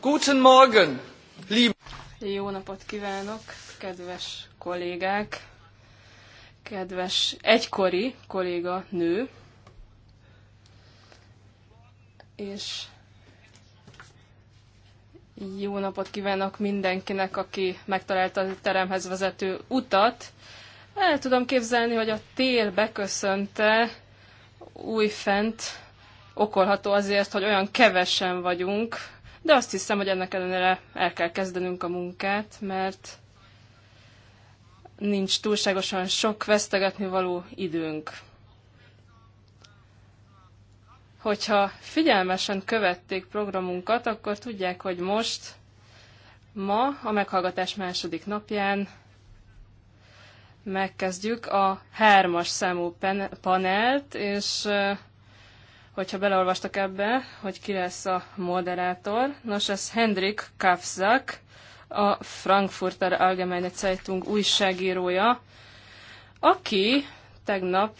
Guten Morgen, liebe. Jó napot kívánok, kedves kollégák, kedves egykori kolléga nő, és jó napot kívánok mindenkinek, aki megtalálta a teremhez vezető utat. El tudom képzelni, hogy a tél beköszönte újfent okolható azért, hogy olyan kevesen vagyunk de azt hiszem, hogy ennek ellenére el kell kezdenünk a munkát, mert nincs túlságosan sok vesztegetni való időnk. Hogyha figyelmesen követték programunkat, akkor tudják, hogy most, ma, a meghallgatás második napján megkezdjük a hármas számú panelt, és hogyha beleolvastak ebbe, hogy ki lesz a moderátor. Nos, ez Hendrik Kafzak, a Frankfurter Allgemeine Zeitung újságírója, aki tegnap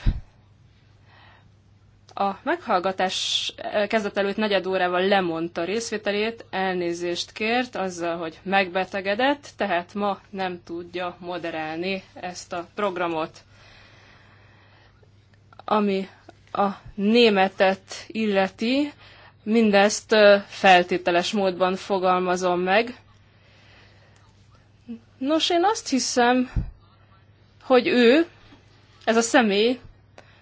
a meghallgatás eh, kezdet előtt negyed órával lemondta részvételét, elnézést kért azzal, hogy megbetegedett, tehát ma nem tudja moderálni ezt a programot. Ami a németet illeti, mindezt feltételes módban fogalmazom meg. Nos, én azt hiszem, hogy ő, ez a személy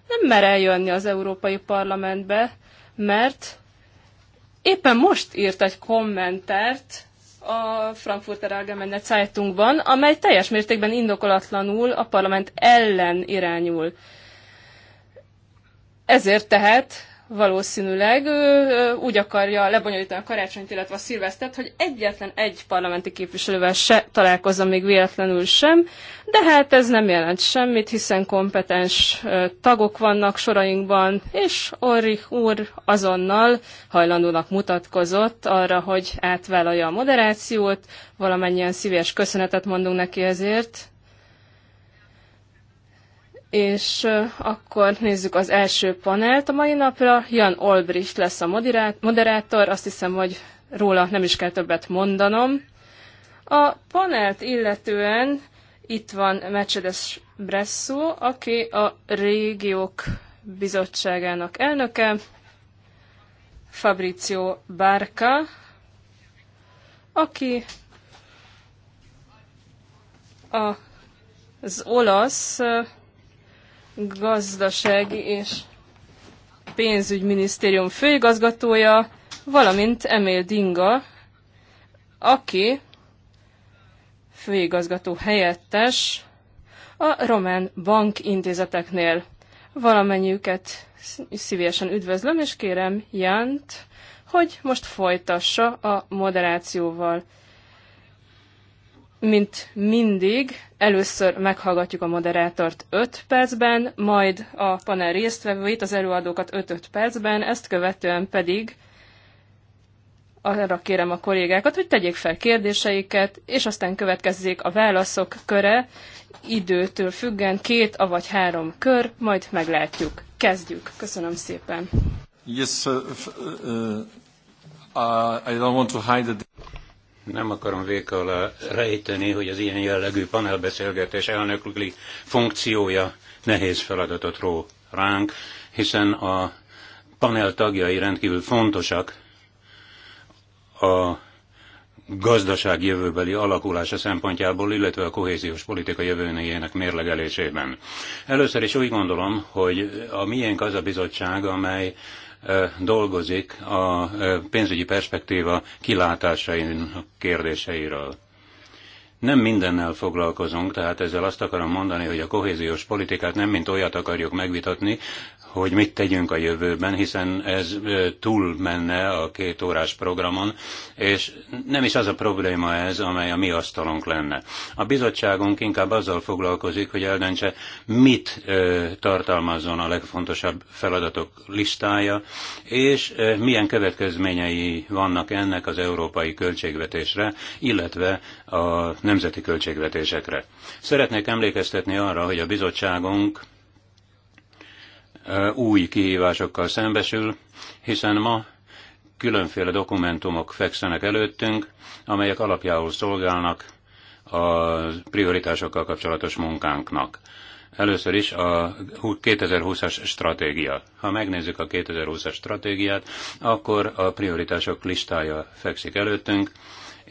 nem mer eljönni az Európai Parlamentbe, mert éppen most írt egy kommentert a Frankfurter Allgemeine Zeitungban, amely teljes mértékben indokolatlanul a parlament ellen irányul. Ezért tehát valószínűleg ő úgy akarja lebonyolítani a karácsonyt, illetve a szilvesztet, hogy egyetlen egy parlamenti képviselővel se találkozom még véletlenül sem, de hát ez nem jelent semmit, hiszen kompetens tagok vannak sorainkban, és Orrich úr azonnal hajlandónak mutatkozott arra, hogy átvállalja a moderációt, valamennyien szíves köszönetet mondunk neki ezért, és akkor nézzük az első panelt a mai napra. Jan Olbricht lesz a moderátor, azt hiszem, hogy róla nem is kell többet mondanom. A panelt illetően itt van Mercedes Bresso, aki a régiók bizottságának elnöke, Fabrizio Barca, aki az olasz gazdasági és pénzügyminisztérium főigazgatója, valamint Emil Dinga, aki főigazgató helyettes a román bankintézeteknél. Valamennyiüket szívesen üdvözlöm, és kérem Jánt, hogy most folytassa a moderációval mint mindig, először meghallgatjuk a moderátort 5 percben, majd a panel résztvevőit, az előadókat 5-5 percben, ezt követően pedig arra kérem a kollégákat, hogy tegyék fel kérdéseiket, és aztán következzék a válaszok köre, időtől függen két, avagy három kör, majd meglátjuk. Kezdjük. Köszönöm szépen. Yes, uh, uh, I don't want to hide the nem akarom vék alá rejteni, hogy az ilyen jellegű panelbeszélgetés elnökli funkciója nehéz feladatot ró ránk, hiszen a panel tagjai rendkívül fontosak a gazdaság jövőbeli alakulása szempontjából, illetve a kohéziós politika jövőnéjének mérlegelésében. Először is úgy gondolom, hogy a miénk az a bizottság, amely dolgozik a pénzügyi perspektíva kilátásain kérdéseiről. Nem mindennel foglalkozunk, tehát ezzel azt akarom mondani, hogy a kohéziós politikát nem mint olyat akarjuk megvitatni, hogy mit tegyünk a jövőben, hiszen ez túl menne a két órás programon, és nem is az a probléma ez, amely a mi asztalunk lenne. A bizottságunk inkább azzal foglalkozik, hogy eldöntse, mit tartalmazzon a legfontosabb feladatok listája, és milyen következményei vannak ennek az európai költségvetésre, illetve a nemzeti költségvetésekre. Szeretnék emlékeztetni arra, hogy a bizottságunk új kihívásokkal szembesül, hiszen ma különféle dokumentumok fekszenek előttünk, amelyek alapjául szolgálnak a prioritásokkal kapcsolatos munkánknak. Először is a 2020-as stratégia. Ha megnézzük a 2020-as stratégiát, akkor a prioritások listája fekszik előttünk,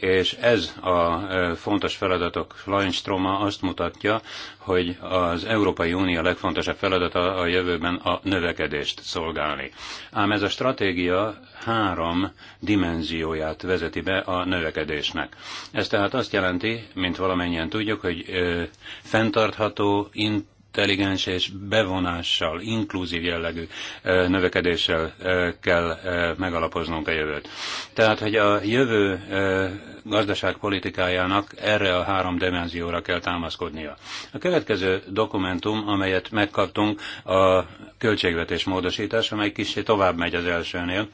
és ez a e, fontos feladatok Lajnstroma azt mutatja, hogy az Európai Unió legfontosabb feladata a jövőben a növekedést szolgálni. Ám ez a stratégia három dimenzióját vezeti be a növekedésnek. Ez tehát azt jelenti, mint valamennyien tudjuk, hogy e, fenntartható, int intelligens és bevonással, inkluzív jellegű növekedéssel kell megalapoznunk a jövőt. Tehát, hogy a jövő gazdaságpolitikájának erre a három dimenzióra kell támaszkodnia. A következő dokumentum, amelyet megkaptunk, a költségvetés módosítás, amely kicsi tovább megy az elsőnél,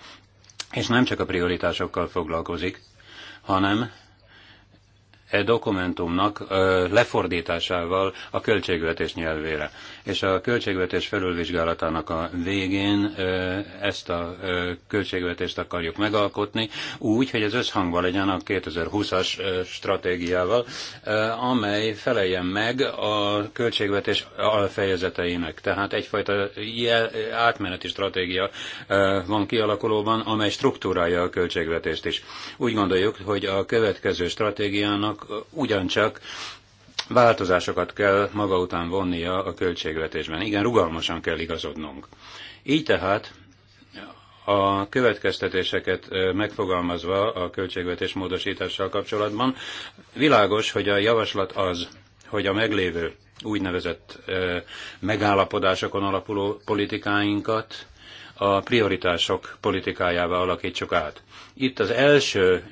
és nem csak a prioritásokkal foglalkozik, hanem e dokumentumnak lefordításával a költségvetés nyelvére. És a költségvetés felülvizsgálatának a végén ezt a költségvetést akarjuk megalkotni, úgy, hogy az összhangban legyen a 2020-as stratégiával, amely feleljen meg a költségvetés alfejezeteinek. Tehát egyfajta jel, átmeneti stratégia van kialakulóban, amely struktúrája a költségvetést is. Úgy gondoljuk, hogy a következő stratégiának tagállamnak ugyancsak változásokat kell maga után vonnia a költségvetésben. Igen, rugalmasan kell igazodnunk. Így tehát a következtetéseket megfogalmazva a költségvetés módosítással kapcsolatban, világos, hogy a javaslat az, hogy a meglévő úgynevezett megállapodásokon alapuló politikáinkat a prioritások politikájává alakítsuk át. Itt az első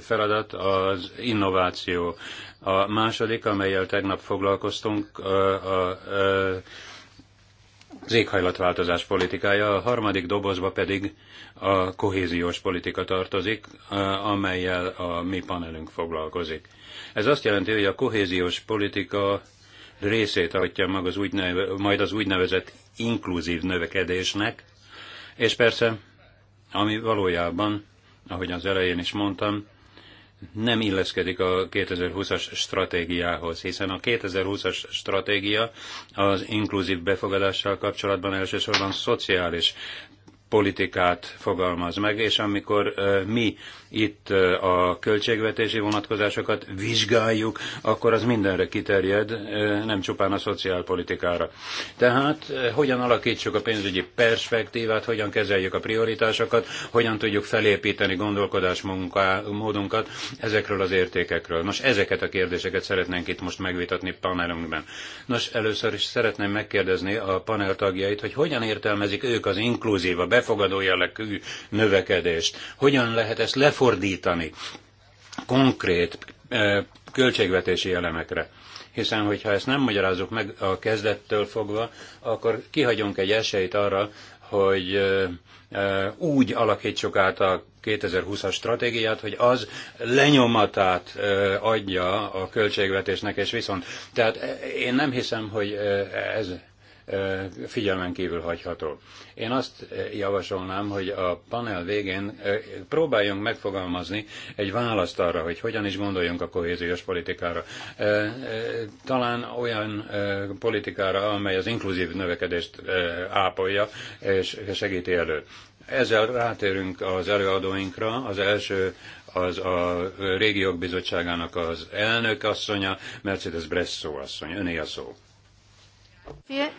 feladat az innováció. A második, amelyel tegnap foglalkoztunk, a, a, az éghajlatváltozás politikája, a harmadik dobozba pedig a kohéziós politika tartozik, amelyel a mi panelünk foglalkozik. Ez azt jelenti, hogy a kohéziós politika részét adja meg majd az úgynevezett inkluzív növekedésnek, és persze, ami valójában, ahogy az elején is mondtam, nem illeszkedik a 2020-as stratégiához, hiszen a 2020-as stratégia az inkluzív befogadással kapcsolatban elsősorban szociális politikát fogalmaz meg, és amikor mi itt a költségvetési vonatkozásokat vizsgáljuk, akkor az mindenre kiterjed, nem csupán a szociálpolitikára. Tehát hogyan alakítsuk a pénzügyi perspektívát, hogyan kezeljük a prioritásokat, hogyan tudjuk felépíteni gondolkodás módunkat ezekről az értékekről. Nos, ezeket a kérdéseket szeretnénk itt most megvitatni panelünkben. Nos, először is szeretném megkérdezni a panel tagjait, hogy hogyan értelmezik ők az inkluzív, a befogadó jellegű növekedést. Hogyan lehet ezt lefordítani konkrét eh, költségvetési elemekre? hiszen hogyha ezt nem magyarázzuk meg a kezdettől fogva, akkor kihagyunk egy esélyt arra, hogy eh, eh, úgy alakítsuk át a 2020-as stratégiát, hogy az lenyomatát adja a költségvetésnek, és viszont, tehát én nem hiszem, hogy ez figyelmen kívül hagyható. Én azt javasolnám, hogy a panel végén próbáljunk megfogalmazni egy választ arra, hogy hogyan is gondoljunk a kohéziós politikára. Talán olyan politikára, amely az inkluzív növekedést ápolja és segíti elő. Ezzel rátérünk az előadóinkra. Az első az a régiók bizottságának az elnök asszonya, Mercedes Bresso asszony. Öné a szó. Fie.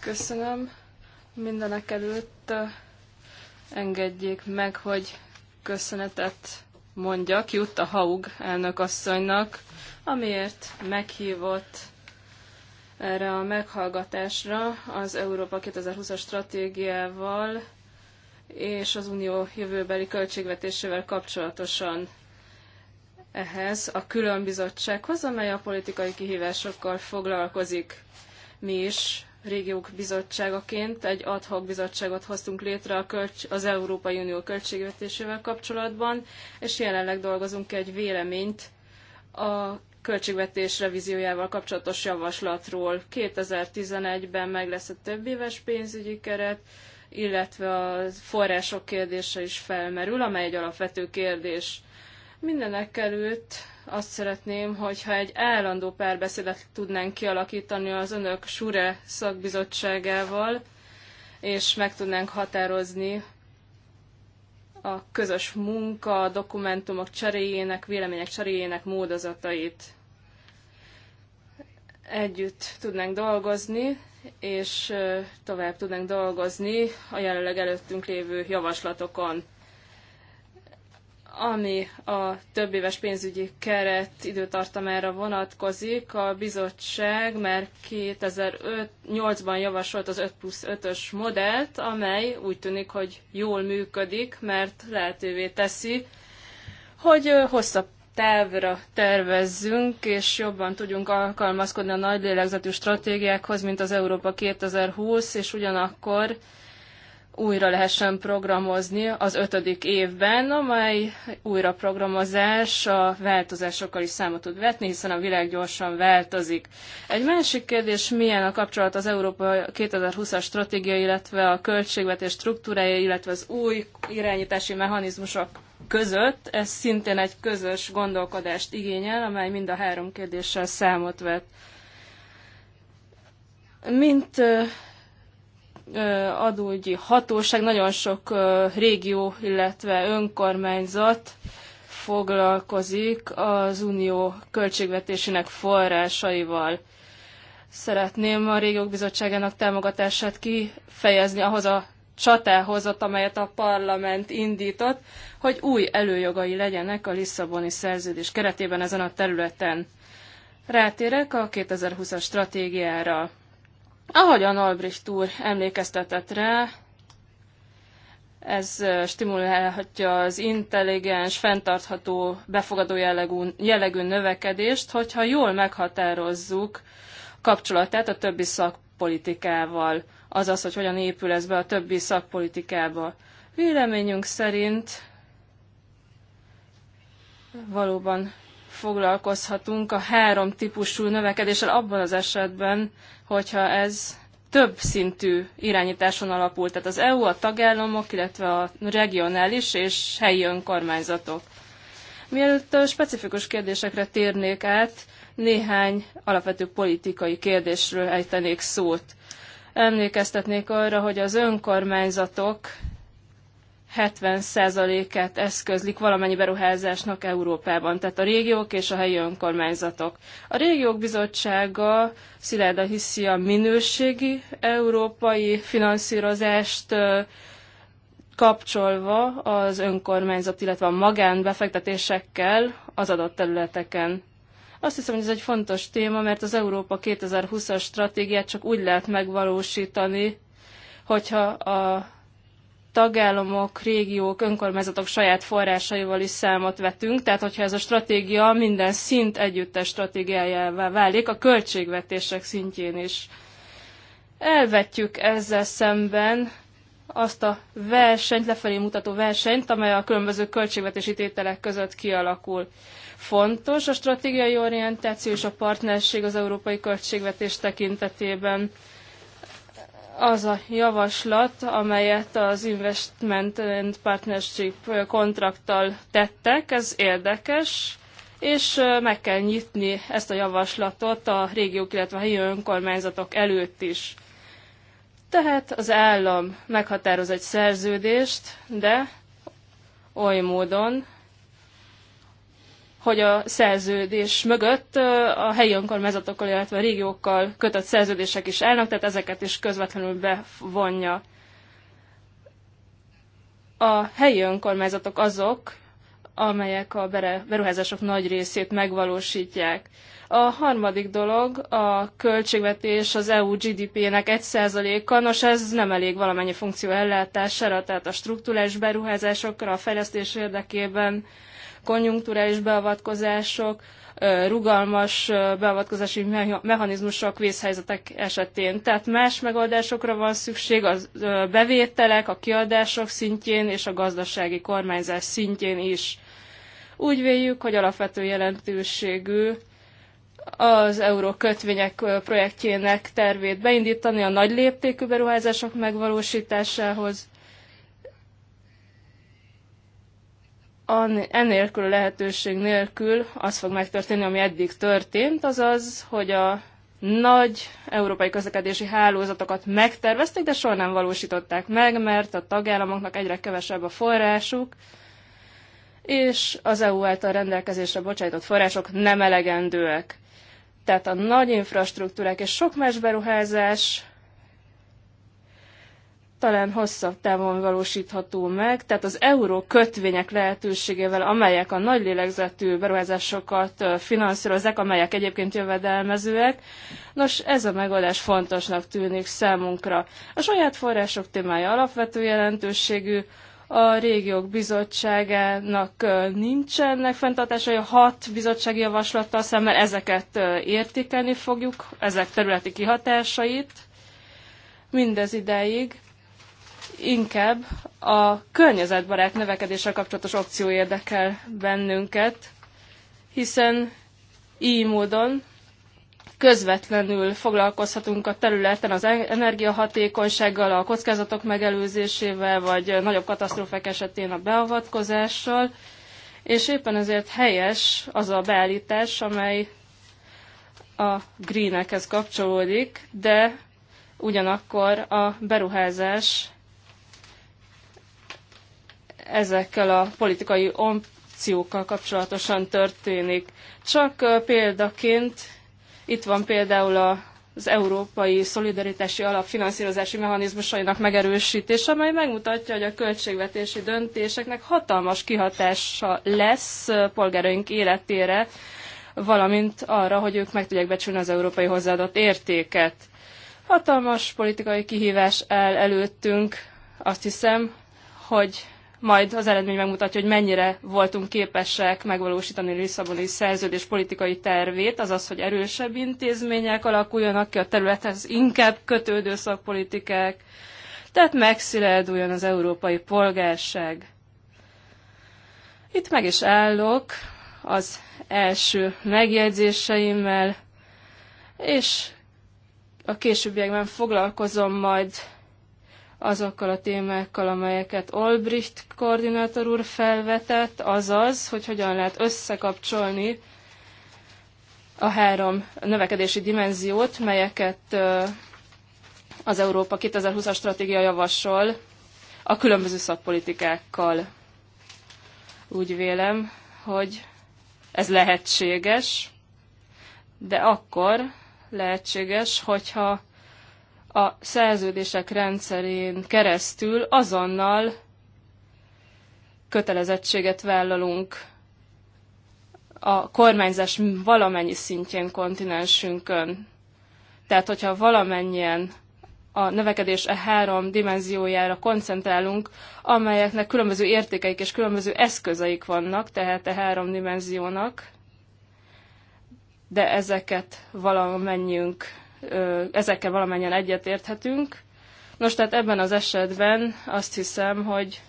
Köszönöm. Mindenek előtt engedjék meg, hogy köszönetet mondjak Jutta Haug elnökasszonynak, amiért meghívott erre a meghallgatásra az Európa 2020-as stratégiával és az unió jövőbeli költségvetésével kapcsolatosan ehhez a különbizottsághoz, amely a politikai kihívásokkal foglalkozik mi is régiók bizottságaként egy adhok bizottságot hoztunk létre a költs- az Európai Unió költségvetésével kapcsolatban, és jelenleg dolgozunk egy véleményt a költségvetés revíziójával kapcsolatos javaslatról. 2011-ben meg lesz a több éves pénzügyi keret, illetve a források kérdése is felmerül, amely egy alapvető kérdés. Mindenek előtt azt szeretném, hogyha egy állandó párbeszédet tudnánk kialakítani az önök SURE szakbizottságával, és meg tudnánk határozni a közös munka, dokumentumok cseréjének, vélemények cseréjének módozatait. Együtt tudnánk dolgozni, és tovább tudnánk dolgozni a jelenleg előttünk lévő javaslatokon ami a több éves pénzügyi keret időtartamára vonatkozik, a bizottság már 2008-ban javasolt az 5 plusz 5-ös modellt, amely úgy tűnik, hogy jól működik, mert lehetővé teszi, hogy hosszabb távra tervezzünk, és jobban tudjunk alkalmazkodni a nagy lélegzetű stratégiákhoz, mint az Európa 2020, és ugyanakkor újra lehessen programozni az ötödik évben, amely újra programozás a változásokkal is számot tud vetni, hiszen a világ gyorsan változik. Egy másik kérdés, milyen a kapcsolat az Európa 2020-as stratégia, illetve a költségvetés struktúrája, illetve az új irányítási mechanizmusok között. Ez szintén egy közös gondolkodást igényel, amely mind a három kérdéssel számot vet. Mint adógyi hatóság, nagyon sok régió, illetve önkormányzat foglalkozik az unió költségvetésének forrásaival. Szeretném a régiók bizottságának támogatását kifejezni ahhoz a csatához, amelyet a parlament indított, hogy új előjogai legyenek a Lisszaboni szerződés keretében ezen a területen. Rátérek a 2020-as stratégiára. Ahogyan Albrecht úr emlékeztetett rá, ez stimulálhatja az intelligens, fenntartható, befogadó jellegű, jellegű növekedést, hogyha jól meghatározzuk kapcsolatát a többi szakpolitikával, azaz, hogy hogyan épül ez be a többi szakpolitikába. Véleményünk szerint valóban foglalkozhatunk a három típusú növekedéssel abban az esetben, hogyha ez több szintű irányításon alapul, tehát az EU, a tagállamok, illetve a regionális és helyi önkormányzatok. Mielőtt specifikus kérdésekre térnék át, néhány alapvető politikai kérdésről ejtenék szót. Emlékeztetnék arra, hogy az önkormányzatok 70%-át eszközlik valamennyi beruházásnak Európában, tehát a régiók és a helyi önkormányzatok. A régiók bizottsága Szilárda hiszi a minőségi európai finanszírozást kapcsolva az önkormányzat, illetve a magánbefektetésekkel az adott területeken. Azt hiszem, hogy ez egy fontos téma, mert az Európa 2020-as stratégiát csak úgy lehet megvalósítani, hogyha a tagállamok, régiók, önkormányzatok saját forrásaival is számot vetünk, tehát hogyha ez a stratégia minden szint együttes stratégiájává válik, a költségvetések szintjén is. Elvetjük ezzel szemben azt a versenyt, lefelé mutató versenyt, amely a különböző költségvetési tételek között kialakul. Fontos a stratégiai orientáció és a partnerség az európai költségvetés tekintetében az a javaslat, amelyet az Investment and Partnership kontrakttal tettek, ez érdekes, és meg kell nyitni ezt a javaslatot a régiók, illetve a helyi önkormányzatok előtt is. Tehát az állam meghatároz egy szerződést, de oly módon, hogy a szerződés mögött a helyi önkormányzatokkal, illetve a régiókkal kötött szerződések is állnak, tehát ezeket is közvetlenül bevonja. A helyi önkormányzatok azok, amelyek a beruházások nagy részét megvalósítják. A harmadik dolog a költségvetés az EU GDP-nek 1%-a, nos ez nem elég valamennyi funkció ellátására, tehát a struktúrás beruházásokra, a fejlesztés érdekében, konjunkturális beavatkozások, rugalmas beavatkozási mechanizmusok vészhelyzetek esetén. Tehát más megoldásokra van szükség a bevételek, a kiadások szintjén és a gazdasági kormányzás szintjén is. Úgy véljük, hogy alapvető jelentőségű az euró kötvények projektjének tervét beindítani a nagy léptékű beruházások megvalósításához, ennélkül a lehetőség nélkül az fog megtörténni, ami eddig történt, azaz, hogy a nagy európai közlekedési hálózatokat megtervezték, de soha nem valósították meg, mert a tagállamoknak egyre kevesebb a forrásuk, és az EU által rendelkezésre bocsájtott források nem elegendőek. Tehát a nagy infrastruktúrák és sok más beruházás talán hosszabb távon valósítható meg, tehát az euró kötvények lehetőségével, amelyek a nagy lélegzetű beruházásokat finanszírozzák, amelyek egyébként jövedelmezőek. Nos, ez a megoldás fontosnak tűnik számunkra. A saját források témája alapvető jelentőségű, a régiók bizottságának nincsenek fenntartásai, a hat bizottsági javaslattal szemben ezeket értékelni fogjuk, ezek területi kihatásait mindez ideig inkább a környezetbarát növekedéssel kapcsolatos opció érdekel bennünket, hiszen így módon közvetlenül foglalkozhatunk a területen az energiahatékonysággal, a kockázatok megelőzésével, vagy nagyobb katasztrófák esetén a beavatkozással, és éppen ezért helyes az a beállítás, amely a greenekhez kapcsolódik, de ugyanakkor a beruházás ezekkel a politikai opciókkal kapcsolatosan történik. Csak példaként itt van például a az Európai Szolidaritási Alap finanszírozási mechanizmusainak megerősítése, amely megmutatja, hogy a költségvetési döntéseknek hatalmas kihatása lesz polgáraink életére, valamint arra, hogy ők meg tudják becsülni az európai hozzáadott értéket. Hatalmas politikai kihívás áll el előttünk. Azt hiszem, hogy majd az eredmény megmutatja, hogy mennyire voltunk képesek megvalósítani Lisszaboni szerződés politikai tervét, azaz, hogy erősebb intézmények alakuljanak ki a területhez, inkább kötődő szakpolitikák, tehát megszilárduljon az európai polgárság. Itt meg is állok az első megjegyzéseimmel, és a későbbiekben foglalkozom majd azokkal a témákkal, amelyeket Olbricht koordinátor úr felvetett, azaz, hogy hogyan lehet összekapcsolni a három növekedési dimenziót, melyeket az Európa 2020-as stratégia javasol a különböző szakpolitikákkal. Úgy vélem, hogy ez lehetséges, de akkor lehetséges, hogyha a szerződések rendszerén keresztül azonnal kötelezettséget vállalunk a kormányzás valamennyi szintjén kontinensünkön. Tehát, hogyha valamennyien a növekedés e három dimenziójára koncentrálunk, amelyeknek különböző értékeik és különböző eszközeik vannak, tehát e három dimenziónak, de ezeket valamennyiünk ezekkel valamennyien egyetérthetünk. Nos, tehát ebben az esetben azt hiszem, hogy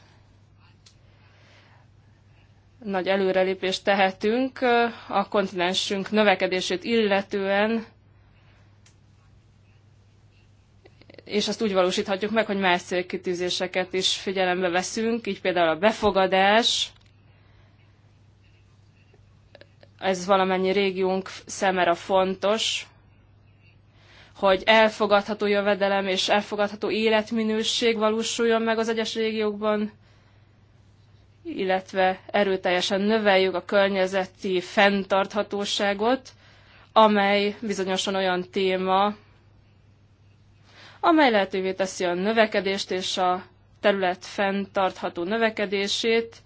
nagy előrelépést tehetünk a kontinensünk növekedését illetően, és azt úgy valósíthatjuk meg, hogy más célkitűzéseket is figyelembe veszünk, így például a befogadás, ez valamennyi régiónk szemére fontos, hogy elfogadható jövedelem és elfogadható életminőség valósuljon meg az egyes régiókban, illetve erőteljesen növeljük a környezeti fenntarthatóságot, amely bizonyosan olyan téma, amely lehetővé teszi a növekedést és a terület fenntartható növekedését,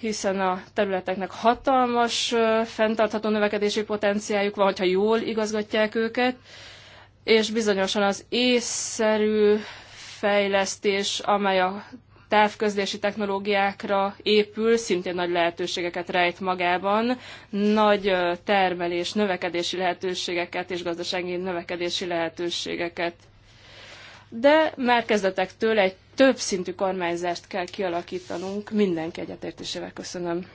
hiszen a területeknek hatalmas fenntartható növekedési potenciáljuk van, hogyha jól igazgatják őket, és bizonyosan az észszerű fejlesztés, amely a távközlési technológiákra épül, szintén nagy lehetőségeket rejt magában, nagy termelés, növekedési lehetőségeket és gazdasági növekedési lehetőségeket de már kezdetektől egy több szintű kormányzást kell kialakítanunk mindenki egyetértésével. Köszönöm.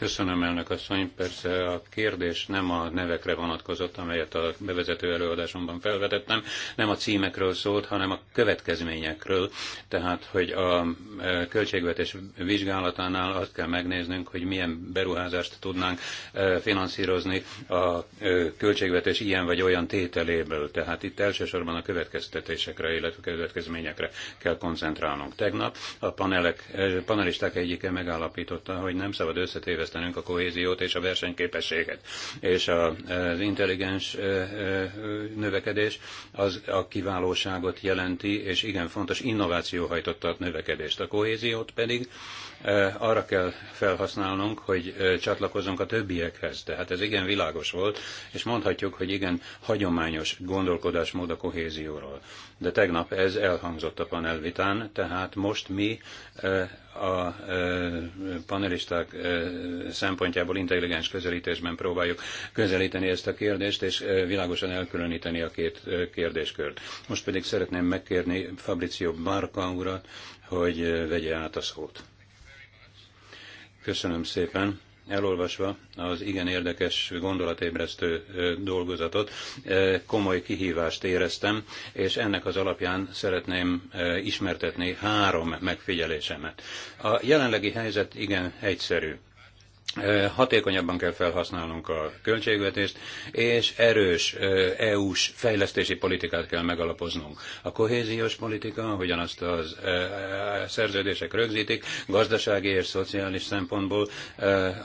Köszönöm, elnök asszony. Persze a kérdés nem a nevekre vonatkozott, amelyet a bevezető előadásomban felvetettem, nem a címekről szólt, hanem a következményekről. Tehát, hogy a e, költségvetés vizsgálatánál azt kell megnéznünk, hogy milyen beruházást tudnánk e, finanszírozni a e, költségvetés ilyen vagy olyan tételéből. Tehát itt elsősorban a következtetésekre, illetve következményekre kell koncentrálnunk. Tegnap a panelek, panelisták egyike megállapította, hogy nem szabad összetéveszteni fejlesztenünk a kohéziót és a versenyképességet. És az intelligens növekedés az a kiválóságot jelenti, és igen fontos innováció hajtotta a növekedést. A kohéziót pedig arra kell felhasználnunk, hogy csatlakozunk a többiekhez. Tehát ez igen világos volt, és mondhatjuk, hogy igen hagyományos gondolkodásmód a kohézióról. De tegnap ez elhangzott a panelvitán, tehát most mi a panelisták szempontjából intelligens közelítésben próbáljuk közelíteni ezt a kérdést, és világosan elkülöníteni a két kérdéskört. Most pedig szeretném megkérni Fabrizio Barca urat, hogy vegye át a szót. Köszönöm szépen. Elolvasva az igen érdekes gondolatébresztő dolgozatot, komoly kihívást éreztem, és ennek az alapján szeretném ismertetni három megfigyelésemet. A jelenlegi helyzet igen egyszerű hatékonyabban kell felhasználnunk a költségvetést, és erős EU-s fejlesztési politikát kell megalapoznunk. A kohéziós politika, ahogyan azt az szerződések rögzítik, gazdasági és szociális szempontból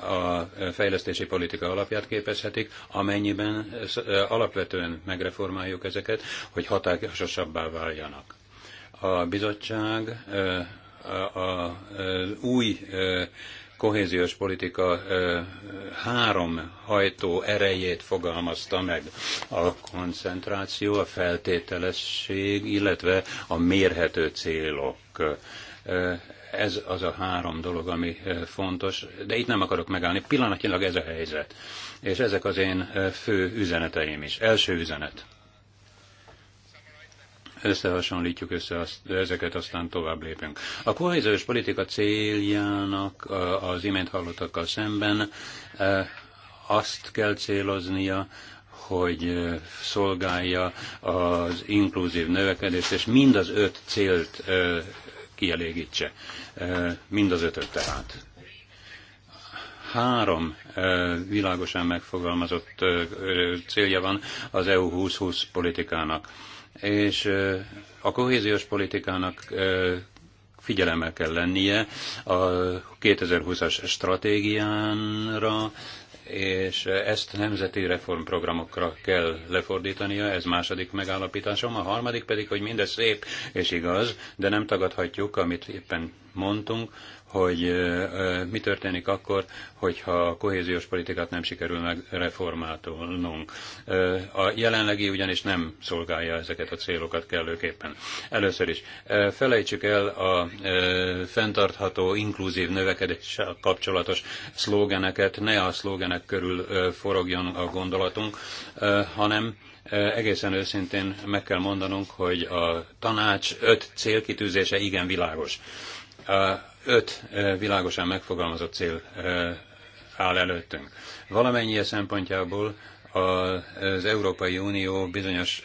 a fejlesztési politika alapját képezhetik, amennyiben alapvetően megreformáljuk ezeket, hogy hatásosabbá váljanak. A bizottság a új kohéziós politika három hajtó erejét fogalmazta meg. A koncentráció, a feltételesség, illetve a mérhető célok ez az a három dolog, ami fontos, de itt nem akarok megállni. Pillanatnyilag ez a helyzet. És ezek az én fő üzeneteim is. Első üzenet összehasonlítjuk össze azt, ezeket, aztán tovább lépünk. A kohéziós politika céljának az imént hallottakkal szemben e, azt kell céloznia, hogy szolgálja az inkluzív növekedést, és mind az öt célt e, kielégítse. E, mind az ötöt tehát. Három világosan megfogalmazott célja van az EU 2020 politikának és a kohéziós politikának figyelemmel kell lennie a 2020-as stratégiánra, és ezt nemzeti reformprogramokra kell lefordítania, ez második megállapításom. A harmadik pedig, hogy mindez szép és igaz, de nem tagadhatjuk, amit éppen mondtunk, hogy mi történik akkor, hogyha a kohéziós politikát nem sikerül megreformálnunk. A jelenlegi ugyanis nem szolgálja ezeket a célokat kellőképpen. Először is felejtsük el a fenntartható, inkluzív növekedéssel kapcsolatos szlógeneket, ne a szlógenek körül forogjon a gondolatunk, hanem egészen őszintén meg kell mondanunk, hogy a tanács öt célkitűzése igen világos öt világosan megfogalmazott cél áll előttünk. Valamennyi szempontjából az Európai Unió bizonyos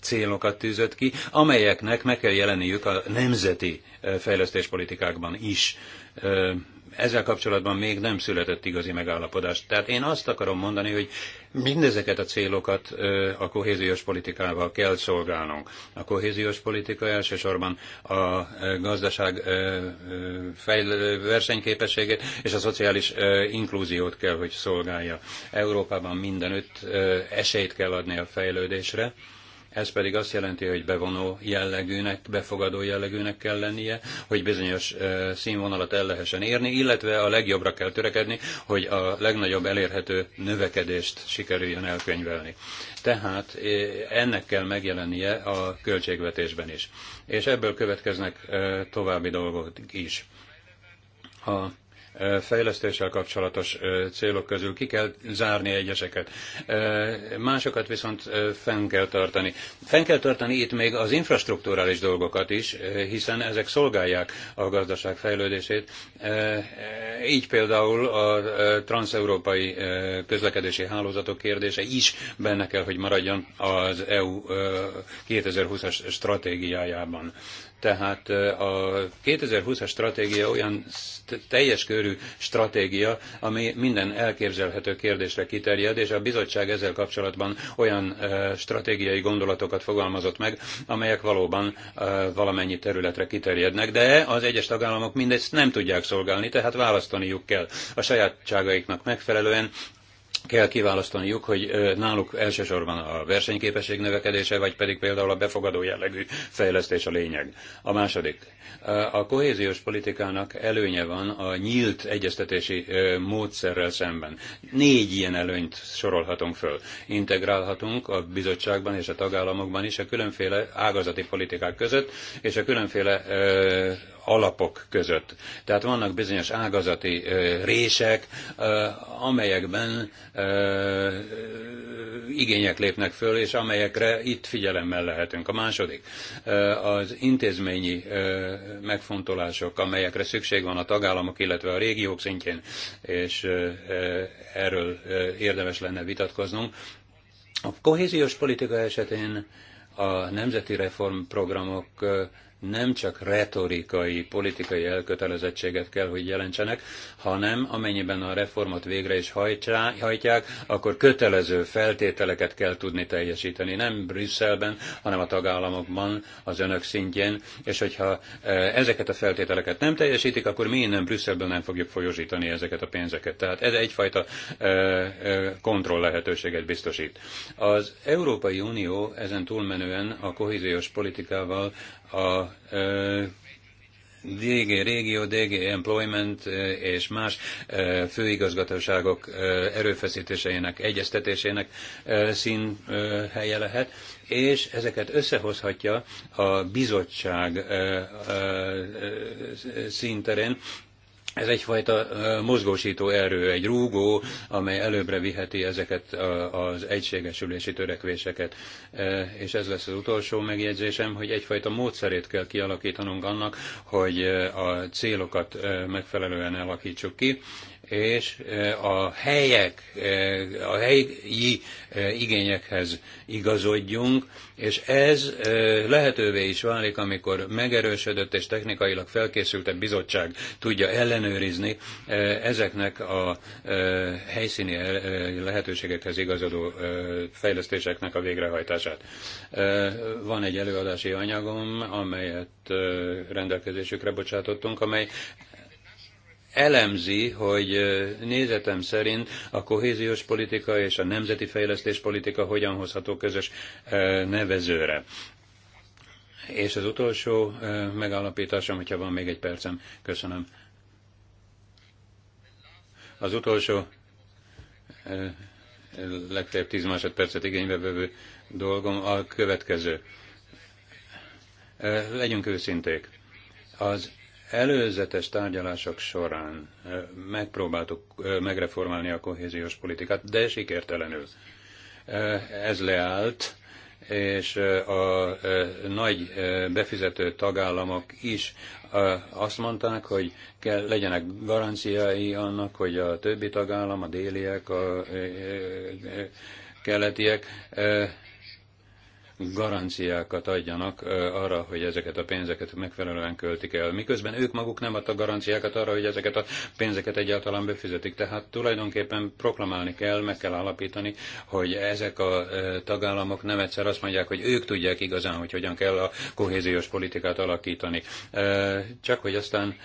célokat tűzött ki, amelyeknek meg kell jelenniük a nemzeti fejlesztéspolitikákban is ezzel kapcsolatban még nem született igazi megállapodás. Tehát én azt akarom mondani, hogy mindezeket a célokat a kohéziós politikával kell szolgálnunk. A kohéziós politika elsősorban a gazdaság versenyképességét és a szociális inklúziót kell, hogy szolgálja. Európában mindenütt esélyt kell adni a fejlődésre ez pedig azt jelenti, hogy bevonó jellegűnek, befogadó jellegűnek kell lennie, hogy bizonyos színvonalat el lehessen érni, illetve a legjobbra kell törekedni, hogy a legnagyobb elérhető növekedést sikerüljön elkönyvelni. Tehát ennek kell megjelennie a költségvetésben is. És ebből következnek további dolgok is. A fejlesztéssel kapcsolatos célok közül ki kell zárni egyeseket. Másokat viszont fenn kell tartani. Fenn kell tartani itt még az infrastruktúrális dolgokat is, hiszen ezek szolgálják a gazdaság fejlődését. Így például a transeurópai közlekedési hálózatok kérdése is benne kell, hogy maradjon az EU 2020-as stratégiájában. Tehát a 2020-as stratégia olyan teljes körű stratégia, ami minden elképzelhető kérdésre kiterjed, és a bizottság ezzel kapcsolatban olyan stratégiai gondolatokat fogalmazott meg, amelyek valóban valamennyi területre kiterjednek, de az egyes tagállamok mindezt nem tudják szolgálni, tehát választaniuk kell a sajátságaiknak megfelelően kell kiválasztaniuk, hogy náluk elsősorban a versenyképesség növekedése, vagy pedig például a befogadó jellegű fejlesztés a lényeg. A második. A kohéziós politikának előnye van a nyílt egyeztetési módszerrel szemben. Négy ilyen előnyt sorolhatunk föl. Integrálhatunk a bizottságban és a tagállamokban is a különféle ágazati politikák között, és a különféle alapok között. Tehát vannak bizonyos ágazati rések, amelyekben igények lépnek föl, és amelyekre itt figyelemmel lehetünk. A második, az intézményi megfontolások, amelyekre szükség van a tagállamok, illetve a régiók szintjén, és erről érdemes lenne vitatkoznunk. A kohéziós politika esetén a nemzeti reformprogramok nem csak retorikai, politikai elkötelezettséget kell, hogy jelentsenek, hanem amennyiben a reformot végre is hajtják, akkor kötelező feltételeket kell tudni teljesíteni. Nem Brüsszelben, hanem a tagállamokban, az önök szintjén, és hogyha e, ezeket a feltételeket nem teljesítik, akkor mi innen Brüsszelben nem fogjuk folyosítani ezeket a pénzeket. Tehát ez egyfajta e, e, kontroll lehetőséget biztosít. Az Európai Unió ezen túlmenően a kohéziós politikával a DG Régió, DG Employment és más főigazgatóságok erőfeszítéseinek, egyeztetésének szín helye lehet, és ezeket összehozhatja a bizottság szinterén, ez egyfajta mozgósító erő, egy rúgó, amely előbbre viheti ezeket az egységesülési törekvéseket. És ez lesz az utolsó megjegyzésem, hogy egyfajta módszerét kell kialakítanunk annak, hogy a célokat megfelelően alakítsuk ki, és a helyek, a helyi igényekhez igazodjunk, és ez lehetővé is válik, amikor megerősödött és technikailag felkészültebb bizottság tudja ellenőrizni ezeknek a helyszíni lehetőségekhez igazodó fejlesztéseknek a végrehajtását. Van egy előadási anyagom, amelyet rendelkezésükre bocsátottunk, amely elemzi, hogy nézetem szerint a kohéziós politika és a nemzeti fejlesztés politika hogyan hozható közös nevezőre. És az utolsó megállapításom, hogyha van még egy percem, köszönöm. Az utolsó legfeljebb tíz másodpercet igénybe vevő dolgom a következő. Legyünk őszinték. Az előzetes tárgyalások során megpróbáltuk megreformálni a kohéziós politikát, de sikertelenül. Ez leállt, és a nagy befizető tagállamok is azt mondták, hogy kell, legyenek garanciái annak, hogy a többi tagállam, a déliek, a keletiek garanciákat adjanak arra, hogy ezeket a pénzeket megfelelően költik el, miközben ők maguk nem adtak garanciákat arra, hogy ezeket a pénzeket egyáltalán befizetik. Tehát tulajdonképpen proklamálni kell, meg kell állapítani, hogy ezek a tagállamok nem egyszer azt mondják, hogy ők tudják igazán, hogy hogyan kell a kohéziós politikát alakítani. Csak hogy aztán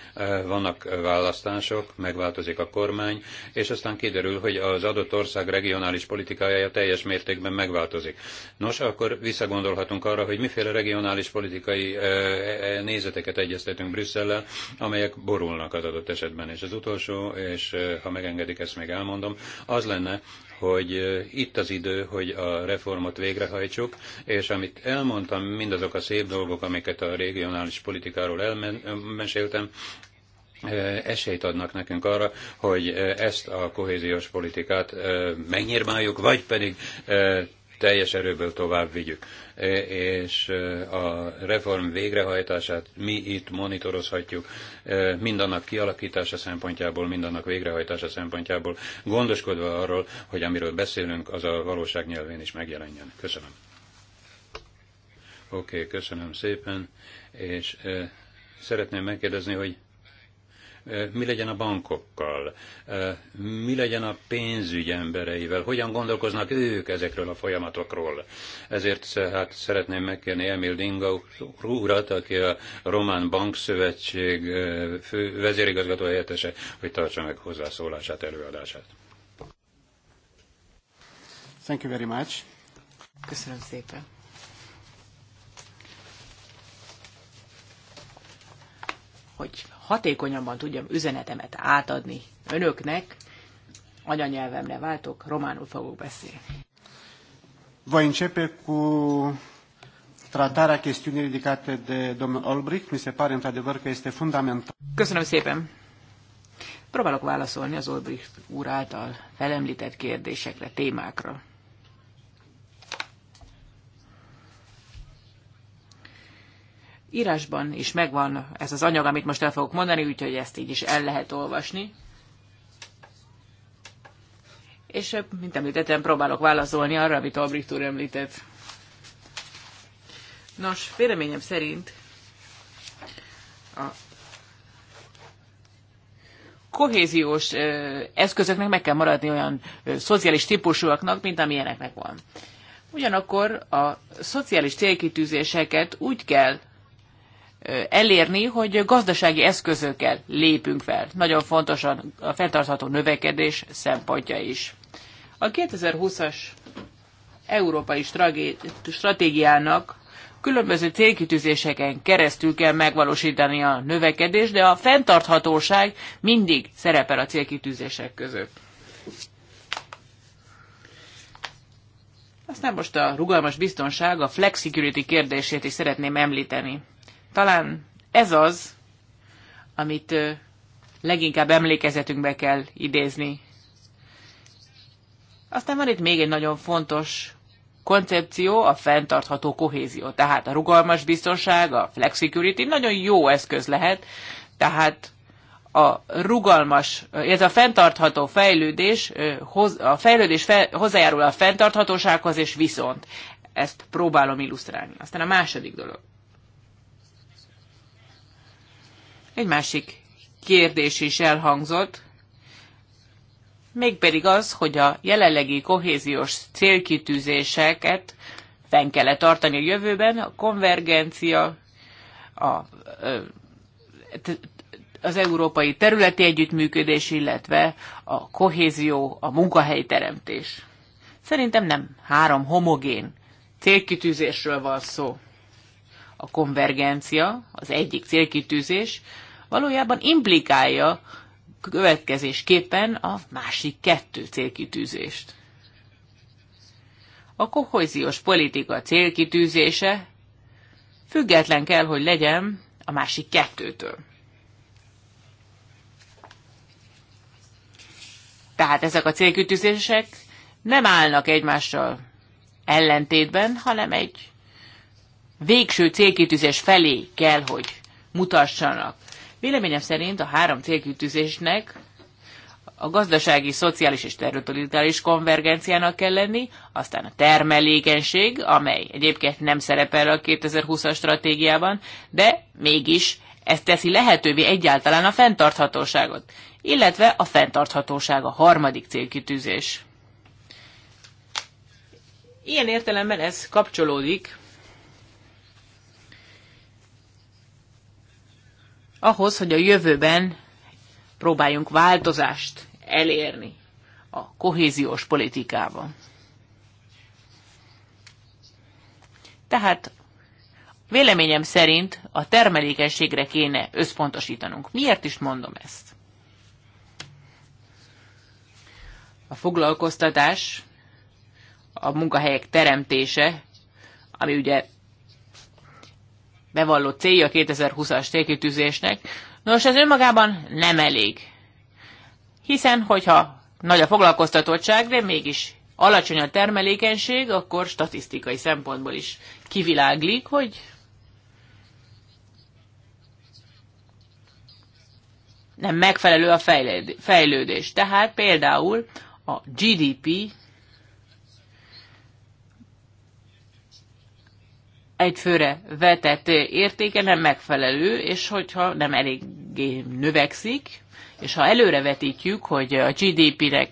vannak választások, megváltozik a kormány, és aztán kiderül, hogy az adott ország regionális politikája teljes mértékben megváltozik. Nos, akkor vissza visszagondolhatunk arra, hogy miféle regionális politikai e, e, nézeteket egyeztetünk Brüsszellel, amelyek borulnak az adott esetben. És az utolsó, és ha megengedik, ezt még elmondom, az lenne, hogy itt az idő, hogy a reformot végrehajtsuk, és amit elmondtam, mindazok a szép dolgok, amiket a regionális politikáról elmeséltem, esélyt adnak nekünk arra, hogy ezt a kohéziós politikát megnyírbáljuk, vagy pedig teljes erőből tovább vigyük. E, és e, a reform végrehajtását mi itt monitorozhatjuk, e, mindannak kialakítása szempontjából, mindannak végrehajtása szempontjából, gondoskodva arról, hogy amiről beszélünk, az a valóság nyelvén is megjelenjen. Köszönöm. Oké, okay, köszönöm szépen, és szeretném megkérdezni, hogy Eh, mi legyen a bankokkal, eh, mi legyen a pénzügy embereivel, hogyan gondolkoznak ők ezekről a folyamatokról. Ezért hát szeretném megkérni Emil Dinga úrat, aki a Román Bankszövetség eh, fő vezérigazgató helyettese, hogy tartsa meg hozzászólását, előadását. Thank you very much. Köszönöm szépen. hogy hatékonyabban tudjam üzenetemet átadni önöknek, anyanyelvemre váltok, románul fogok beszélni. Voi începe cu tratarea chestiunii ridicate de domnul Olbrich Mi se pare într-adevăr că este fundamental. Köszönöm szépen! Próbálok válaszolni az Olbricht úr által felemlített kérdésekre, témákra. Írásban is megvan ez az anyag, amit most el fogok mondani, úgyhogy ezt így is el lehet olvasni. És, eh, mint említettem, próbálok válaszolni arra, amit Albrecht úr említett. Nos, véleményem szerint a kohéziós eh, eszközöknek meg kell maradni olyan eh, szociális típusúaknak, mint amilyeneknek van. Ugyanakkor a szociális célkitűzéseket úgy kell elérni, hogy gazdasági eszközökkel lépünk fel. Nagyon fontos a fenntartható növekedés szempontja is. A 2020-as európai stratégiának különböző célkitűzéseken keresztül kell megvalósítani a növekedést, de a fenntarthatóság mindig szerepel a célkitűzések között. Aztán most a rugalmas biztonság, a flexicurity kérdését is szeretném említeni. Talán ez az, amit leginkább emlékezetünkbe kell idézni. Aztán van itt még egy nagyon fontos koncepció, a fenntartható kohézió. Tehát a rugalmas biztonság, a flexicurity nagyon jó eszköz lehet, tehát a rugalmas, ez a fenntartható fejlődés, a fejlődés hozzájárul a fenntarthatósághoz, és viszont ezt próbálom illusztrálni. Aztán a második dolog. Egy másik kérdés is elhangzott, mégpedig az, hogy a jelenlegi kohéziós célkitűzéseket fenn kell -e tartani a jövőben, a konvergencia, a, az európai területi együttműködés, illetve a kohézió, a teremtés. Szerintem nem három homogén célkitűzésről van szó. A konvergencia az egyik célkitűzés, valójában implikálja következésképpen a másik kettő célkitűzést. A kohéziós politika célkitűzése független kell, hogy legyen a másik kettőtől. Tehát ezek a célkitűzések nem állnak egymással ellentétben, hanem egy végső célkitűzés felé kell, hogy mutassanak. Véleményem szerint a három célkütőzésnek a gazdasági, szociális és territoriális konvergenciának kell lenni, aztán a termelékenység, amely egyébként nem szerepel a 2020-as stratégiában, de mégis ez teszi lehetővé egyáltalán a fenntarthatóságot, illetve a fenntarthatóság a harmadik célkitűzés. Ilyen értelemben ez kapcsolódik ahhoz, hogy a jövőben próbáljunk változást elérni a kohéziós politikában. Tehát véleményem szerint a termelékenységre kéne összpontosítanunk. Miért is mondom ezt? A foglalkoztatás, a munkahelyek teremtése, ami ugye bevallott célja a 2020-as célkitűzésnek. Nos, ez önmagában nem elég. Hiszen, hogyha nagy a foglalkoztatottság, de mégis alacsony a termelékenység, akkor statisztikai szempontból is kiviláglik, hogy nem megfelelő a fejlődés. Tehát például a GDP egy főre vetett értéke nem megfelelő, és hogyha nem eléggé növekszik, és ha előrevetítjük, hogy a GDP-nek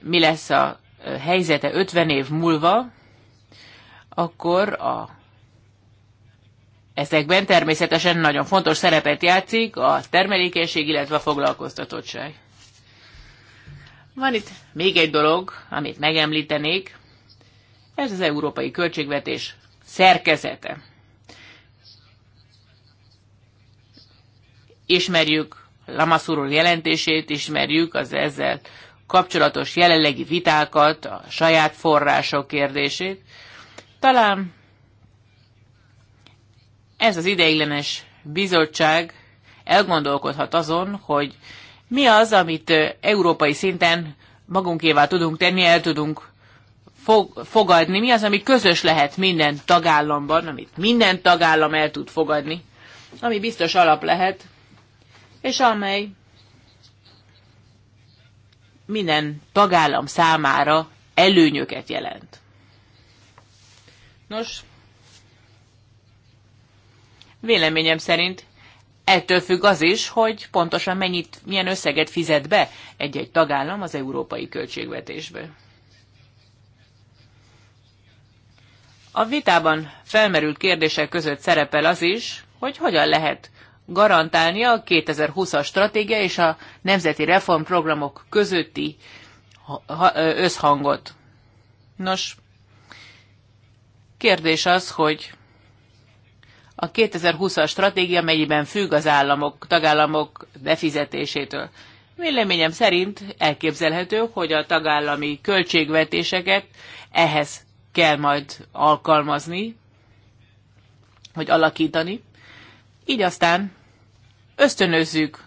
mi lesz a helyzete 50 év múlva, akkor a Ezekben természetesen nagyon fontos szerepet játszik a termelékenység, illetve a foglalkoztatottság. Van itt még egy dolog, amit megemlítenék. Ez az európai költségvetés szerkezete. Ismerjük Lamaszúról jelentését, ismerjük az ezzel kapcsolatos jelenlegi vitákat, a saját források kérdését. Talán ez az ideiglenes bizottság elgondolkodhat azon, hogy mi az, amit európai szinten magunkévá tudunk tenni, el tudunk fog, fogadni, mi az, ami közös lehet minden tagállamban, amit minden tagállam el tud fogadni, ami biztos alap lehet, és amely minden tagállam számára előnyöket jelent. Nos, véleményem szerint ettől függ az is, hogy pontosan mennyit, milyen összeget fizet be egy-egy tagállam az európai költségvetésbe. A vitában felmerült kérdések között szerepel az is, hogy hogyan lehet garantálni a 2020-as stratégia és a nemzeti reformprogramok közötti összhangot. Nos, kérdés az, hogy a 2020-as stratégia mennyiben függ az államok, tagállamok befizetésétől. Véleményem szerint elképzelhető, hogy a tagállami költségvetéseket ehhez kell majd alkalmazni, vagy alakítani. Így aztán ösztönözzük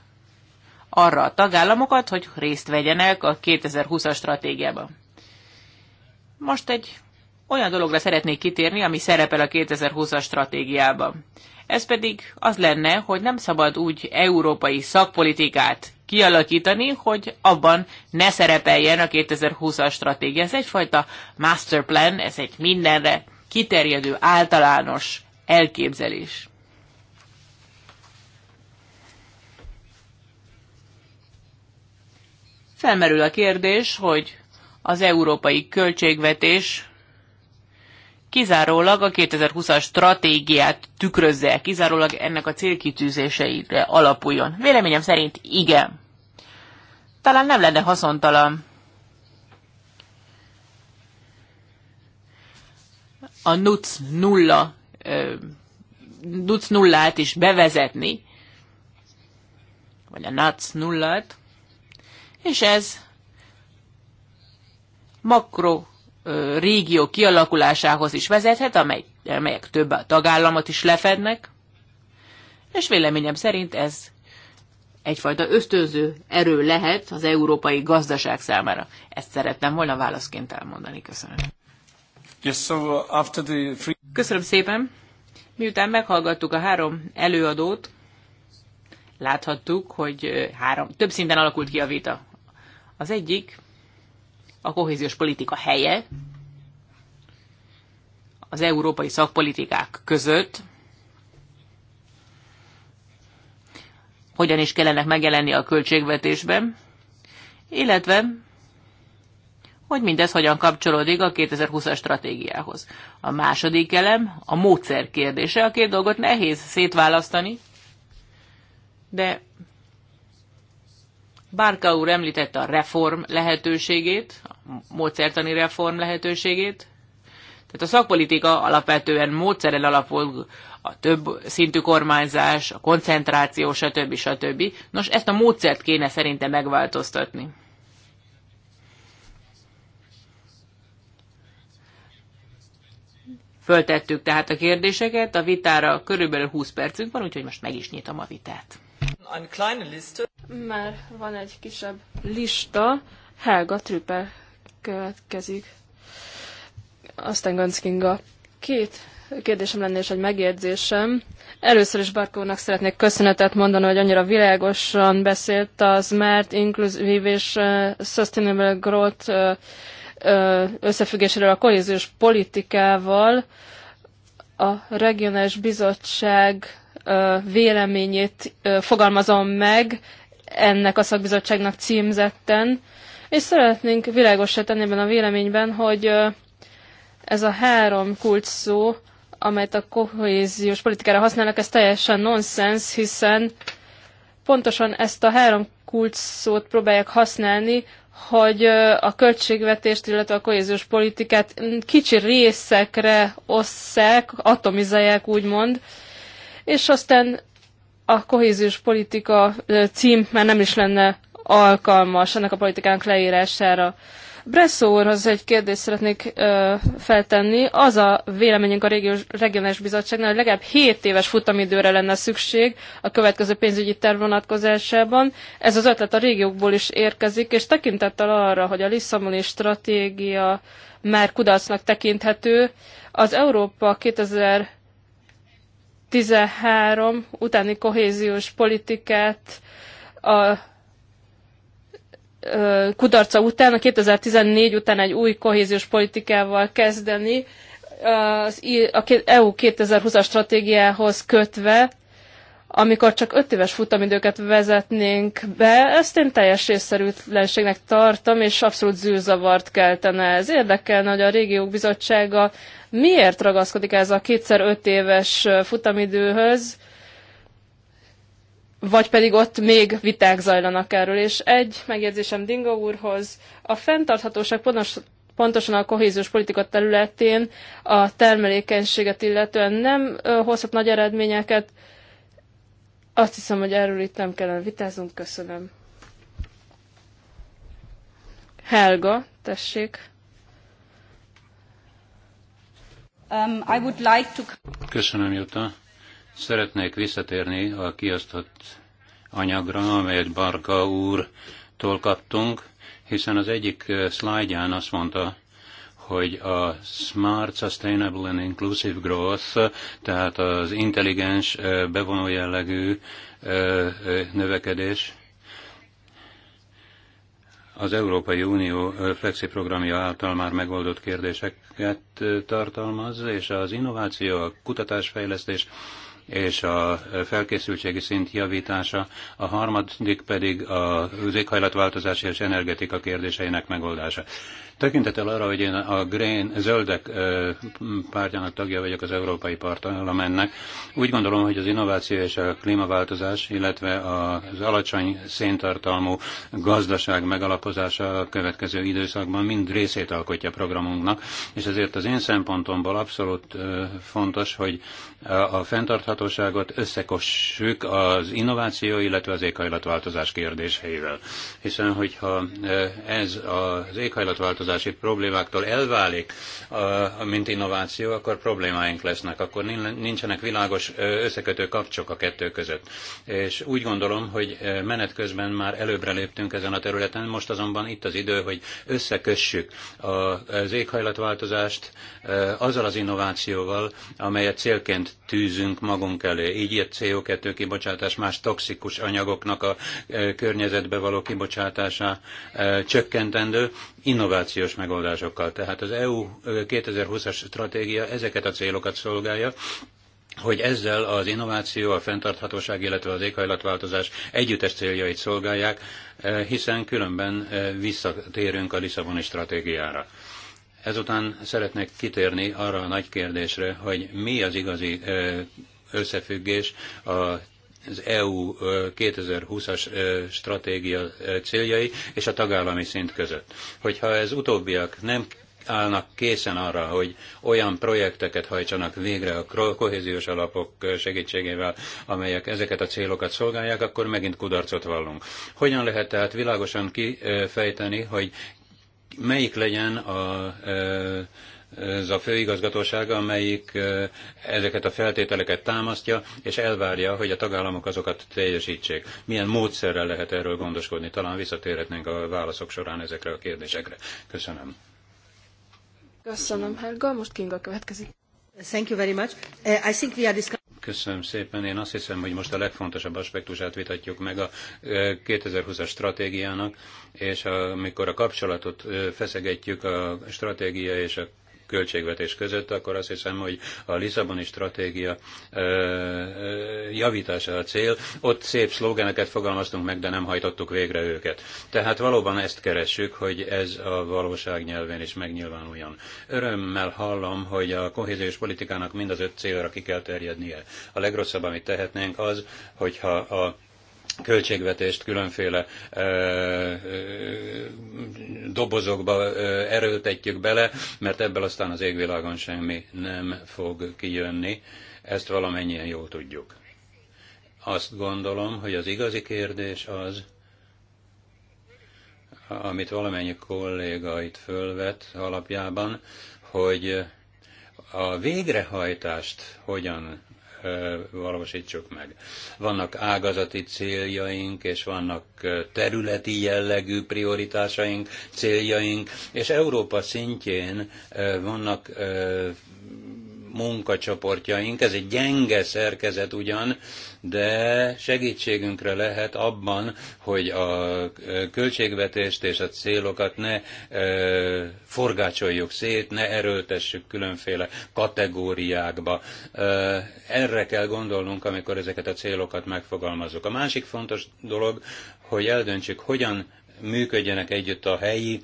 arra a tagállamokat, hogy részt vegyenek a 2020-as stratégiában. Most egy olyan dologra szeretnék kitérni, ami szerepel a 2020-as stratégiában. Ez pedig az lenne, hogy nem szabad úgy európai szakpolitikát kialakítani, hogy abban ne szerepeljen a 2020-as stratégia. Ez egyfajta master plan, ez egy mindenre kiterjedő általános elképzelés. Felmerül a kérdés, hogy az európai költségvetés kizárólag a 2020-as stratégiát tükrözze, kizárólag ennek a célkitűzéseire alapuljon. Véleményem szerint igen talán nem lenne haszontalan. A NUC nulla, NUC nullát is bevezetni, vagy a NAC nullát, és ez makro régió kialakulásához is vezethet, amely, amelyek több a tagállamot is lefednek, és véleményem szerint ez egyfajta ösztönző erő lehet az európai gazdaság számára. Ezt szerettem volna válaszként elmondani. Köszönöm. Yes, so uh, after the free... Köszönöm szépen. Miután meghallgattuk a három előadót, láthattuk, hogy uh, három, több szinten alakult ki a vita. Az egyik a kohéziós politika helye az európai szakpolitikák között, hogyan is kellene megjelenni a költségvetésben, illetve hogy mindez hogyan kapcsolódik a 2020-as stratégiához. A második elem a módszer kérdése. A két dolgot nehéz szétválasztani, de Bárka úr említette a reform lehetőségét, a módszertani reform lehetőségét. Tehát a szakpolitika alapvetően módszeren alapul a több szintű kormányzás, a koncentráció, stb. stb. Nos, ezt a módszert kéne szerintem megváltoztatni. Föltettük tehát a kérdéseket, a vitára körülbelül 20 percünk van, úgyhogy most meg is nyitom a vitát. Már van egy kisebb lista, Helga Trüppel következik, aztán Ganskinga. Két kérdésem lenne és egy megjegyzésem. Először is Barkónak szeretnék köszönetet mondani, hogy annyira világosan beszélt a Smart, inkluzív és Sustainable Growth összefüggéséről a kohéziós politikával. A regionális bizottság véleményét fogalmazom meg ennek a szakbizottságnak címzetten, és szeretnénk világosra tenni ebben a véleményben, hogy ez a három kulcs szó amelyet a kohéziós politikára használnak, ez teljesen nonsens, hiszen pontosan ezt a három kulcsszót próbálják használni, hogy a költségvetést, illetve a kohéziós politikát kicsi részekre osszák, atomizálják úgymond, és aztán a kohéziós politika cím már nem is lenne alkalmas ennek a politikának leírására. Bresszó úrhoz egy kérdést szeretnék ö, feltenni. Az a véleményünk a régiós, regionális bizottságnál, hogy legalább 7 éves futamidőre lenne szükség a következő pénzügyi terv vonatkozásában. Ez az ötlet a régiókból is érkezik, és tekintettel arra, hogy a Lisszaboni stratégia már kudarcnak tekinthető, az Európa 2013 utáni kohéziós politikát a kudarca után, a 2014 után egy új kohéziós politikával kezdeni, az EU 2020-as stratégiához kötve, amikor csak öt éves futamidőket vezetnénk be, ezt én teljes részszerűtlenségnek tartom, és abszolút zűrzavart keltene. Ez érdekelne, hogy a régiók bizottsága miért ragaszkodik ez a kétszer öt éves futamidőhöz, vagy pedig ott még viták zajlanak erről. És egy megjegyzésem Dingo úrhoz, a fenntarthatóság pontos, pontosan a kohéziós politika területén a termelékenységet illetően nem hozhat nagy eredményeket. Azt hiszem, hogy erről itt nem kellene vitázunk. Köszönöm. Helga, tessék. Um, I would like to... Köszönöm, Jutta. Szeretnék visszatérni a kiasztott anyagra, amelyet Barka úrtól kaptunk, hiszen az egyik eh, szlájdján azt mondta, hogy a Smart, Sustainable and Inclusive Growth, tehát az intelligens, eh, bevonó jellegű eh, növekedés az Európai Unió flexi programja által már megoldott kérdéseket tartalmaz, és az innováció, a kutatásfejlesztés, és a felkészültségi szint javítása, a harmadik pedig az éghajlatváltozás és energetika kérdéseinek megoldása. Tekintetel arra, hogy én a Green zöldek pártjának tagja vagyok az Európai Parlamentnek, úgy gondolom, hogy az innováció és a klímaváltozás, illetve az alacsony széntartalmú gazdaság megalapozása a következő időszakban mind részét alkotja a programunknak, és ezért az én szempontomból abszolút fontos, hogy a fenntarthatóságot összekossuk az innováció, illetve az éghajlatváltozás kérdéseivel. Hiszen, hogyha ez az éghajlatváltozás gazdálkodási problémáktól elválik, mint innováció, akkor problémáink lesznek, akkor nincsenek világos összekötő kapcsok a kettő között. És úgy gondolom, hogy menet közben már előbbre léptünk ezen a területen, most azonban itt az idő, hogy összekössük az éghajlatváltozást azzal az innovációval, amelyet célként tűzünk magunk elé. Így ilyet CO2 kibocsátás, más toxikus anyagoknak a környezetbe való kibocsátása csökkentendő, innováció innovációs megoldásokkal. Tehát az EU 2020-as stratégia ezeket a célokat szolgálja, hogy ezzel az innováció, a fenntarthatóság, illetve az éghajlatváltozás együttes céljait szolgálják, hiszen különben visszatérünk a Lisszaboni stratégiára. Ezután szeretnék kitérni arra a nagy kérdésre, hogy mi az igazi összefüggés a az EU 2020-as stratégia céljai és a tagállami szint között. Hogyha ez utóbbiak nem állnak készen arra, hogy olyan projekteket hajtsanak végre a kohéziós alapok segítségével, amelyek ezeket a célokat szolgálják, akkor megint kudarcot vallunk. Hogyan lehet tehát világosan kifejteni, hogy melyik legyen a ez a főigazgatósága, amelyik ezeket a feltételeket támasztja, és elvárja, hogy a tagállamok azokat teljesítsék. Milyen módszerrel lehet erről gondoskodni? Talán visszatérhetnénk a válaszok során ezekre a kérdésekre. Köszönöm. Köszönöm, Helga. Most Kinga következik. Thank you very much. Uh, I think we are Köszönöm szépen. Én azt hiszem, hogy most a legfontosabb aspektusát vitatjuk meg a 2020-as stratégiának, és amikor a kapcsolatot feszegetjük a stratégia és a költségvetés között, akkor azt hiszem, hogy a Lisszaboni stratégia javítása a cél. Ott szép szlógeneket fogalmaztunk meg, de nem hajtottuk végre őket. Tehát valóban ezt keressük, hogy ez a valóság nyelvén is megnyilvánuljon. Örömmel hallom, hogy a kohéziós politikának mind az öt célra ki kell terjednie. A legrosszabb, amit tehetnénk az, hogyha a költségvetést különféle ö, ö, dobozokba ö, erőltetjük bele, mert ebből aztán az égvilágon semmi nem fog kijönni. Ezt valamennyien jól tudjuk. Azt gondolom, hogy az igazi kérdés az, amit valamennyi kolléga itt fölvet alapjában, hogy a végrehajtást hogyan valósítsuk meg. Vannak ágazati céljaink, és vannak területi jellegű prioritásaink, céljaink, és Európa szintjén vannak munkacsoportjaink, ez egy gyenge szerkezet ugyan, de segítségünkre lehet abban, hogy a költségvetést és a célokat ne forgácsoljuk szét, ne erőltessük különféle kategóriákba. Erre kell gondolnunk, amikor ezeket a célokat megfogalmazunk. A másik fontos dolog, hogy eldöntsük, hogyan működjenek együtt a helyi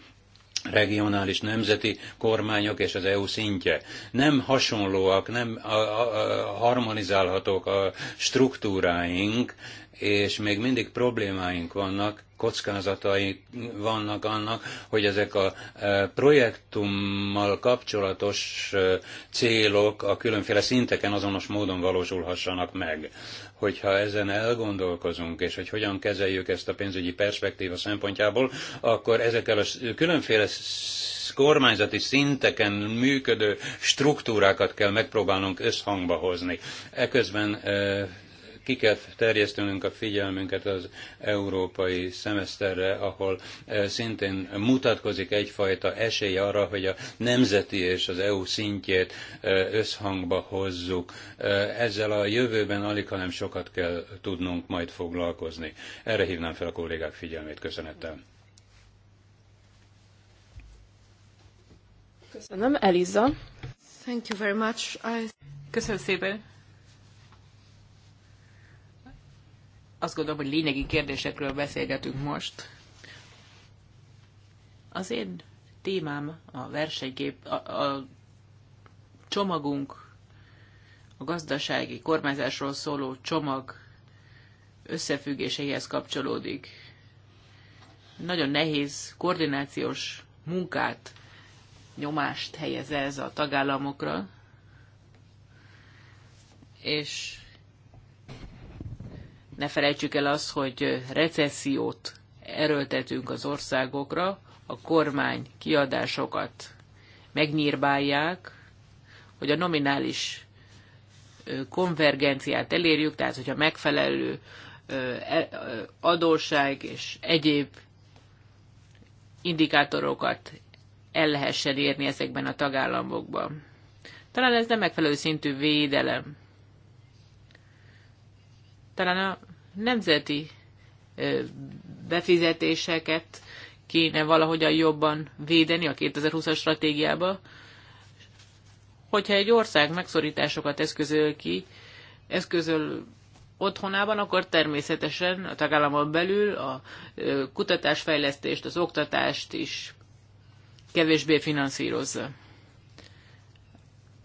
regionális nemzeti kormányok és az EU szintje. Nem hasonlóak, nem a, a, a harmonizálhatók a struktúráink, és még mindig problémáink vannak, kockázatai vannak annak, hogy ezek a e, projektummal kapcsolatos e, célok a különféle szinteken azonos módon valósulhassanak meg hogyha ezen elgondolkozunk, és hogy hogyan kezeljük ezt a pénzügyi perspektíva szempontjából, akkor ezekkel a különféle kormányzati szinteken működő struktúrákat kell megpróbálnunk összhangba hozni. Eközben eh, ki kell terjesztenünk a figyelmünket az európai szemeszterre, ahol eh, szintén mutatkozik egyfajta esély arra, hogy a nemzeti és az EU szintjét eh, összhangba hozzuk. Eh, ezzel a jövőben alig, hanem sokat kell tudnunk majd foglalkozni. Erre hívnám fel a kollégák figyelmét. Köszönettel. Köszönöm, Eliza. Thank you very much. I... Köszönöm szépen. azt gondolom, hogy lényegi kérdésekről beszélgetünk most. Az én témám a versenykép, a, a csomagunk, a gazdasági kormányzásról szóló csomag összefüggéseihez kapcsolódik. Nagyon nehéz koordinációs munkát, nyomást helyez ez a tagállamokra, és ne felejtsük el azt, hogy recessziót erőltetünk az országokra, a kormány kiadásokat megnyírbálják, hogy a nominális konvergenciát elérjük, tehát hogyha megfelelő e, adósság és egyéb indikátorokat el lehessen érni ezekben a tagállamokban. Talán ez nem megfelelő szintű védelem. Talán a nemzeti befizetéseket kéne valahogyan jobban védeni a 2020-as stratégiába. Hogyha egy ország megszorításokat eszközöl ki, eszközöl otthonában, akkor természetesen a tagállamon belül a kutatásfejlesztést, az oktatást is kevésbé finanszírozza.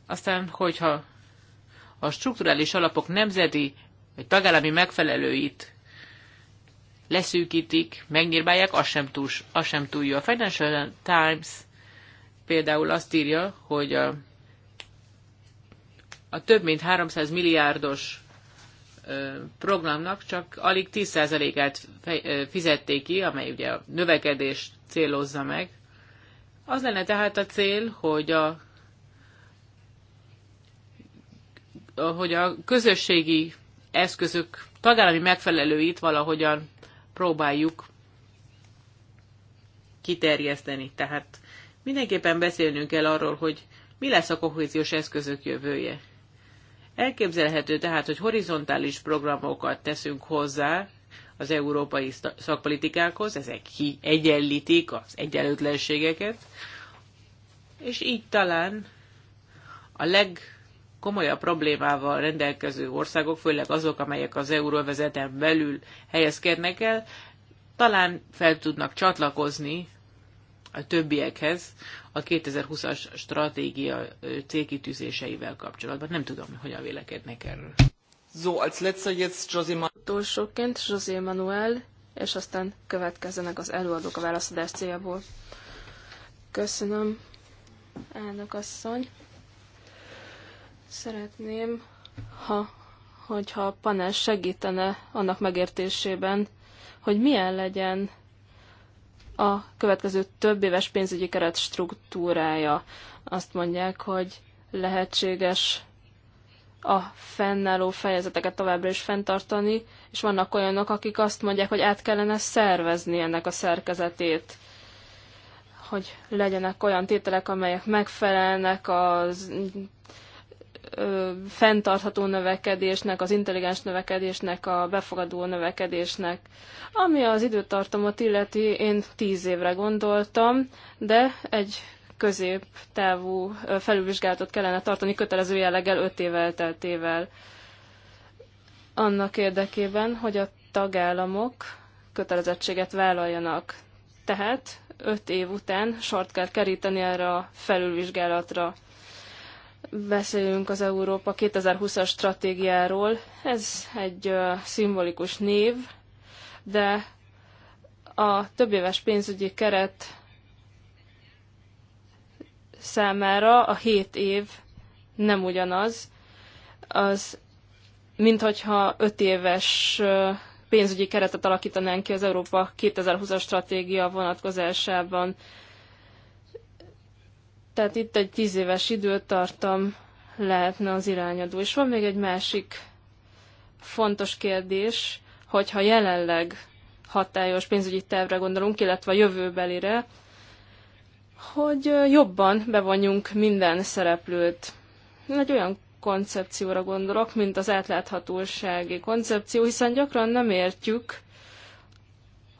Aztán, hogyha a strukturális alapok nemzeti vagy tagállami megfelelőit leszűkítik, megnyírbálják, az sem túl, az sem túl jó. A Financial Times például azt írja, hogy a, a több mint 300 milliárdos programnak csak alig 10%-át fizették ki, amely ugye a növekedést célozza meg. Az lenne tehát a cél, hogy a hogy a közösségi eszközök tagállami megfelelőit valahogyan próbáljuk kiterjeszteni. Tehát mindenképpen beszélnünk kell arról, hogy mi lesz a kohéziós eszközök jövője. Elképzelhető tehát, hogy horizontális programokat teszünk hozzá az európai szakpolitikákhoz, ezek kiegyenlítik az egyenlőtlenségeket, és így talán a leg komolyabb problémával rendelkező országok, főleg azok, amelyek az euróvezeten belül helyezkednek el, talán fel tudnak csatlakozni a többiekhez a 2020-as stratégia célkitűzéseivel kapcsolatban. Nem tudom, hogy a vélekednek erről. So, als letzter jetzt José Manuel. Utolsóként José Manuel, és aztán következzenek az előadók a válaszadás céljából. Köszönöm, elnök asszony. Szeretném, ha, hogyha a panel segítene annak megértésében, hogy milyen legyen a következő több éves pénzügyi keret struktúrája. Azt mondják, hogy lehetséges a fennálló fejezeteket továbbra is fenntartani, és vannak olyanok, akik azt mondják, hogy át kellene szervezni ennek a szerkezetét, hogy legyenek olyan tételek, amelyek megfelelnek az fenntartható növekedésnek, az intelligens növekedésnek, a befogadó növekedésnek. Ami az időtartamot illeti, én tíz évre gondoltam, de egy középtávú felülvizsgálatot kellene tartani kötelező jelleggel öt év elteltével. Annak érdekében, hogy a tagállamok kötelezettséget vállaljanak. Tehát öt év után sort kell keríteni erre a felülvizsgálatra beszélünk az Európa 2020-as stratégiáról. Ez egy uh, szimbolikus név, de a többéves pénzügyi keret számára a 7 év nem ugyanaz, az mint hogyha 5 éves pénzügyi keretet alakítanánk ki az Európa 2020-as stratégia vonatkozásában. Tehát itt egy tíz éves időtartam lehetne az irányadó. És van még egy másik fontos kérdés, hogyha jelenleg hatályos pénzügyi tervre gondolunk, illetve a jövőbelire, hogy jobban bevonjunk minden szereplőt. Egy olyan koncepcióra gondolok, mint az átláthatósági koncepció, hiszen gyakran nem értjük,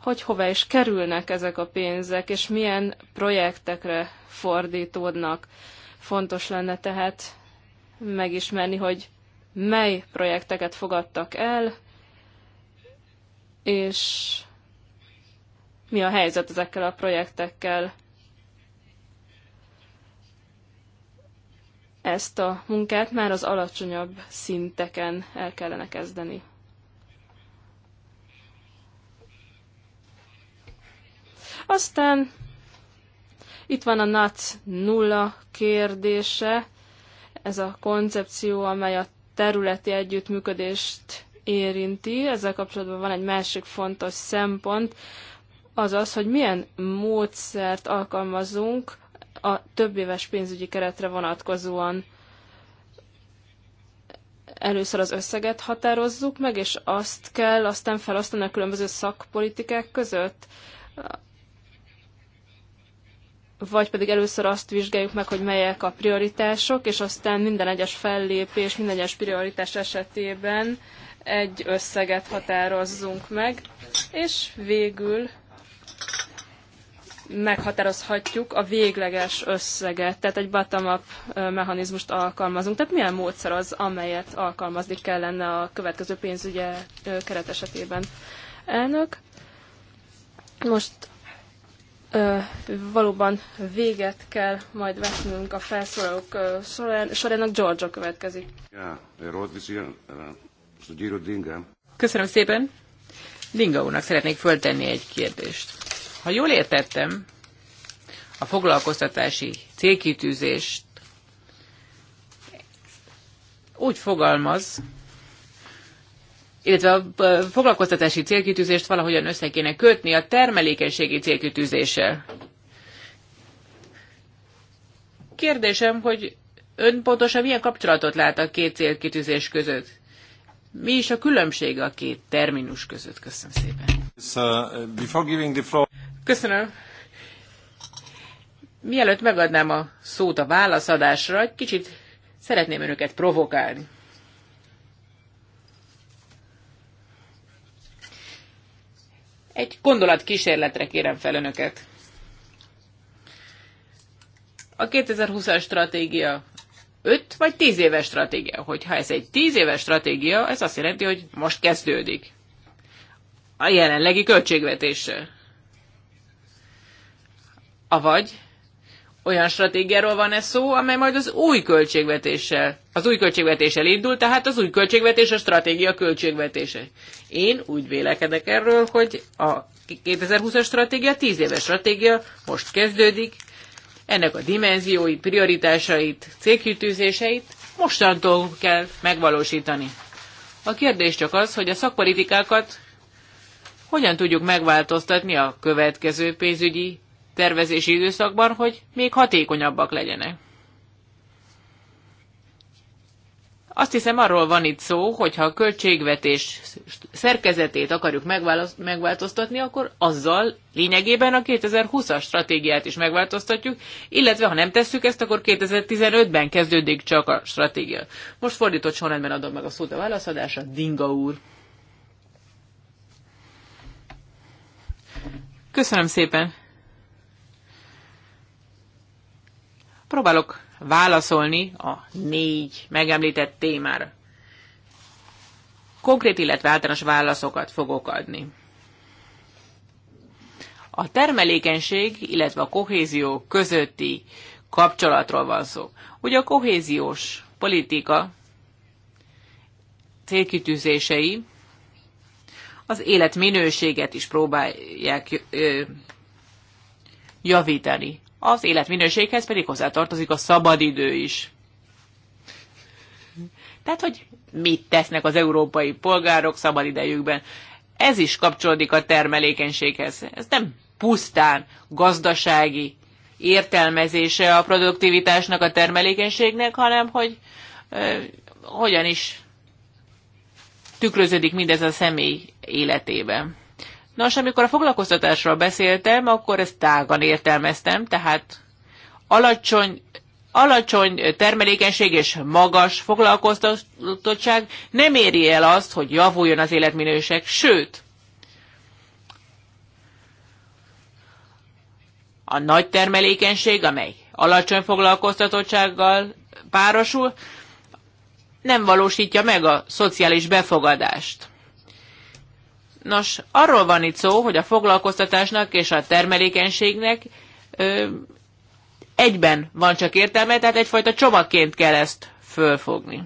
hogy hova is kerülnek ezek a pénzek, és milyen projektekre fordítódnak. Fontos lenne tehát megismerni, hogy mely projekteket fogadtak el, és mi a helyzet ezekkel a projektekkel. Ezt a munkát már az alacsonyabb szinteken el kellene kezdeni. Aztán itt van a NAC nulla kérdése, ez a koncepció, amely a területi együttműködést érinti. Ezzel kapcsolatban van egy másik fontos szempont, az az, hogy milyen módszert alkalmazunk a több éves pénzügyi keretre vonatkozóan. Először az összeget határozzuk meg, és azt kell aztán felosztani a különböző szakpolitikák között vagy pedig először azt vizsgáljuk meg, hogy melyek a prioritások, és aztán minden egyes fellépés, minden egyes prioritás esetében egy összeget határozzunk meg, és végül meghatározhatjuk a végleges összeget, tehát egy bottom-up mechanizmust alkalmazunk. Tehát milyen módszer az, amelyet alkalmazni kellene a következő pénzügyi keret esetében? Elnök, most valóban véget kell majd vetnünk a felszólalók sorának. Georgia következik. Köszönöm szépen. Dinga úrnak szeretnék föltenni egy kérdést. Ha jól értettem, a foglalkoztatási célkitűzést úgy fogalmaz, illetve a foglalkoztatási célkitűzést valahogyan össze kéne kötni a termelékenységi célkitűzéssel. Kérdésem, hogy ön pontosan milyen kapcsolatot lát a két célkitűzés között? Mi is a különbség a két terminus között? Köszönöm szépen. Uh, Köszönöm. Mielőtt megadnám a szót a válaszadásra, egy kicsit szeretném önöket provokálni. Egy gondolatkísérletre kérem fel önöket. A 2020-as stratégia 5 vagy 10 éves stratégia. Hogyha ez egy 10 éves stratégia, ez azt jelenti, hogy most kezdődik. A jelenlegi költségvetéssel. Avagy olyan stratégiáról van ez szó, amely majd az új költségvetéssel, az új költségvetéssel indul, tehát az új költségvetés a stratégia költségvetése. Én úgy vélekedek erről, hogy a 2020-as stratégia 10 éves stratégia most kezdődik, ennek a dimenziói, prioritásait, célkitűzéseit mostantól kell megvalósítani. A kérdés csak az, hogy a szakpolitikákat hogyan tudjuk megváltoztatni a következő pénzügyi tervezési időszakban, hogy még hatékonyabbak legyenek. Azt hiszem arról van itt szó, hogy ha a költségvetés szerkezetét akarjuk megváltoztatni, akkor azzal lényegében a 2020-as stratégiát is megváltoztatjuk, illetve ha nem tesszük ezt, akkor 2015-ben kezdődik csak a stratégia. Most fordított sorrendben adom meg a szót a válaszadásra, Dinga úr. Köszönöm szépen. Próbálok válaszolni a négy megemlített témára. Konkrét, illetve általános válaszokat fogok adni. A termelékenység, illetve a kohézió közötti kapcsolatról van szó. Ugye a kohéziós politika célkitűzései az életminőséget is próbálják javítani. Az életminőséghez pedig hozzátartozik a szabadidő is. Tehát, hogy mit tesznek az európai polgárok szabadidejükben. Ez is kapcsolódik a termelékenységhez. Ez nem pusztán gazdasági értelmezése a produktivitásnak, a termelékenységnek, hanem hogy ö, hogyan is tükröződik mindez a személy életében. Nos, amikor a foglalkoztatásról beszéltem, akkor ezt tágan értelmeztem, tehát alacsony, alacsony termelékenység és magas foglalkoztatottság nem éri el azt, hogy javuljon az életminőség, sőt, a nagy termelékenység, amely alacsony foglalkoztatottsággal párosul, nem valósítja meg a szociális befogadást. Nos, arról van itt szó, hogy a foglalkoztatásnak és a termelékenységnek ö, egyben van csak értelme, tehát egyfajta csomagként kell ezt fölfogni.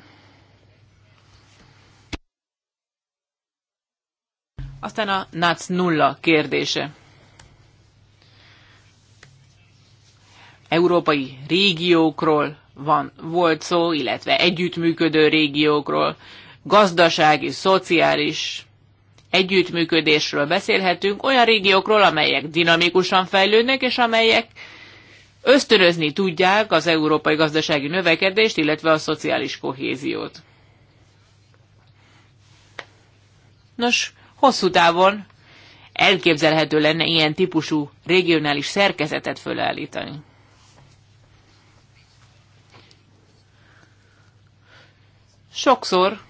Aztán a NAC nulla kérdése. Európai régiókról van, volt szó, illetve együttműködő régiókról, gazdasági, szociális együttműködésről beszélhetünk, olyan régiókról, amelyek dinamikusan fejlődnek, és amelyek ösztönözni tudják az európai gazdasági növekedést, illetve a szociális kohéziót. Nos, hosszú távon elképzelhető lenne ilyen típusú regionális szerkezetet fölállítani. Sokszor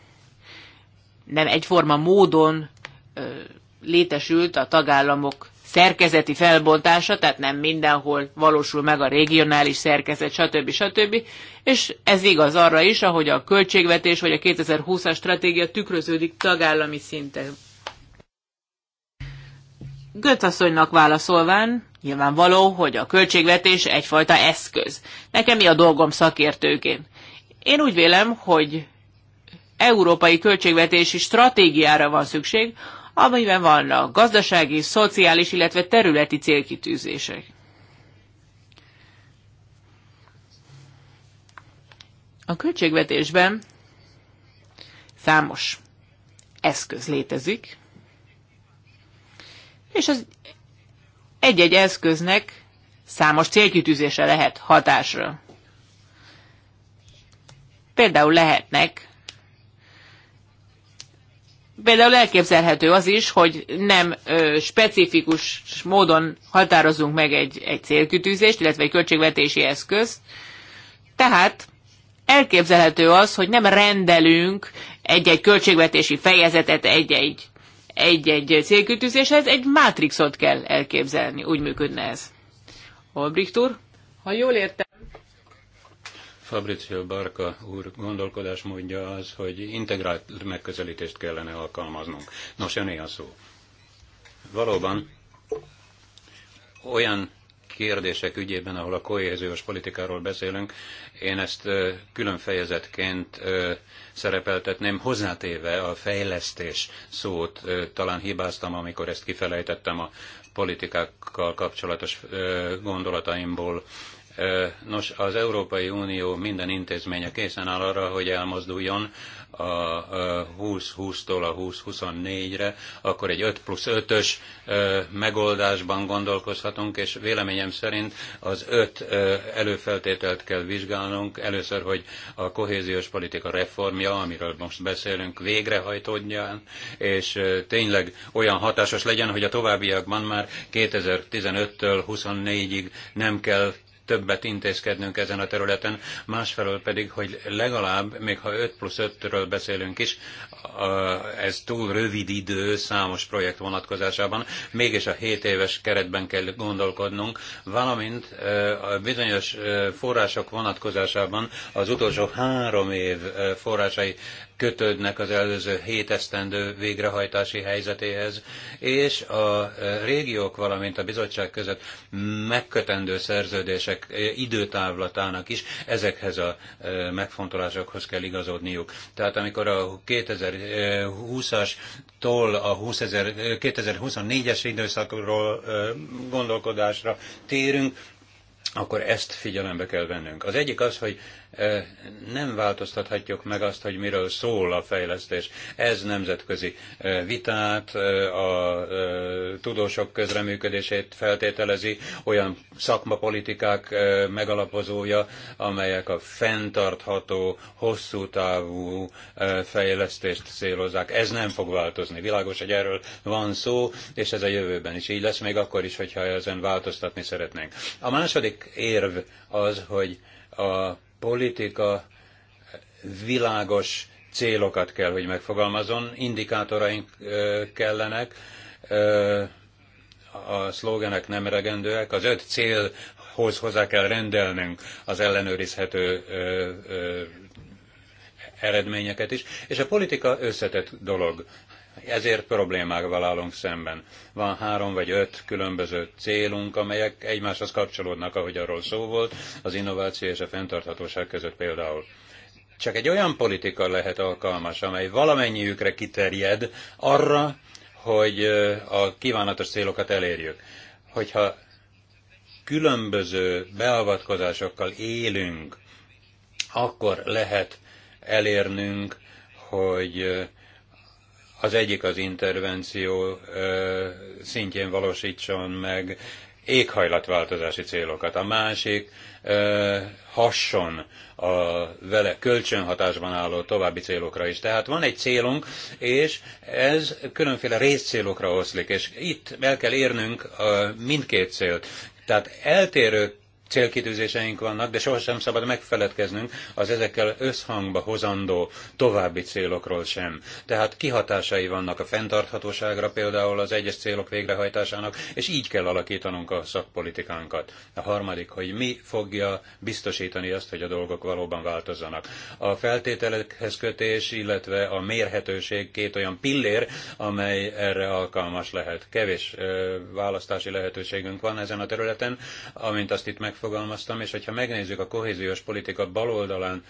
nem egyforma módon létesült a tagállamok szerkezeti felbontása, tehát nem mindenhol valósul meg a regionális szerkezet, stb. stb. És ez igaz arra is, ahogy a költségvetés vagy a 2020-as stratégia tükröződik tagállami szinten. Götasszonynak válaszolván, nyilvánvaló, hogy a költségvetés egyfajta eszköz. Nekem mi a dolgom szakértőként? Én úgy vélem, hogy európai költségvetési stratégiára van szükség, amiben vannak gazdasági, szociális, illetve területi célkitűzések. A költségvetésben számos eszköz létezik, és az egy-egy eszköznek számos célkitűzése lehet hatásra. Például lehetnek Például elképzelhető az is, hogy nem ö, specifikus módon határozunk meg egy, egy célkütűzést, illetve egy költségvetési eszközt. Tehát elképzelhető az, hogy nem rendelünk egy-egy költségvetési fejezetet egy-egy egy-egy célkütűzéshez, egy mátrixot kell elképzelni. Úgy működne ez. Olbricht úr? Ha jól értem, Fabrizio Barka úr gondolkodásmódja az, hogy integrált megközelítést kellene alkalmaznunk. Nos, jön a szó. Valóban olyan kérdések ügyében, ahol a kohéziós politikáról beszélünk, én ezt külön fejezetként szerepeltetném, hozzátéve a fejlesztés szót, talán hibáztam, amikor ezt kifelejtettem a politikákkal kapcsolatos gondolataimból Nos, az Európai Unió minden intézménye készen áll arra, hogy elmozduljon a 20-20-tól a 20-24-re, akkor egy 5 plusz 5-ös megoldásban gondolkozhatunk, és véleményem szerint az 5 előfeltételt kell vizsgálnunk. Először, hogy a kohéziós politika reformja, amiről most beszélünk, végrehajtódjon, és tényleg olyan hatásos legyen, hogy a továbbiakban már 2015-től 24-ig nem kell többet intézkednünk ezen a területen, másfelől pedig, hogy legalább, még ha 5 plusz 5-ről beszélünk is, ez túl rövid idő számos projekt vonatkozásában, mégis a 7 éves keretben kell gondolkodnunk, valamint a bizonyos források vonatkozásában az utolsó három év forrásai kötődnek az előző hétesztendő végrehajtási helyzetéhez, és a régiók, valamint a bizottság között megkötendő szerződések időtávlatának is ezekhez a megfontolásokhoz kell igazodniuk. Tehát amikor a 2020-as tól a 2024-es időszakról gondolkodásra térünk, akkor ezt figyelembe kell vennünk. Az egyik az, hogy nem változtathatjuk meg azt, hogy miről szól a fejlesztés. Ez nemzetközi vitát, a tudósok közreműködését feltételezi, olyan szakmapolitikák megalapozója, amelyek a fenntartható, hosszú távú fejlesztést célozzák. Ez nem fog változni. Világos, hogy erről van szó, és ez a jövőben is így lesz, még akkor is, hogyha ezen változtatni szeretnénk. A második érv az, hogy a politika világos célokat kell, hogy megfogalmazon, indikátoraink kellenek, a szlógenek nem elegendőek, az öt célhoz hozzá kell rendelnünk az ellenőrizhető eredményeket is, és a politika összetett dolog ezért problémákkal állunk szemben. Van három vagy öt különböző célunk, amelyek egymáshoz kapcsolódnak, ahogy arról szó volt, az innováció és a fenntarthatóság között például. Csak egy olyan politika lehet alkalmas, amely valamennyiükre kiterjed arra, hogy a kívánatos célokat elérjük. Hogyha különböző beavatkozásokkal élünk, akkor lehet elérnünk, hogy az egyik az intervenció szintjén valósítson meg éghajlatváltozási célokat, a másik hasson a vele kölcsönhatásban álló további célokra is. Tehát van egy célunk, és ez különféle részcélokra oszlik, és itt el kell érnünk mindkét célt. Tehát eltérő célkitűzéseink vannak, de sohasem szabad megfeledkeznünk az ezekkel összhangba hozandó további célokról sem. Tehát kihatásai vannak a fenntarthatóságra például az egyes célok végrehajtásának, és így kell alakítanunk a szakpolitikánkat. A harmadik, hogy mi fogja biztosítani azt, hogy a dolgok valóban változzanak. A feltételekhez kötés, illetve a mérhetőség két olyan pillér, amely erre alkalmas lehet. Kevés választási lehetőségünk van ezen a területen, amint azt itt meg megfogalmaztam, és hogyha megnézzük a kohéziós politika baloldalán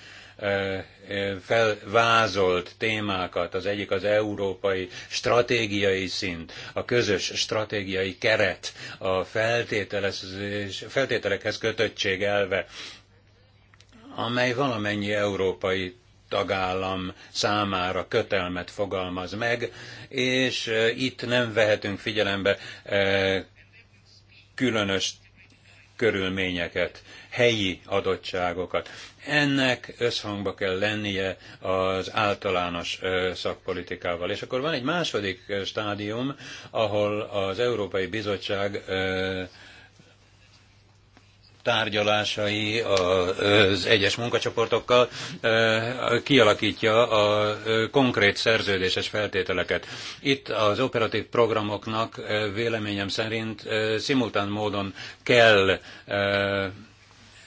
felvázolt témákat, az egyik az európai stratégiai szint, a közös stratégiai keret, a feltételekhez kötöttség elve, amely valamennyi európai tagállam számára kötelmet fogalmaz meg, és itt nem vehetünk figyelembe különös körülményeket, helyi adottságokat. Ennek összhangba kell lennie az általános szakpolitikával. És akkor van egy második stádium, ahol az Európai Bizottság tárgyalásai az egyes munkacsoportokkal kialakítja a konkrét szerződéses feltételeket. Itt az operatív programoknak véleményem szerint szimultán módon kell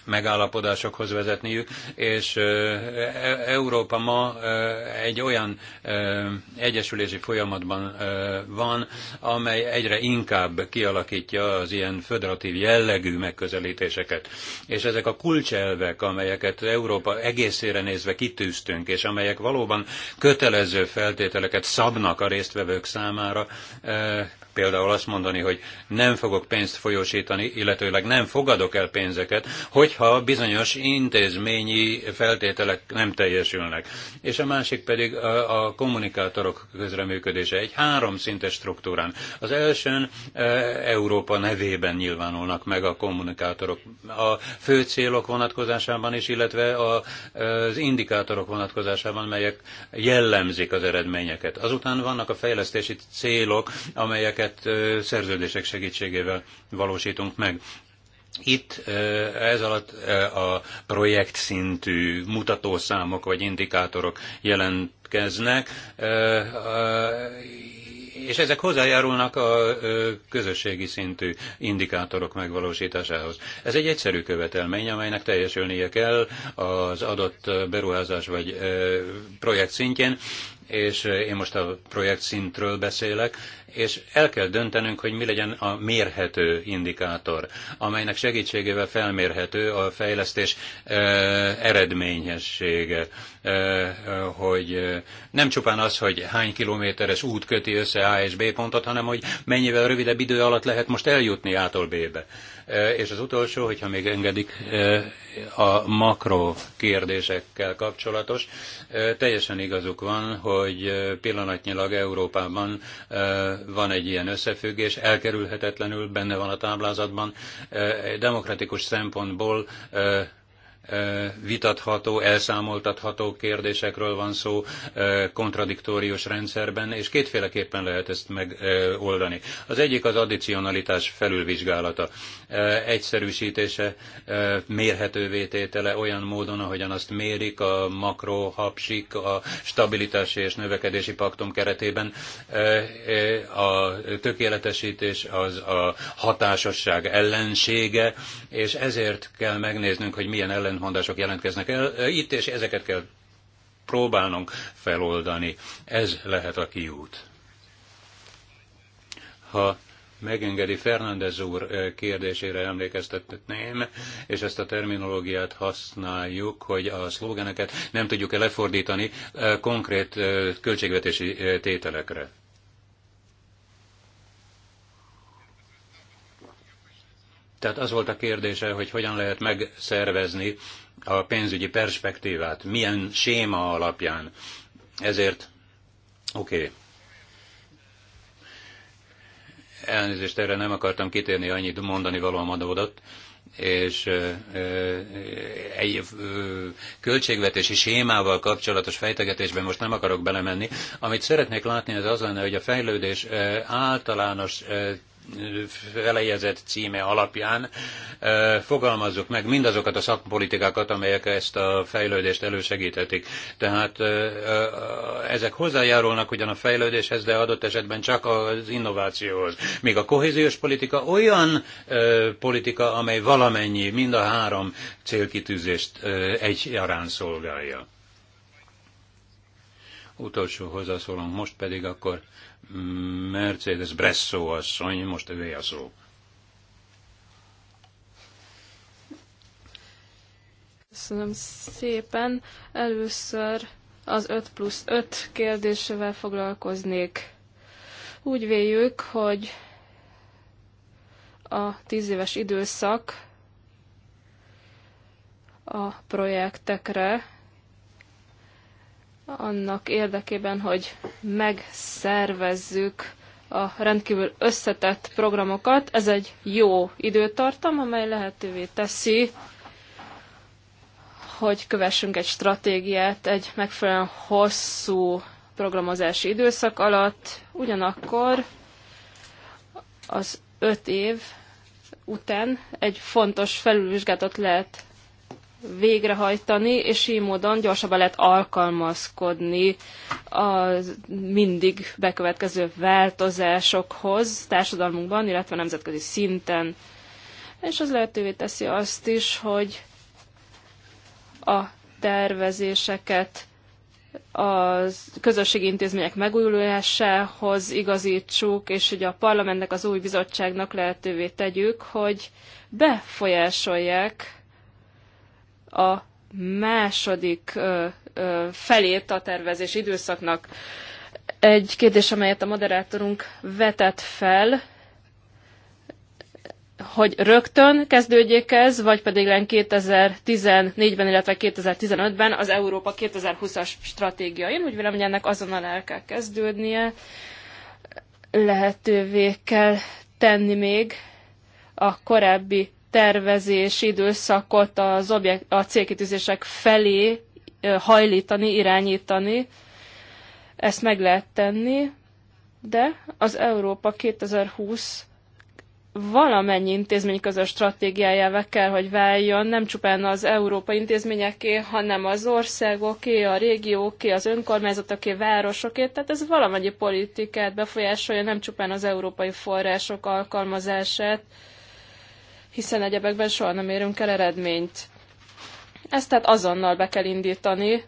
megállapodásokhoz vezetniük, és e-, e-, Európa ma egy olyan egyesülési folyamatban van, amely egyre inkább kialakítja az ilyen föderatív jellegű megközelítéseket. És ezek a kulcselvek, amelyeket Európa egészére nézve kitűztünk, és amelyek valóban kötelező feltételeket szabnak a résztvevők számára, például azt mondani, hogy nem fogok pénzt folyósítani, illetőleg nem fogadok el pénzeket, hogyha bizonyos intézményi feltételek nem teljesülnek. És a másik pedig a, a kommunikátorok közreműködése egy háromszintes struktúrán. Az elsőn e, Európa nevében nyilvánulnak meg a kommunikátorok. A fő célok vonatkozásában is, illetve a, az indikátorok vonatkozásában, melyek jellemzik az eredményeket. Azután vannak a fejlesztési célok, amelyeket amelyet szerződések segítségével valósítunk meg. Itt ez alatt a projekt szintű mutatószámok vagy indikátorok jelentkeznek, és ezek hozzájárulnak a közösségi szintű indikátorok megvalósításához. Ez egy egyszerű követelmény, amelynek teljesülnie kell az adott beruházás vagy projekt szintjén, és én most a projekt szintről beszélek, és el kell döntenünk, hogy mi legyen a mérhető indikátor, amelynek segítségével felmérhető a fejlesztés eredményessége, hogy nem csupán az, hogy hány kilométeres út köti össze A és B pontot, hanem hogy mennyivel rövidebb idő alatt lehet most eljutni A-tól B-be. És az utolsó, hogyha még engedik, a makro kérdésekkel kapcsolatos. Teljesen igazuk van, hogy pillanatnyilag Európában van egy ilyen összefüggés, elkerülhetetlenül benne van a táblázatban. Demokratikus szempontból vitatható, elszámoltatható kérdésekről van szó kontradiktórius rendszerben, és kétféleképpen lehet ezt megoldani. Az egyik az addicionalitás felülvizsgálata, egyszerűsítése, mérhetővé tétele olyan módon, ahogyan azt mérik a makro, hapsik, a stabilitási és növekedési paktum keretében. A tökéletesítés az a hatásosság ellensége, és ezért kell megnéznünk, hogy milyen ellen ellentmondások jelentkeznek el itt, és ezeket kell próbálnunk feloldani. Ez lehet a kiút. Ha megengedi Fernández úr kérdésére emlékeztetném, és ezt a terminológiát használjuk, hogy a szlogeneket nem tudjuk-e lefordítani konkrét költségvetési tételekre. Tehát az volt a kérdése, hogy hogyan lehet megszervezni a pénzügyi perspektívát, milyen séma alapján. Ezért, oké, okay. elnézést erre nem akartam kitérni, annyit mondani valóan adódott, és egy költségvetési sémával kapcsolatos fejtegetésben most nem akarok belemenni. Amit szeretnék látni, az az lenne, hogy a fejlődés általános felejezet címe alapján fogalmazzuk meg mindazokat a szakpolitikákat, amelyek ezt a fejlődést elősegíthetik. Tehát ezek hozzájárulnak ugyan a fejlődéshez, de adott esetben csak az innovációhoz. Míg a kohéziós politika olyan politika, amely valamennyi, mind a három célkitűzést egyaránt szolgálja. Utolsó hozzászólunk most pedig akkor Mercedes Bresso asszony, most övé a szó. Köszönöm szépen. Először az 5 plusz 5 kérdésével foglalkoznék. Úgy véljük, hogy a 10 éves időszak a projektekre annak érdekében, hogy megszervezzük a rendkívül összetett programokat. Ez egy jó időtartam, amely lehetővé teszi, hogy kövessünk egy stratégiát egy megfelelően hosszú programozási időszak alatt, ugyanakkor az öt év után egy fontos felülvizsgálatot lehet végrehajtani, és így módon gyorsabban lehet alkalmazkodni a mindig bekövetkező változásokhoz társadalmunkban, illetve nemzetközi szinten. És az lehetővé teszi azt is, hogy a tervezéseket a közösségi intézmények megújulásához igazítsuk, és hogy a parlamentnek, az új bizottságnak lehetővé tegyük, hogy befolyásolják a második felét a tervezés időszaknak. Egy kérdés, amelyet a moderátorunk vetett fel, hogy rögtön kezdődjék ez, vagy pedig len 2014-ben, illetve 2015-ben az Európa 2020-as stratégia. Én úgy vélem, hogy ennek azonnal el kell kezdődnie, lehetővé kell tenni még a korábbi tervezési időszakot az objekt, a célkitűzések felé hajlítani, irányítani. Ezt meg lehet tenni, de az Európa 2020 valamennyi intézmény közös stratégiájával kell, hogy váljon, nem csupán az Európa intézményeké, hanem az országoké, a régióké, az önkormányzatoké, városoké, tehát ez valamennyi politikát befolyásolja, nem csupán az európai források alkalmazását, hiszen egyebekben soha nem érünk el eredményt. Ezt tehát azonnal be kell indítani,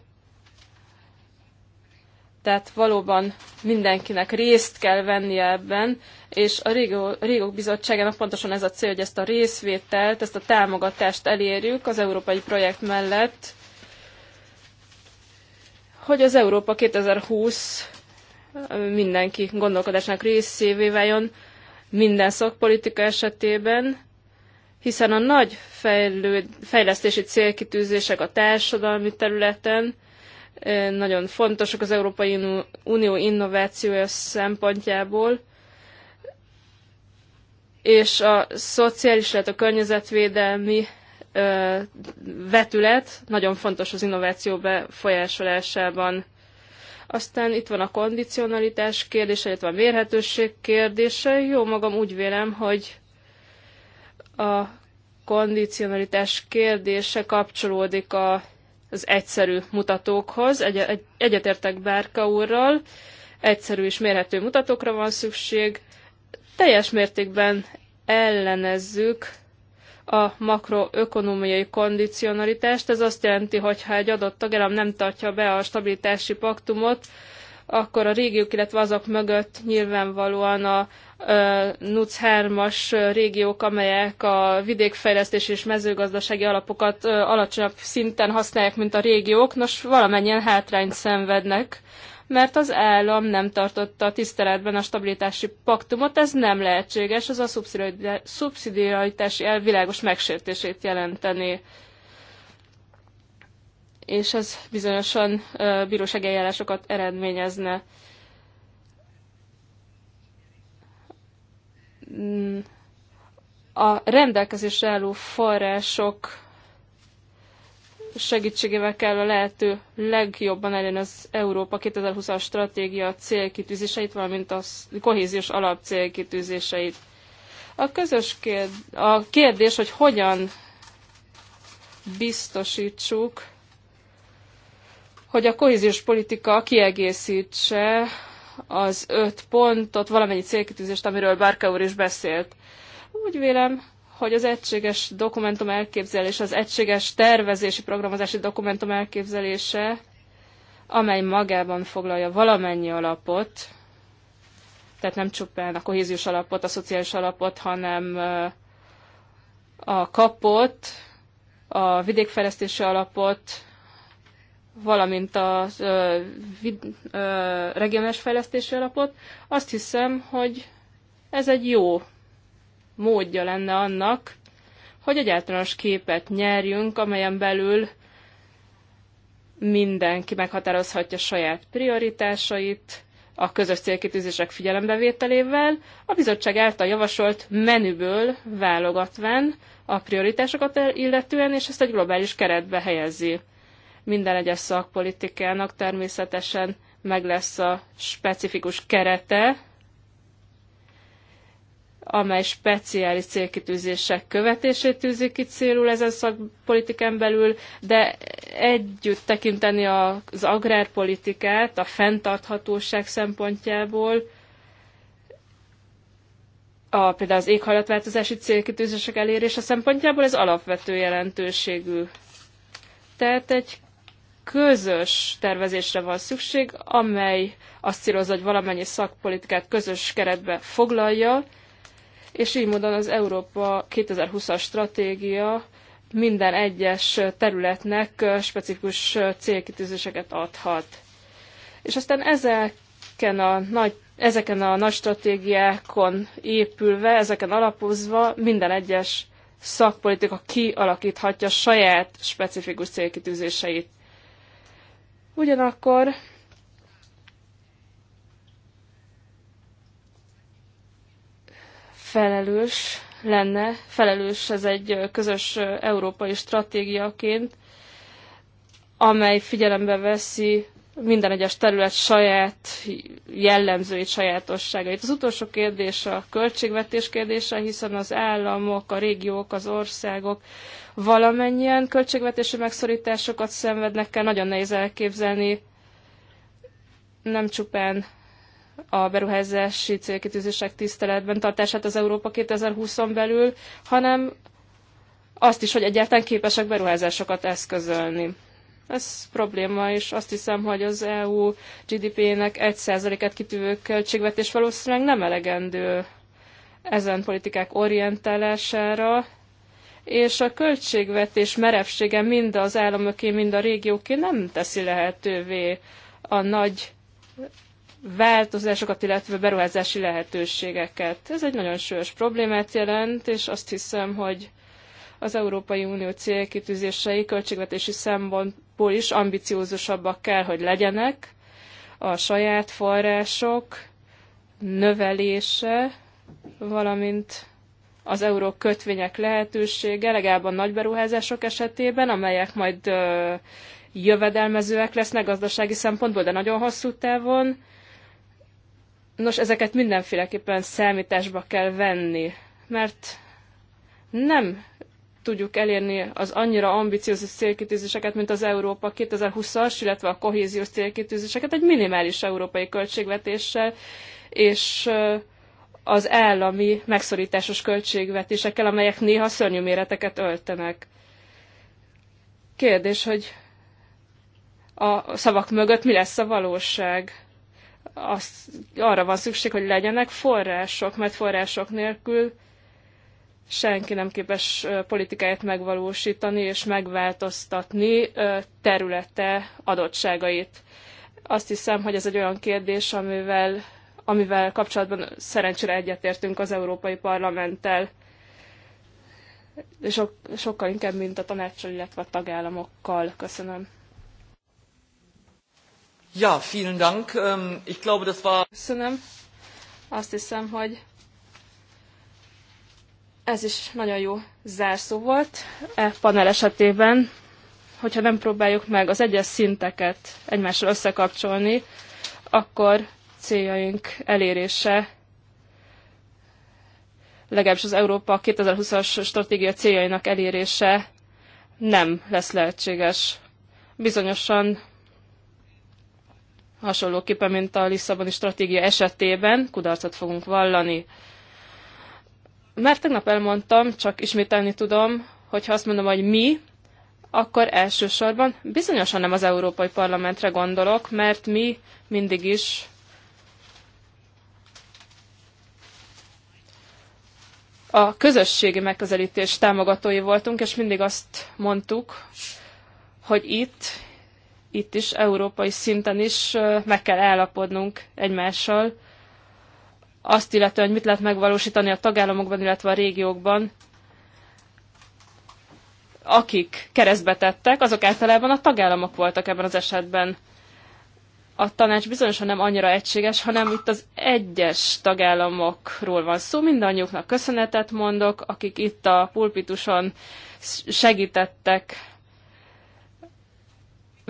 tehát valóban mindenkinek részt kell vennie ebben, és a Régók Bizottságának pontosan ez a cél, hogy ezt a részvételt, ezt a támogatást elérjük az európai projekt mellett, hogy az Európa 2020 mindenki gondolkodásnak részévé váljon minden szakpolitika esetében, hiszen a nagy fejlőd, fejlesztési célkitűzések a társadalmi területen nagyon fontosak az Európai Unió innovációja szempontjából, és a szociális, illetve a környezetvédelmi vetület nagyon fontos az innováció befolyásolásában. Aztán itt van a kondicionalitás kérdése, illetve a mérhetőség kérdése. Jó magam úgy vélem, hogy a kondicionalitás kérdése kapcsolódik a, az egyszerű mutatókhoz. Egy, egy, egyetértek Bárka úrral, egyszerű és mérhető mutatókra van szükség. Teljes mértékben ellenezzük a makroökonomiai kondicionalitást. Ez azt jelenti, hogy ha egy adott tagállam nem tartja be a stabilitási paktumot, akkor a régiók, illetve azok mögött nyilvánvalóan a NUC 3-as régiók, amelyek a vidékfejlesztési és mezőgazdasági alapokat alacsonyabb szinten használják, mint a régiók, nos valamennyien hátrányt szenvednek mert az állam nem tartotta a tiszteletben a stabilitási paktumot, ez nem lehetséges, az a szubszidiaritási elvilágos megsértését jelenteni és ez bizonyosan bírósági eljárásokat eredményezne. A rendelkezésre álló források segítségével kell a lehető legjobban elérni az Európa 2020-as stratégia célkitűzéseit, valamint a kohéziós alap célkitűzéseit. A közös kérd... a kérdés, hogy hogyan biztosítsuk hogy a kohéziós politika kiegészítse az öt pontot, valamennyi célkitűzést, amiről Bárka úr is beszélt. Úgy vélem, hogy az egységes dokumentum elképzelése, az egységes tervezési, programozási dokumentum elképzelése, amely magában foglalja valamennyi alapot, tehát nem csupán a kohéziós alapot, a szociális alapot, hanem a kapot, a vidékfejlesztési alapot, valamint a regionális fejlesztési alapot, azt hiszem, hogy ez egy jó módja lenne annak, hogy egy általános képet nyerjünk, amelyen belül mindenki meghatározhatja saját prioritásait, a közös célkitűzések figyelembevételével, a bizottság által javasolt menüből válogatván a prioritásokat illetően, és ezt egy globális keretbe helyezi. Minden egyes szakpolitikának természetesen meg lesz a specifikus kerete, amely speciális célkitűzések követését tűzi ki célul ezen szakpolitikán belül, de együtt tekinteni az agrárpolitikát a fenntarthatóság szempontjából, a, például az éghajlatváltozási célkitűzések elérése szempontjából ez alapvető jelentőségű. Tehát egy közös tervezésre van szükség, amely azt célozza, hogy valamennyi szakpolitikát közös keretbe foglalja, és így módon az Európa 2020-as stratégia minden egyes területnek specifikus célkitűzéseket adhat. És aztán ezeken a nagy ezeken a nagy stratégiákon épülve, ezeken alapozva minden egyes szakpolitika kialakíthatja saját specifikus célkitűzéseit. Ugyanakkor felelős lenne, felelős ez egy közös európai stratégiaként, amely figyelembe veszi minden egyes terület saját jellemzőit, sajátosságait. Az utolsó kérdés a költségvetés kérdése, hiszen az államok, a régiók, az országok valamennyien költségvetési megszorításokat szenvednek el, nagyon nehéz elképzelni nem csupán a beruházási célkitűzések tiszteletben tartását az Európa 2020-on belül, hanem azt is, hogy egyáltalán képesek beruházásokat eszközölni. Ez probléma, és azt hiszem, hogy az EU GDP-nek 1%-et kitűvő költségvetés valószínűleg nem elegendő ezen politikák orientálására, és a költségvetés merevsége mind az államoké, mind a régióké nem teszi lehetővé a nagy változásokat, illetve beruházási lehetőségeket. Ez egy nagyon súlyos problémát jelent, és azt hiszem, hogy az Európai Unió célkitűzései költségvetési szempontból is ambiciózusabbak kell, hogy legyenek. A saját források növelése, valamint az euró kötvények lehetősége, legalább a nagy beruházások esetében, amelyek majd ö, jövedelmezőek lesznek gazdasági szempontból, de nagyon hosszú távon. Nos, ezeket mindenféleképpen számításba kell venni, mert nem tudjuk elérni az annyira ambiciózus célkitűzéseket, mint az Európa 2020-as, illetve a kohéziós célkitűzéseket egy minimális európai költségvetéssel, és az állami megszorításos költségvetésekkel, amelyek néha szörnyű méreteket öltenek. Kérdés, hogy a szavak mögött mi lesz a valóság? Azt, arra van szükség, hogy legyenek források, mert források nélkül senki nem képes politikáját megvalósítani és megváltoztatni területe adottságait. Azt hiszem, hogy ez egy olyan kérdés, amivel, amivel kapcsolatban szerencsére egyetértünk az Európai Parlamenttel, és sokkal inkább, mint a tanácssal, illetve a tagállamokkal. Köszönöm. Ja, vielen Dank. Ähm, ich glaube, das war... Köszönöm. Azt hiszem, hogy ez is nagyon jó zárszó volt e panel esetében, hogyha nem próbáljuk meg az egyes szinteket egymással összekapcsolni, akkor céljaink elérése legalábbis az Európa 2020-as stratégia céljainak elérése nem lesz lehetséges. Bizonyosan hasonlóképpen, mint a Lisszaboni stratégia esetében kudarcot fogunk vallani. Már tegnap elmondtam, csak ismételni tudom, hogy ha azt mondom, hogy mi, akkor elsősorban bizonyosan nem az Európai Parlamentre gondolok, mert mi mindig is a közösségi megközelítés támogatói voltunk, és mindig azt mondtuk, hogy itt, itt is, európai szinten is meg kell állapodnunk egymással, azt illetően, hogy mit lehet megvalósítani a tagállamokban, illetve a régiókban, akik keresztbe tettek, azok általában a tagállamok voltak ebben az esetben. A tanács bizonyosan nem annyira egységes, hanem itt az egyes tagállamokról van szó. Mindannyiuknak köszönetet mondok, akik itt a pulpituson segítettek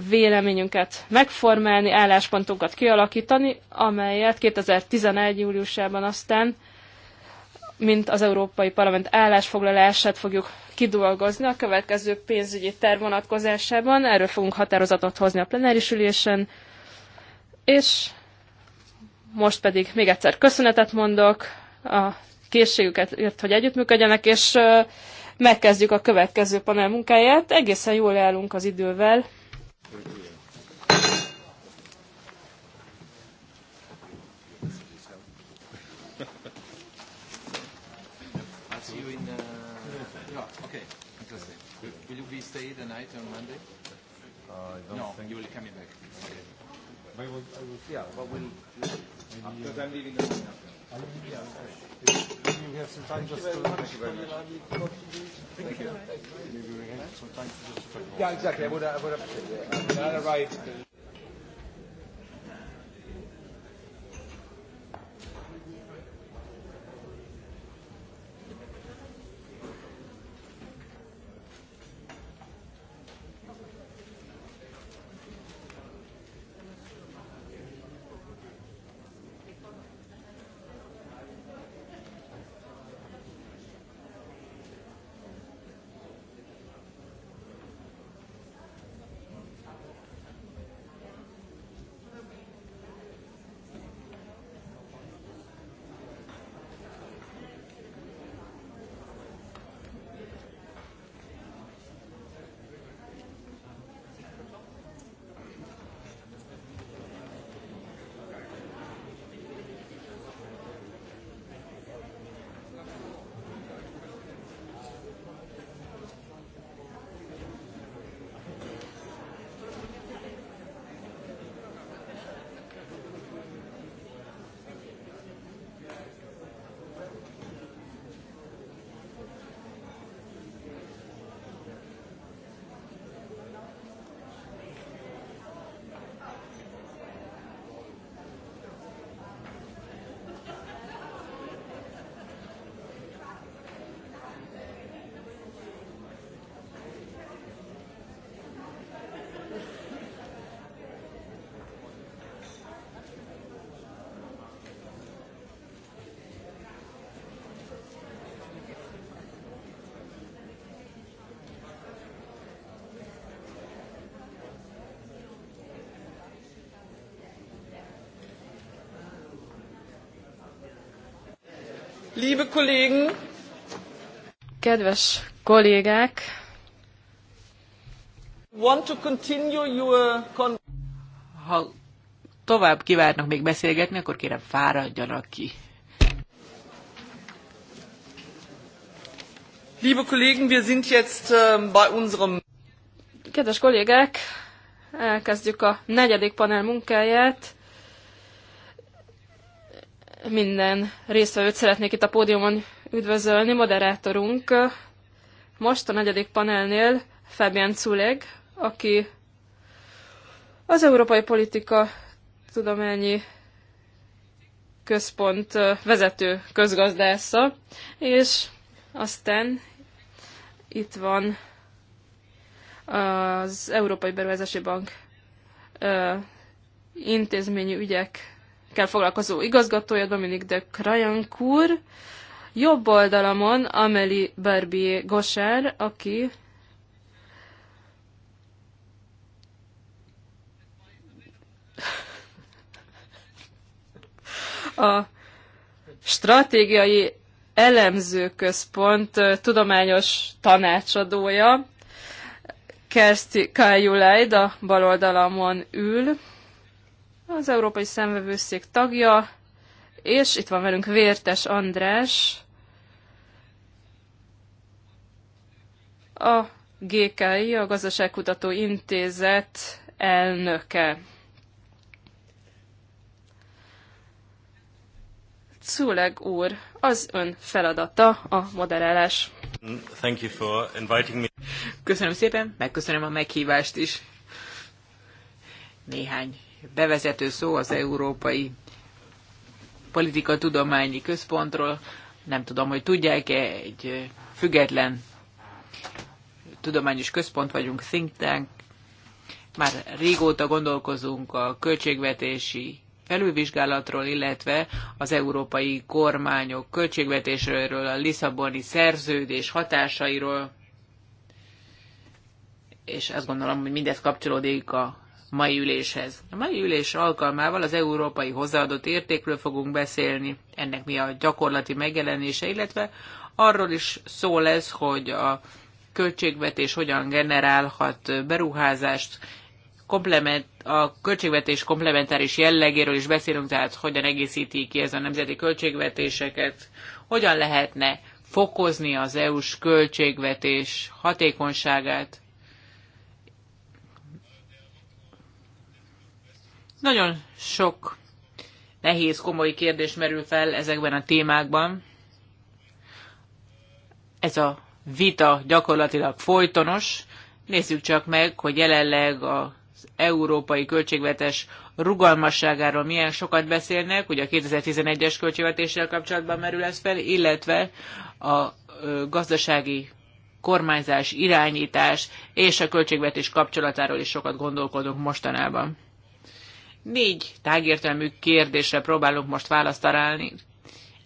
véleményünket megformálni, álláspontunkat kialakítani, amelyet 2011. júliusában aztán, mint az Európai Parlament állásfoglalását fogjuk kidolgozni a következő pénzügyi terv vonatkozásában. Erről fogunk határozatot hozni a plenáris ülésen, és most pedig még egyszer köszönetet mondok a készségüket, hogy együttműködjenek, és megkezdjük a következő panel munkáját. Egészen jól állunk az idővel see you in. Uh, yeah. Okay. Will, you be stay the night on Monday? no, think you will coming back. I will. I will. Yeah, but we'll. Because uh, I'm leaving the morning after. Yeah, exactly. I would have, I would have, I would have arrived. Liebe Kollegen! Kedves kollégák! Want to continue your con- ha tovább kívánnak még beszélgetni, akkor kérem fáradjanak ki. Liebe Kollegen, wir sind jetzt ähm, bei unserem... Kedves kollégák, elkezdjük a negyedik panel munkáját minden résztvevőt szeretnék itt a pódiumon üdvözölni, moderátorunk. Most a negyedik panelnél Fabian Culeg, aki az Európai Politika Tudományi Központ vezető közgazdásza, és aztán itt van az Európai Beruházási Bank intézményi ügyek kell foglalkozó igazgatója, Dominik de Krajankur, jobb oldalamon Amélie Barbier Gosher, aki a stratégiai elemzőközpont tudományos tanácsadója, Kersti Kajulajd a bal oldalamon ül, az Európai Szemvevőszék tagja, és itt van velünk Vértes András, a GKI, a Gazdaságkutató Intézet elnöke. Czuleg úr, az ön feladata a moderálás. Thank you for inviting me. Köszönöm szépen, megköszönöm a meghívást is. Néhány bevezető szó az Európai Politika Tudományi Központról. Nem tudom, hogy tudják-e, egy független tudományos központ vagyunk, think tank. Már régóta gondolkozunk a költségvetési felülvizsgálatról, illetve az európai kormányok költségvetéséről, a Lisszaboni szerződés hatásairól, és azt gondolom, hogy mindez kapcsolódik a mai üléshez. A mai ülés alkalmával az európai hozzáadott értékről fogunk beszélni, ennek mi a gyakorlati megjelenése, illetve arról is szó lesz, hogy a költségvetés hogyan generálhat beruházást, komplement, a költségvetés komplementáris jellegéről is beszélünk, tehát hogyan egészíti ki ez a nemzeti költségvetéseket, hogyan lehetne fokozni az EU-s költségvetés hatékonyságát, Nagyon sok nehéz, komoly kérdés merül fel ezekben a témákban. Ez a vita gyakorlatilag folytonos. Nézzük csak meg, hogy jelenleg a európai költségvetés rugalmasságáról milyen sokat beszélnek, ugye a 2011-es költségvetéssel kapcsolatban merül ez fel, illetve a gazdasági kormányzás, irányítás és a költségvetés kapcsolatáról is sokat gondolkodunk mostanában. Négy tágértelmű kérdésre próbálunk most választ találni.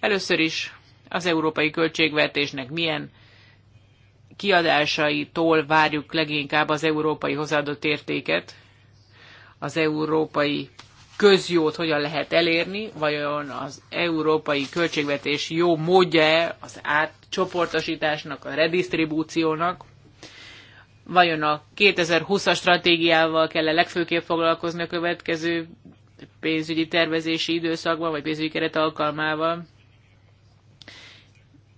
Először is az európai költségvetésnek milyen kiadásaitól várjuk leginkább az európai hozzáadott értéket, az európai közjót hogyan lehet elérni, vajon az európai költségvetés jó módja az átcsoportosításnak, a redistribúciónak, Vajon a 2020-as stratégiával kell -e legfőképp foglalkozni a következő pénzügyi tervezési időszakban, vagy pénzügyi keret alkalmával?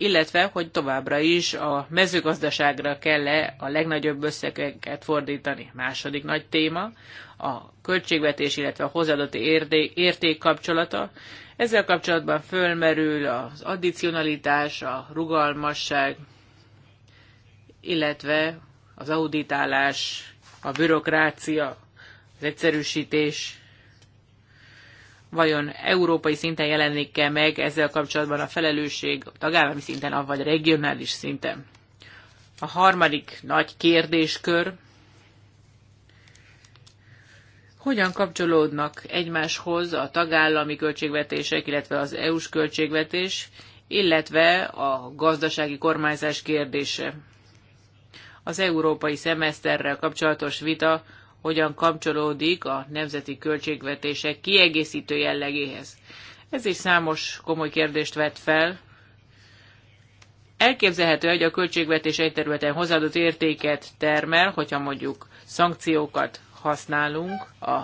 illetve hogy továbbra is a mezőgazdaságra kell-e a legnagyobb összegeket fordítani. Második nagy téma a költségvetés, illetve a hozzáadott érték kapcsolata. Ezzel kapcsolatban fölmerül az addicionalitás, a rugalmasság, illetve az auditálás, a bürokrácia, az egyszerűsítés, vajon európai szinten jelenik-e meg ezzel kapcsolatban a felelősség a tagállami szinten, vagy regionális szinten. A harmadik nagy kérdéskör, hogyan kapcsolódnak egymáshoz a tagállami költségvetések, illetve az EU-s költségvetés, illetve a gazdasági kormányzás kérdése az európai szemeszterrel kapcsolatos vita hogyan kapcsolódik a nemzeti költségvetések kiegészítő jellegéhez. Ez is számos komoly kérdést vett fel. Elképzelhető, hogy a költségvetés egy területen hozzáadott értéket termel, hogyha mondjuk szankciókat használunk a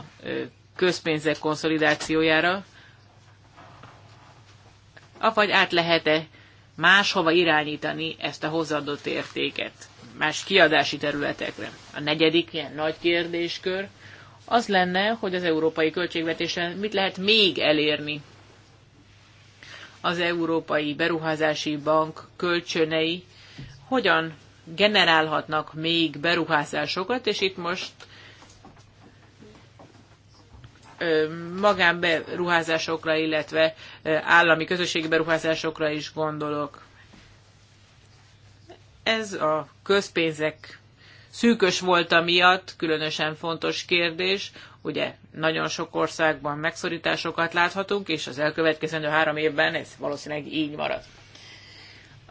közpénzek konszolidációjára, avagy át lehet-e máshova irányítani ezt a hozzáadott értéket más kiadási területekre. A negyedik ilyen nagy kérdéskör az lenne, hogy az európai költségvetésen mit lehet még elérni. Az Európai Beruházási Bank kölcsönei hogyan generálhatnak még beruházásokat, és itt most magánberuházásokra, illetve állami közösségi beruházásokra is gondolok. Ez a közpénzek szűkös volt miatt különösen fontos kérdés. Ugye nagyon sok országban megszorításokat láthatunk, és az elkövetkezendő három évben ez valószínűleg így marad.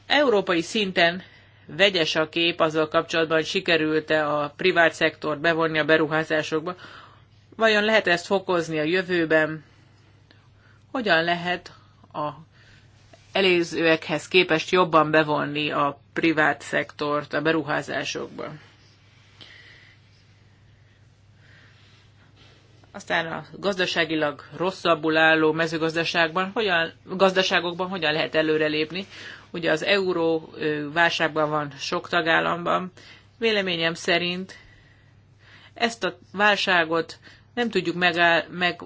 Európai szinten vegyes a kép azzal kapcsolatban, hogy sikerült-e a privát szektort bevonni a beruházásokba. Vajon lehet ezt fokozni a jövőben? Hogyan lehet a előzőekhez képest jobban bevonni a privát szektort a beruházásokba. Aztán a gazdaságilag rosszabbul álló mezőgazdaságban, hogyan, gazdaságokban hogyan lehet előrelépni. Ugye az euró válságban van sok tagállamban. Véleményem szerint ezt a válságot nem tudjuk megáll, meg,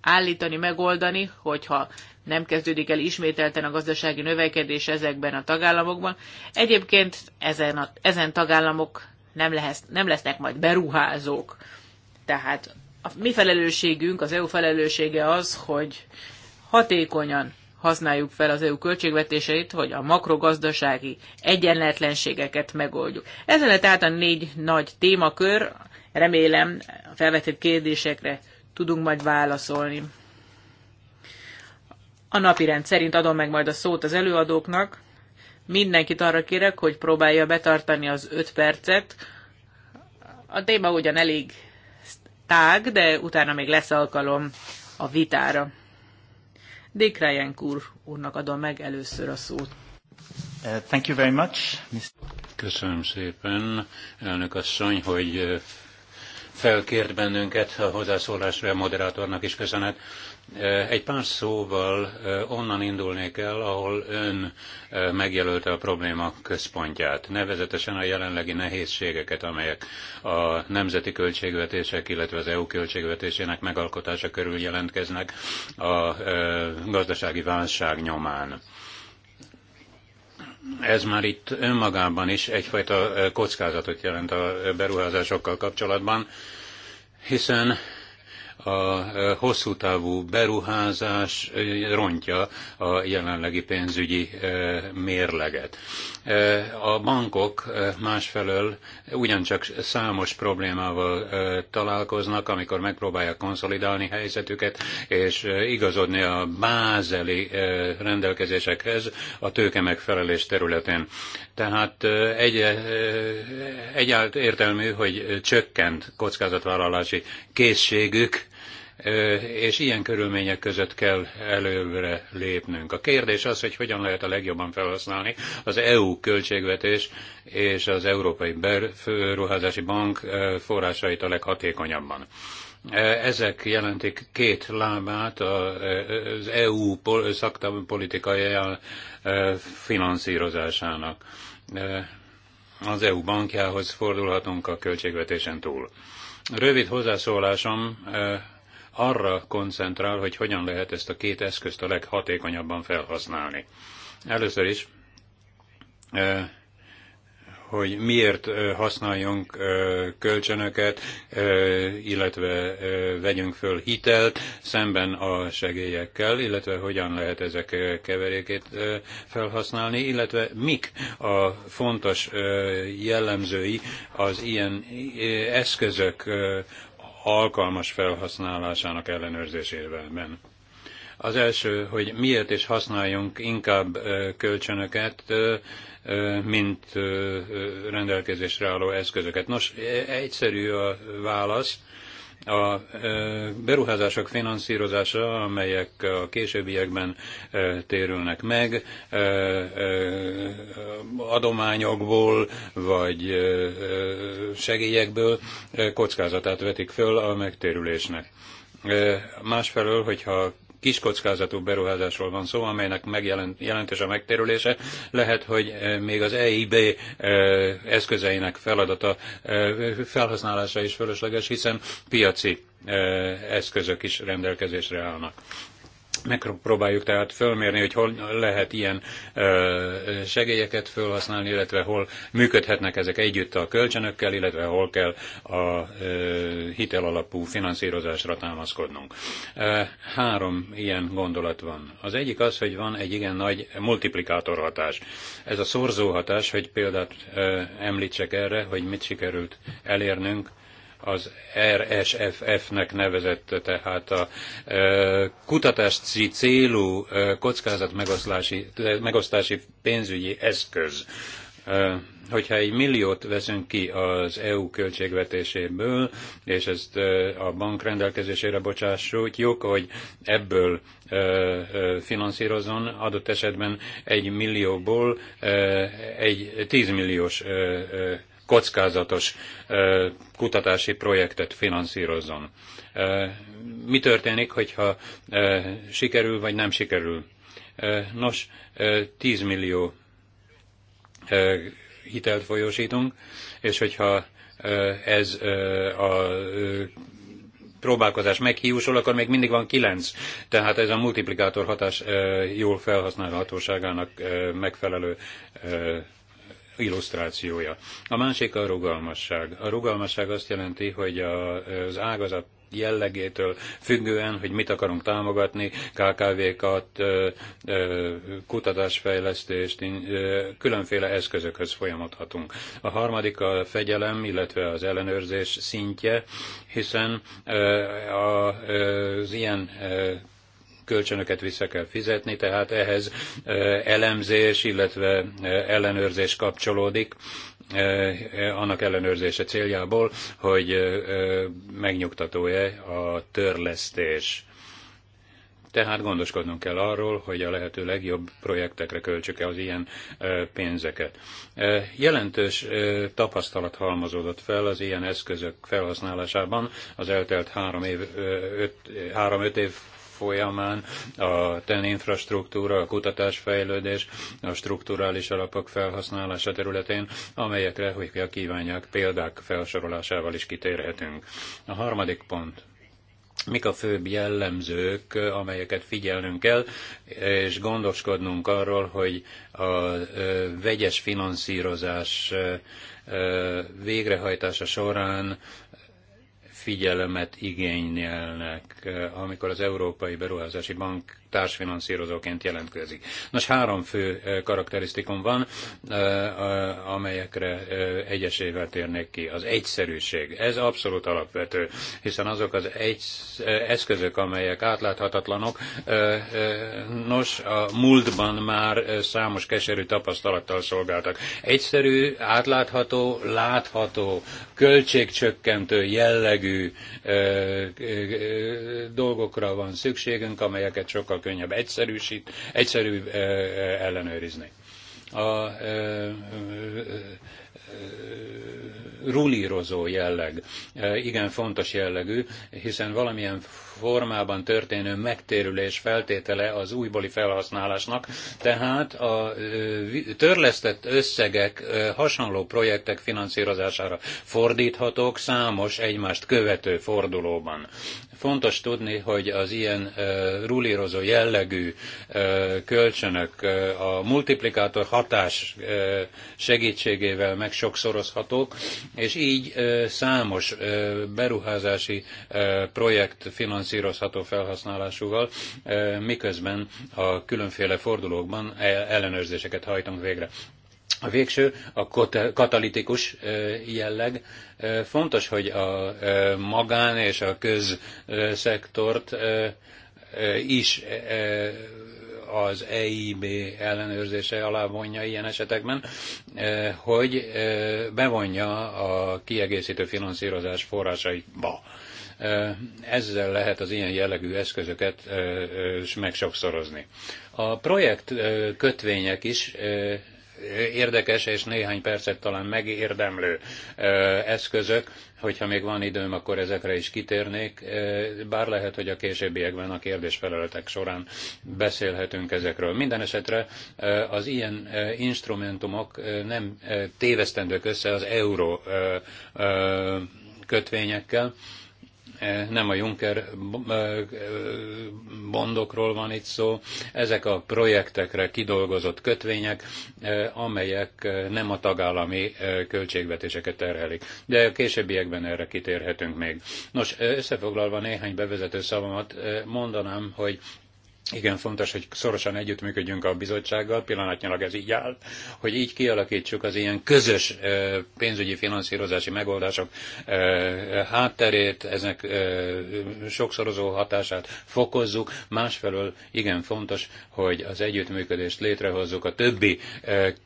állítani, megoldani, hogyha nem kezdődik el ismételten a gazdasági növekedés ezekben a tagállamokban. Egyébként ezen, a, ezen tagállamok nem, lehez, nem lesznek majd beruházók. Tehát a mi felelősségünk, az EU felelőssége az, hogy hatékonyan használjuk fel az EU költségvetéseit, hogy a makrogazdasági egyenletlenségeket megoldjuk. Ezen lett tehát a négy nagy témakör. Remélem a felvetett kérdésekre tudunk majd válaszolni. A napi rend szerint adom meg majd a szót az előadóknak. Mindenkit arra kérek, hogy próbálja betartani az 5 percet. A téma ugyan elég tág, de utána még lesz alkalom a vitára. Dick Ryan úr, úrnak adom meg először a szót. Uh, thank you very much. Köszönöm szépen, elnök asszony, hogy uh, felkért bennünket a hozzászólásra, a moderátornak is köszönet. E, egy pár szóval e, onnan indulnék el, ahol ön e, megjelölte a probléma központját, nevezetesen a jelenlegi nehézségeket, amelyek a nemzeti költségvetések, illetve az EU költségvetésének megalkotása körül jelentkeznek a gazdasági válság nyomán ez már itt önmagában is egyfajta kockázatot jelent a beruházásokkal kapcsolatban, hiszen a hosszú távú beruházás rontja a jelenlegi pénzügyi mérleget. A bankok másfelől ugyancsak számos problémával találkoznak, amikor megpróbálják konszolidálni helyzetüket, és igazodni a bázeli rendelkezésekhez a tőke megfelelés területén. Tehát egy, egyáltalán értelmű, hogy csökkent kockázatvállalási készségük, és ilyen körülmények között kell előre lépnünk. A kérdés az, hogy hogyan lehet a legjobban felhasználni az EU költségvetés és az Európai Beruházási Bank forrásait a leghatékonyabban. Ezek jelentik két lábát az EU szaktapolitikai finanszírozásának. Az EU bankjához fordulhatunk a költségvetésen túl. Rövid hozzászólásom arra koncentrál, hogy hogyan lehet ezt a két eszközt a leghatékonyabban felhasználni. Először is, hogy miért használjunk kölcsönöket, illetve vegyünk föl hitelt szemben a segélyekkel, illetve hogyan lehet ezek keverékét felhasználni, illetve mik a fontos jellemzői az ilyen eszközök alkalmas felhasználásának ellenőrzésében. Az első, hogy miért is használjunk inkább kölcsönöket, mint rendelkezésre álló eszközöket. Nos, e, egyszerű a válasz a beruházások finanszírozása, amelyek a későbbiekben térülnek meg, adományokból vagy segélyekből kockázatát vetik föl a megtérülésnek. Másfelől, hogyha kis kockázatú beruházásról van szó, amelynek megjelent, jelentős a megtérülése. Lehet, hogy eh, még az EIB eh, eszközeinek feladata eh, felhasználása is fölösleges, hiszen piaci eszközök is rendelkezésre állnak. Megpróbáljuk tehát fölmérni, hogy hol lehet ilyen segélyeket felhasználni, illetve hol működhetnek ezek együtt a kölcsönökkel, illetve hol kell a hitelalapú finanszírozásra támaszkodnunk. Három ilyen gondolat van. Az egyik az, hogy van egy igen nagy multiplikátor hatás. Ez a szorzó hatás, hogy példát említsek erre, hogy mit sikerült elérnünk az RSFF-nek nevezett, tehát a e, kutatási célú e, kockázat e, megosztási pénzügyi eszköz. Hogyha egy milliót veszünk ki az EU költségvetéséből, és ezt a bank rendelkezésére bocsássuk, hogy ebből finanszírozon, adott esetben egy millióból egy tízmilliós kockázatos kutatási projektet finanszírozzon. Mi történik, hogyha sikerül vagy nem sikerül? Nos, 10 millió hitelt folyósítunk, és hogyha ez a próbálkozás meghiúsul, akkor még mindig van kilenc. Tehát ez a multiplikátor hatás jól felhasználhatóságának megfelelő illusztrációja. A másik a rugalmasság. A rugalmasság azt jelenti, hogy a az ágazat jellegétől függően, hogy mit akarunk támogatni, KKV-kat, kutatásfejlesztést, különféle eszközökhöz folyamodhatunk. A harmadik a fegyelem, illetve az ellenőrzés szintje, hiszen az ilyen kölcsönöket vissza kell fizetni, tehát ehhez elemzés, illetve ellenőrzés kapcsolódik annak ellenőrzése céljából, hogy megnyugtató-e a törlesztés. Tehát gondoskodnunk kell arról, hogy a lehető legjobb projektekre költsük e az ilyen pénzeket. Jelentős tapasztalat halmozódott fel az ilyen eszközök felhasználásában az eltelt három év, három, öt év folyamán a TEN infrastruktúra, a kutatásfejlődés, a strukturális alapok felhasználása területén, amelyekre, hogyha kívánják, példák felsorolásával is kitérhetünk. A harmadik pont mik a főbb jellemzők, amelyeket figyelnünk kell, és gondoskodnunk arról, hogy a vegyes finanszírozás végrehajtása során figyelemet igényelnek, eh, amikor az Európai Beruházási Bank társfinanszírozóként jelentkezik. Nos, három fő eh, karakterisztikum van, eh, amelyekre eh, egyesével térnek ki. Az egyszerűség. Ez abszolút alapvető, hiszen azok az egy eszközök, amelyek átláthatatlanok, nos, a múltban már számos keserű tapasztalattal szolgáltak. Egyszerű, átlátható, látható, költségcsökkentő jellegű dolgokra van szükségünk, amelyeket sokkal könnyebb egyszerűsít, egyszerű ellenőrizni. A rulírozó jelleg, igen fontos jellegű, hiszen valamilyen formában történő megtérülés feltétele az újbóli felhasználásnak, tehát a törlesztett összegek hasonló projektek finanszírozására fordíthatók számos egymást követő fordulóban. Fontos tudni, hogy az ilyen rulírozó jellegű kölcsönök a multiplikátor hatás segítségével meg sokszorozhatók, és így számos beruházási projekt finanszírozható felhasználásúval, miközben a különféle fordulókban e-, ellenőrzéseket hajtunk végre. A végső, a katalitikus jelleg. Fontos, hogy a magán és a közszektort is az EIB ellenőrzése alá vonja ilyen esetekben, hogy bevonja a kiegészítő finanszírozás forrásaiba. Ezzel lehet az ilyen jellegű eszközöket megsokszorozni. A projekt kötvények is érdekes és néhány percet talán megérdemlő eszközök, hogyha még van időm, akkor ezekre is kitérnék, bár lehet, hogy a későbbiekben a kérdésfeleletek során beszélhetünk ezekről. Minden esetre az ilyen instrumentumok nem tévesztendők össze az euró kötvényekkel, nem a Juncker bondokról van itt szó, ezek a projektekre kidolgozott kötvények, e, amelyek e, nem a tagállami e, költségvetéseket terhelik. De a későbbiekben erre kitérhetünk még. Nos, összefoglalva néhány bevezető szavamat mondanám, hogy igen fontos, hogy szorosan együttműködjünk a bizottsággal, pillanatnyilag ez így áll, hogy így kialakítsuk az ilyen közös pénzügyi finanszírozási megoldások hátterét, ezek sokszorozó hatását fokozzuk, másfelől igen fontos, hogy az együttműködést létrehozzuk a többi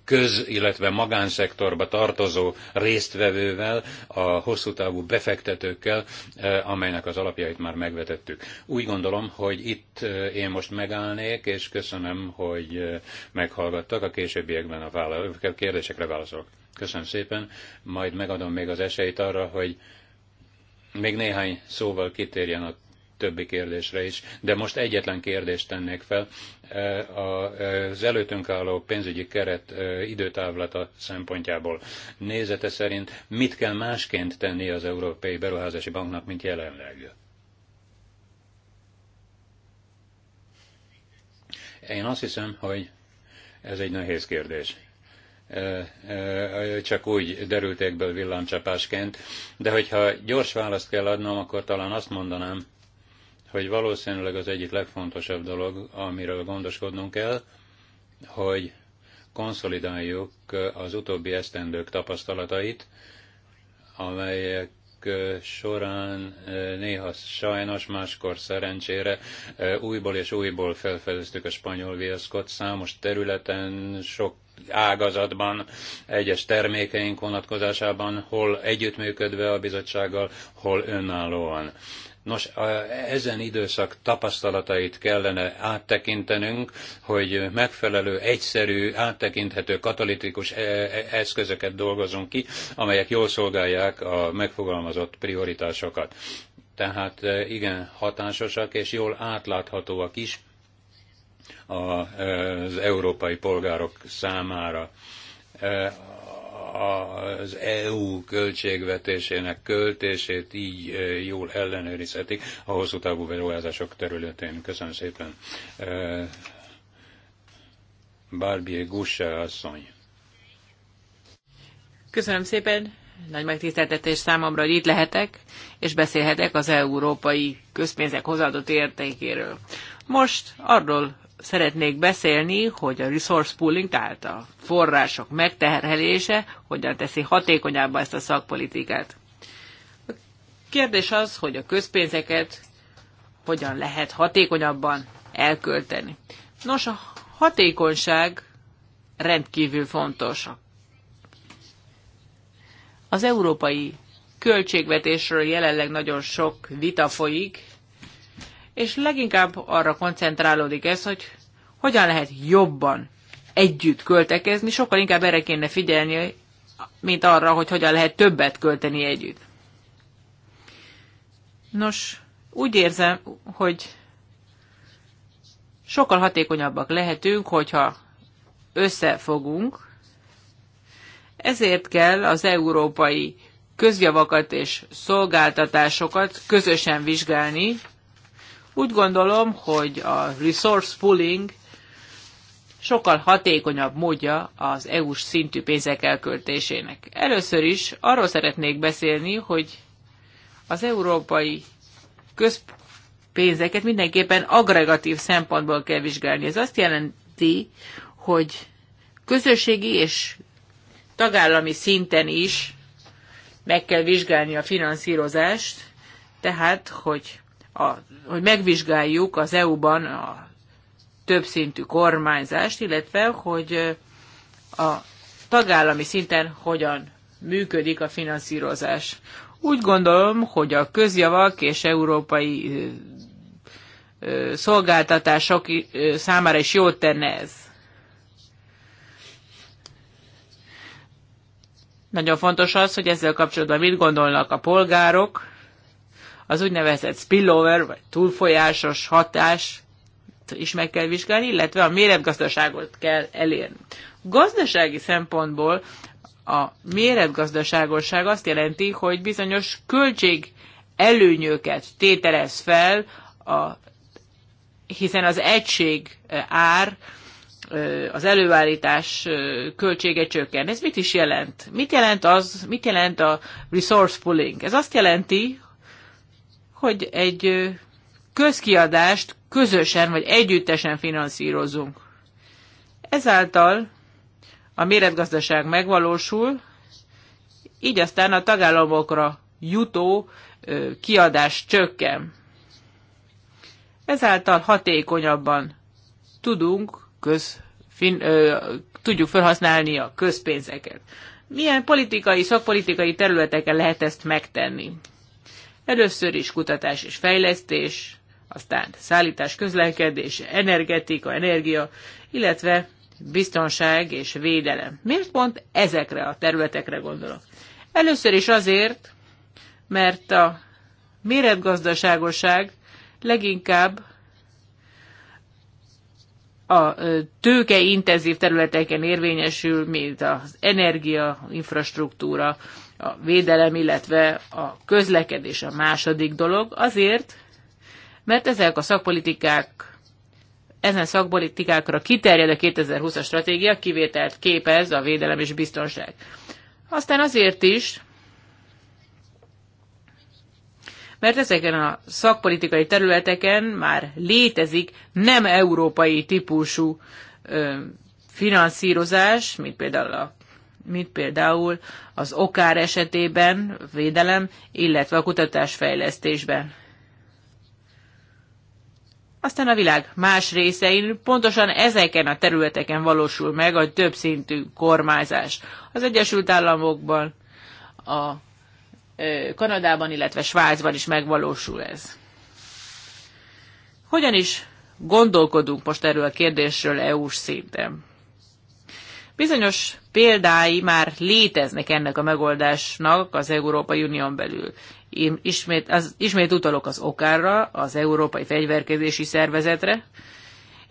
köz, illetve magánszektorba tartozó résztvevővel, a hosszú távú befektetőkkel, amelynek az alapjait már megvetettük. Úgy gondolom, hogy itt én most most megállnék, és köszönöm, hogy meghallgattak. A későbbiekben a kérdésekre válaszolok. Köszönöm szépen, majd megadom még az esélyt arra, hogy még néhány szóval kitérjen a többi kérdésre is, de most egyetlen kérdést tennék fel. Az előttünk álló pénzügyi keret időtávlata szempontjából nézete szerint mit kell másként tenni az Európai Beruházási Banknak, mint jelenleg? Én azt hiszem, hogy ez egy nehéz kérdés. Csak úgy derültékből villámcsapásként, de hogyha gyors választ kell adnom, akkor talán azt mondanám, hogy valószínűleg az egyik legfontosabb dolog, amiről gondoskodnunk kell, hogy konszolidáljuk az utóbbi esztendők tapasztalatait, amelyek során néha sajnos, máskor szerencsére újból és újból felfedeztük a spanyol viaszkot számos területen, sok ágazatban, egyes termékeink vonatkozásában, hol együttműködve a bizottsággal, hol önállóan. Nos, ezen időszak tapasztalatait kellene áttekintenünk, hogy megfelelő, egyszerű, áttekinthető katalitikus e, e, eszközöket dolgozunk ki, amelyek jól szolgálják a megfogalmazott prioritásokat. Tehát e, igen, hatásosak és jól átláthatóak is az európai polgárok számára az EU költségvetésének költését így jól ellenőrizhetik a hosszú távú beruházások területén. Köszönöm szépen. Barbie Gusse asszony. Köszönöm szépen. Nagy megtiszteltetés számomra, hogy itt lehetek, és beszélhetek az európai közpénzek hozzáadott értékéről. Most arról szeretnék beszélni, hogy a resource pooling, tehát a források megterhelése hogyan teszi hatékonyabbá ezt a szakpolitikát. A kérdés az, hogy a közpénzeket hogyan lehet hatékonyabban elkölteni. Nos, a hatékonyság rendkívül fontos. Az európai költségvetésről jelenleg nagyon sok vita folyik, és leginkább arra koncentrálódik ez, hogy hogyan lehet jobban együtt költekezni, sokkal inkább erre kéne figyelni, mint arra, hogy hogyan lehet többet költeni együtt. Nos, úgy érzem, hogy sokkal hatékonyabbak lehetünk, hogyha összefogunk, ezért kell az európai közjavakat és szolgáltatásokat közösen vizsgálni, úgy gondolom, hogy a resource pooling sokkal hatékonyabb módja az EU-s szintű pénzek elköltésének. Először is arról szeretnék beszélni, hogy az európai közpénzeket mindenképpen agregatív szempontból kell vizsgálni. Ez azt jelenti, hogy közösségi és tagállami szinten is meg kell vizsgálni a finanszírozást, tehát, hogy a, hogy megvizsgáljuk az EU-ban a többszintű kormányzást, illetve hogy a tagállami szinten hogyan működik a finanszírozás. Úgy gondolom, hogy a közjavak és európai szolgáltatások számára is jót tenne ez. Nagyon fontos az, hogy ezzel kapcsolatban mit gondolnak a polgárok, az úgynevezett spillover, vagy túlfolyásos hatás is meg kell vizsgálni, illetve a méretgazdaságot kell elérni. Gazdasági szempontból a méretgazdaságosság azt jelenti, hogy bizonyos költség előnyöket tételez fel, a, hiszen az egység ár az előállítás költsége csökken. Ez mit is jelent? Mit jelent az, mit jelent a resource pooling? Ez azt jelenti, hogy egy közkiadást közösen vagy együttesen finanszírozunk. Ezáltal a méretgazdaság megvalósul, így aztán a tagállamokra jutó kiadás csökken. Ezáltal hatékonyabban tudunk köz, fin, ö, tudjuk felhasználni a közpénzeket. Milyen politikai, szakpolitikai területeken lehet ezt megtenni? Először is kutatás és fejlesztés, aztán szállítás, közlekedés, energetika, energia, illetve biztonság és védelem. Miért pont ezekre a területekre gondolok? Először is azért, mert a méretgazdaságosság leginkább a tőkeintenzív területeken érvényesül, mint az energia, infrastruktúra, a védelem, illetve a közlekedés a második dolog, azért, mert ezek a szakpolitikák, ezen szakpolitikákra kiterjed a 2020-as stratégia, kivételt képez a védelem és biztonság. Aztán azért is, mert ezeken a szakpolitikai területeken már létezik nem európai típusú ö, finanszírozás, mint például a mint például az okár esetében, védelem, illetve a kutatásfejlesztésben. Aztán a világ más részein pontosan ezeken a területeken valósul meg a többszintű kormányzás. Az Egyesült Államokban, a Kanadában, illetve Svájcban is megvalósul ez. Hogyan is gondolkodunk most erről a kérdésről EU-s szinten? Bizonyos példái már léteznek ennek a megoldásnak az Európai Unión belül. Én ismét, az, ismét utalok az okárra, az Európai Fegyverkezési Szervezetre,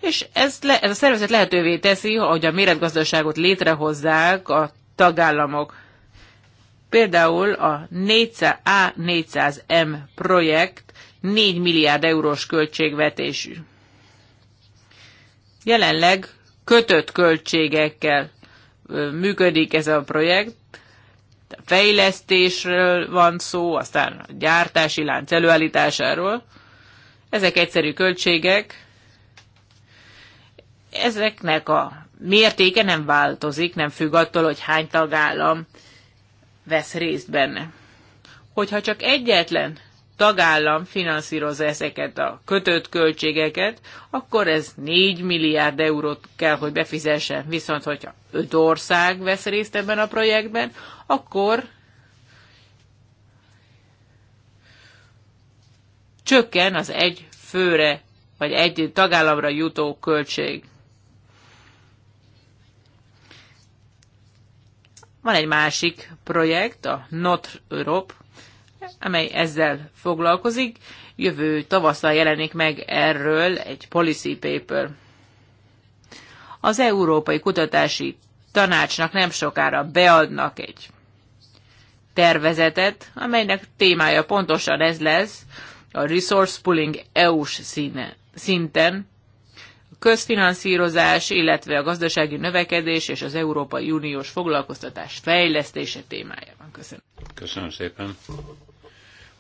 és ez, le, ez a szervezet lehetővé teszi, hogy a méretgazdaságot létrehozzák a tagállamok. Például a 400, A400M projekt 4 milliárd eurós költségvetésű. Jelenleg kötött költségekkel működik ez a projekt. A fejlesztésről van szó, aztán a gyártási lánc előállításáról. Ezek egyszerű költségek. Ezeknek a mértéke nem változik, nem függ attól, hogy hány tagállam vesz részt benne. Hogyha csak egyetlen tagállam finanszírozza ezeket a kötött költségeket, akkor ez 4 milliárd eurót kell, hogy befizessen. Viszont, hogyha 5 ország vesz részt ebben a projektben, akkor csökken az egy főre, vagy egy tagállamra jutó költség. Van egy másik projekt, a Not Europe, amely ezzel foglalkozik. Jövő tavasszal jelenik meg erről egy policy paper. Az Európai Kutatási Tanácsnak nem sokára beadnak egy tervezetet, amelynek témája pontosan ez lesz, a Resource Pooling EU-s szinten, a közfinanszírozás, illetve a gazdasági növekedés és az Európai Uniós foglalkoztatás fejlesztése témájában. Köszönöm. Köszönöm szépen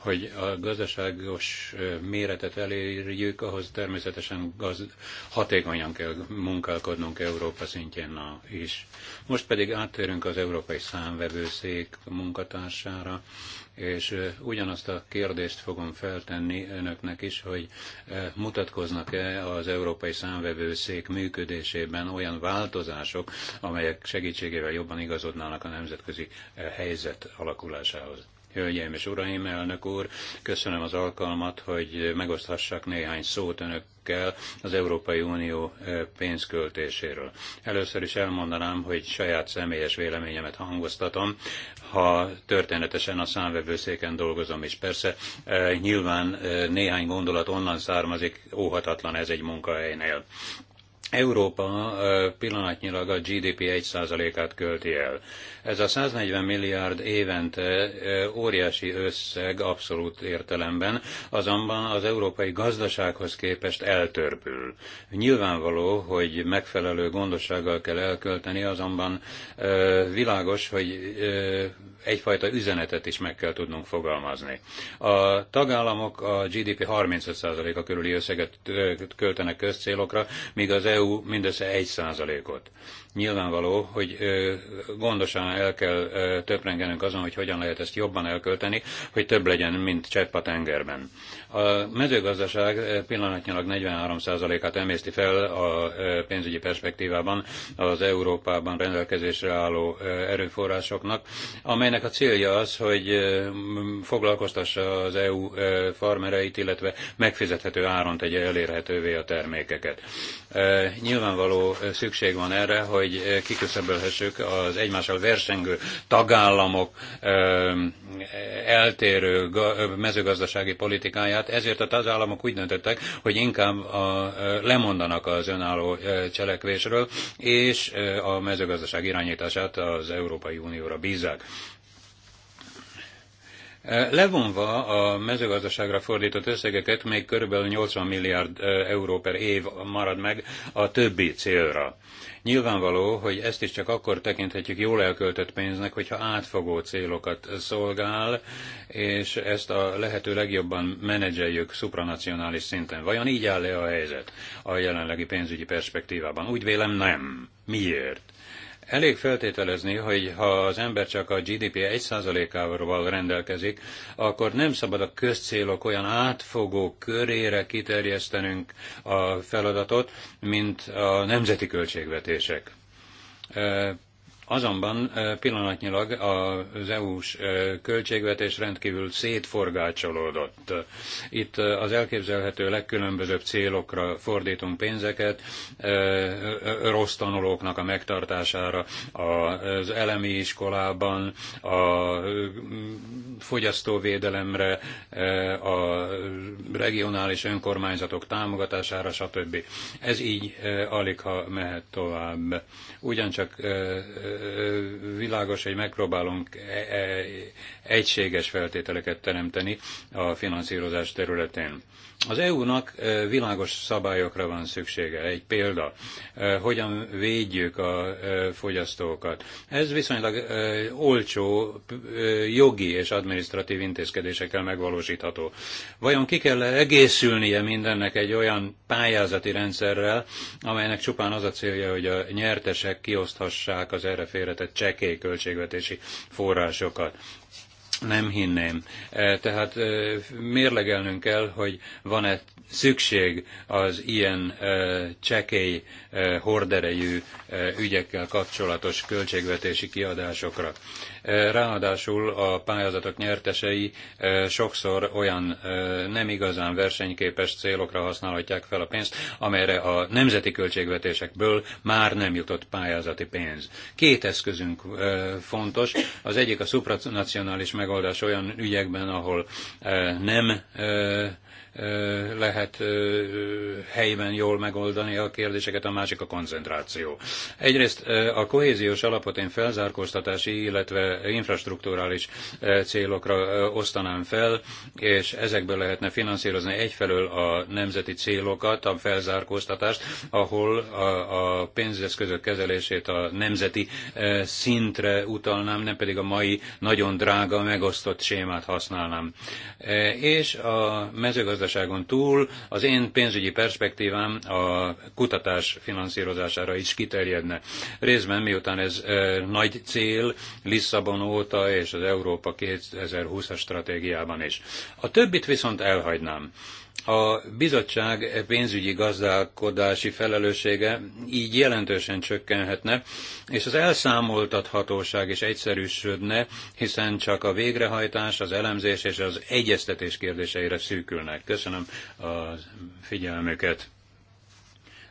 hogy a gazdaságos méretet elérjük, ahhoz természetesen gaz- hatékonyan kell munkálkodnunk Európa szintjén na is. Most pedig áttérünk az Európai Számvevőszék munkatársára, és ugyanazt a kérdést fogom feltenni önöknek is, hogy mutatkoznak-e az Európai Számvevőszék működésében olyan változások, amelyek segítségével jobban igazodnának a nemzetközi helyzet alakulásához. Hölgyeim és Uraim, elnök úr, köszönöm az alkalmat, hogy megoszthassak néhány szót önökkel az Európai Unió pénzköltéséről. Először is elmondanám, hogy saját személyes véleményemet hangoztatom, ha történetesen a számvevőszéken dolgozom, és persze nyilván néhány gondolat onnan származik, óhatatlan ez egy munkahelynél. Európa pillanatnyilag a GDP 1%-át költi el. Ez a 140 milliárd évente óriási összeg abszolút értelemben, azonban az európai gazdasághoz képest eltörpül. Nyilvánvaló, hogy megfelelő gondossággal kell elkölteni, azonban világos, hogy egyfajta üzenetet is meg kell tudnunk fogalmazni. A tagállamok a GDP 35%-a körüli összeget költenek közcélokra, míg az EU mindössze 1%-ot nyilvánvaló, hogy gondosan el kell töprengenünk azon, hogy hogyan lehet ezt jobban elkölteni, hogy több legyen, mint csepp a tengerben. A mezőgazdaság pillanatnyilag 43%-át emészti fel a pénzügyi perspektívában az Európában rendelkezésre álló erőforrásoknak, amelynek a célja az, hogy foglalkoztassa az EU farmereit, illetve megfizethető áron tegye elérhetővé a termékeket. Nyilvánvaló szükség van erre, hogy hogy kiküszöbölhessük az egymással versengő tagállamok eltérő mezőgazdasági politikáját, ezért a tagállamok úgy döntöttek, hogy inkább a, lemondanak az önálló cselekvésről, és a mezőgazdaság irányítását az Európai Unióra bízzák. Eh, levonva a mezőgazdaságra fordított összegeket, még körülbelül 80 milliárd eh, euró per év marad meg a többi célra. Nyilvánvaló, hogy ezt is csak akkor tekinthetjük jól elköltött pénznek, hogyha átfogó célokat szolgál, és ezt a lehető legjobban menedzseljük supranacionális szinten. Vajon így áll-e a helyzet a jelenlegi pénzügyi perspektívában? Úgy vélem nem. Miért? Elég feltételezni, hogy ha az ember csak a GDP 1%-ával rendelkezik, akkor nem szabad a közcélok olyan átfogó körére kiterjesztenünk a feladatot, mint a nemzeti költségvetések Azonban pillanatnyilag az EU-s költségvetés rendkívül szétforgácsolódott. Itt az elképzelhető legkülönbözőbb célokra fordítunk pénzeket, rossz tanulóknak a megtartására, az elemi iskolában, a fogyasztóvédelemre, a regionális önkormányzatok támogatására, stb. Ez így alig ha mehet tovább. Ugyancsak világos, hogy megpróbálunk e, e, egységes feltételeket teremteni a finanszírozás területén. Az EU-nak világos szabályokra van szüksége. Egy példa, hogyan védjük a fogyasztókat. Ez viszonylag olcsó jogi és adminisztratív intézkedésekkel megvalósítható. Vajon ki kell egészülnie mindennek egy olyan pályázati rendszerrel, amelynek csupán az a célja, hogy a nyertesek kioszthassák az erre félretett csekély költségvetési forrásokat. Nem hinném. Eh, tehát eh, mérlegelnünk kell, hogy van-e szükség az ilyen csekély horderejű ügyekkel kapcsolatos költségvetési kiadásokra. Ráadásul a pályázatok nyertesei sokszor olyan nem igazán versenyképes célokra használhatják fel a pénzt, amelyre a nemzeti költségvetésekből már nem jutott pályázati pénz. Két eszközünk fontos. Az egyik a szupranacionális megoldás olyan ügyekben, ahol nem lehet helyben jól megoldani a kérdéseket, a másik a koncentráció. Egyrészt a kohéziós alapot én felzárkóztatási, illetve infrastruktúrális célokra osztanám fel, és ezekből lehetne finanszírozni egyfelől a nemzeti célokat, a felzárkóztatást, ahol a, a pénzeszközök kezelését a nemzeti szintre utalnám, nem pedig a mai nagyon drága megosztott sémát használnám. És a mezőgazdaság mezőgazdaságon túl az én pénzügyi perspektívám a kutatás finanszírozására is kiterjedne. Részben miután ez nagy cél Lisszabon óta és az Európa 2020-as stratégiában is. A többit viszont elhagynám. A bizottság pénzügyi gazdálkodási felelőssége így jelentősen csökkenhetne, és az elszámoltathatóság is egyszerűsödne, hiszen csak a végrehajtás, az elemzés és az egyeztetés kérdéseire szűkülnek. Köszönöm a figyelmüket.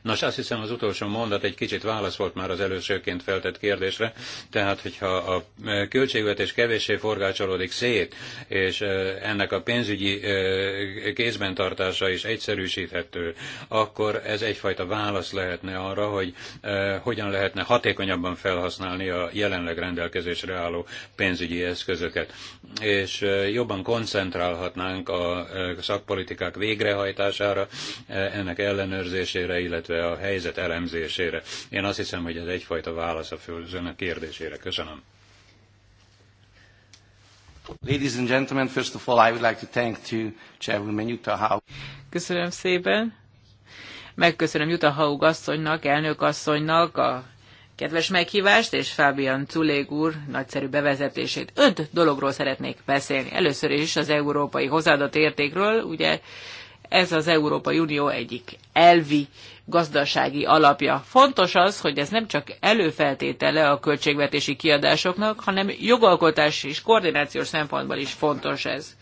Nos, azt hiszem az utolsó mondat egy kicsit válasz volt már az elősőként feltett kérdésre, tehát hogyha a e, költségvetés kevéssé forgácsolódik szét, és e, ennek a pénzügyi e, kézben tartása is egyszerűsíthető, akkor ez egyfajta válasz lehetne arra, hogy hogyan lehetne hatékonyabban felhasználni a jelenleg rendelkezésre álló pénzügyi eszközöket. És jobban koncentrálhatnánk a szakpolitikák végrehajtására, ennek ellenőrzésére, illetve illetve a helyzet elemzésére. Én azt hiszem, hogy ez egyfajta válasz a a kérdésére. Köszönöm. Ladies and gentlemen, first of all, I would like to thank to Chairwoman Utah Haug. Köszönöm szépen. Megköszönöm Utah Haug asszonynak, elnök asszonynak a kedves meghívást, és Fábian Culég úr nagyszerű bevezetését. Öt dologról szeretnék beszélni. Először is az európai hozzáadott értékről, ugye ez az Európai Unió egyik elvi gazdasági alapja. Fontos az, hogy ez nem csak előfeltétele a költségvetési kiadásoknak, hanem jogalkotás és koordinációs szempontból is fontos ez.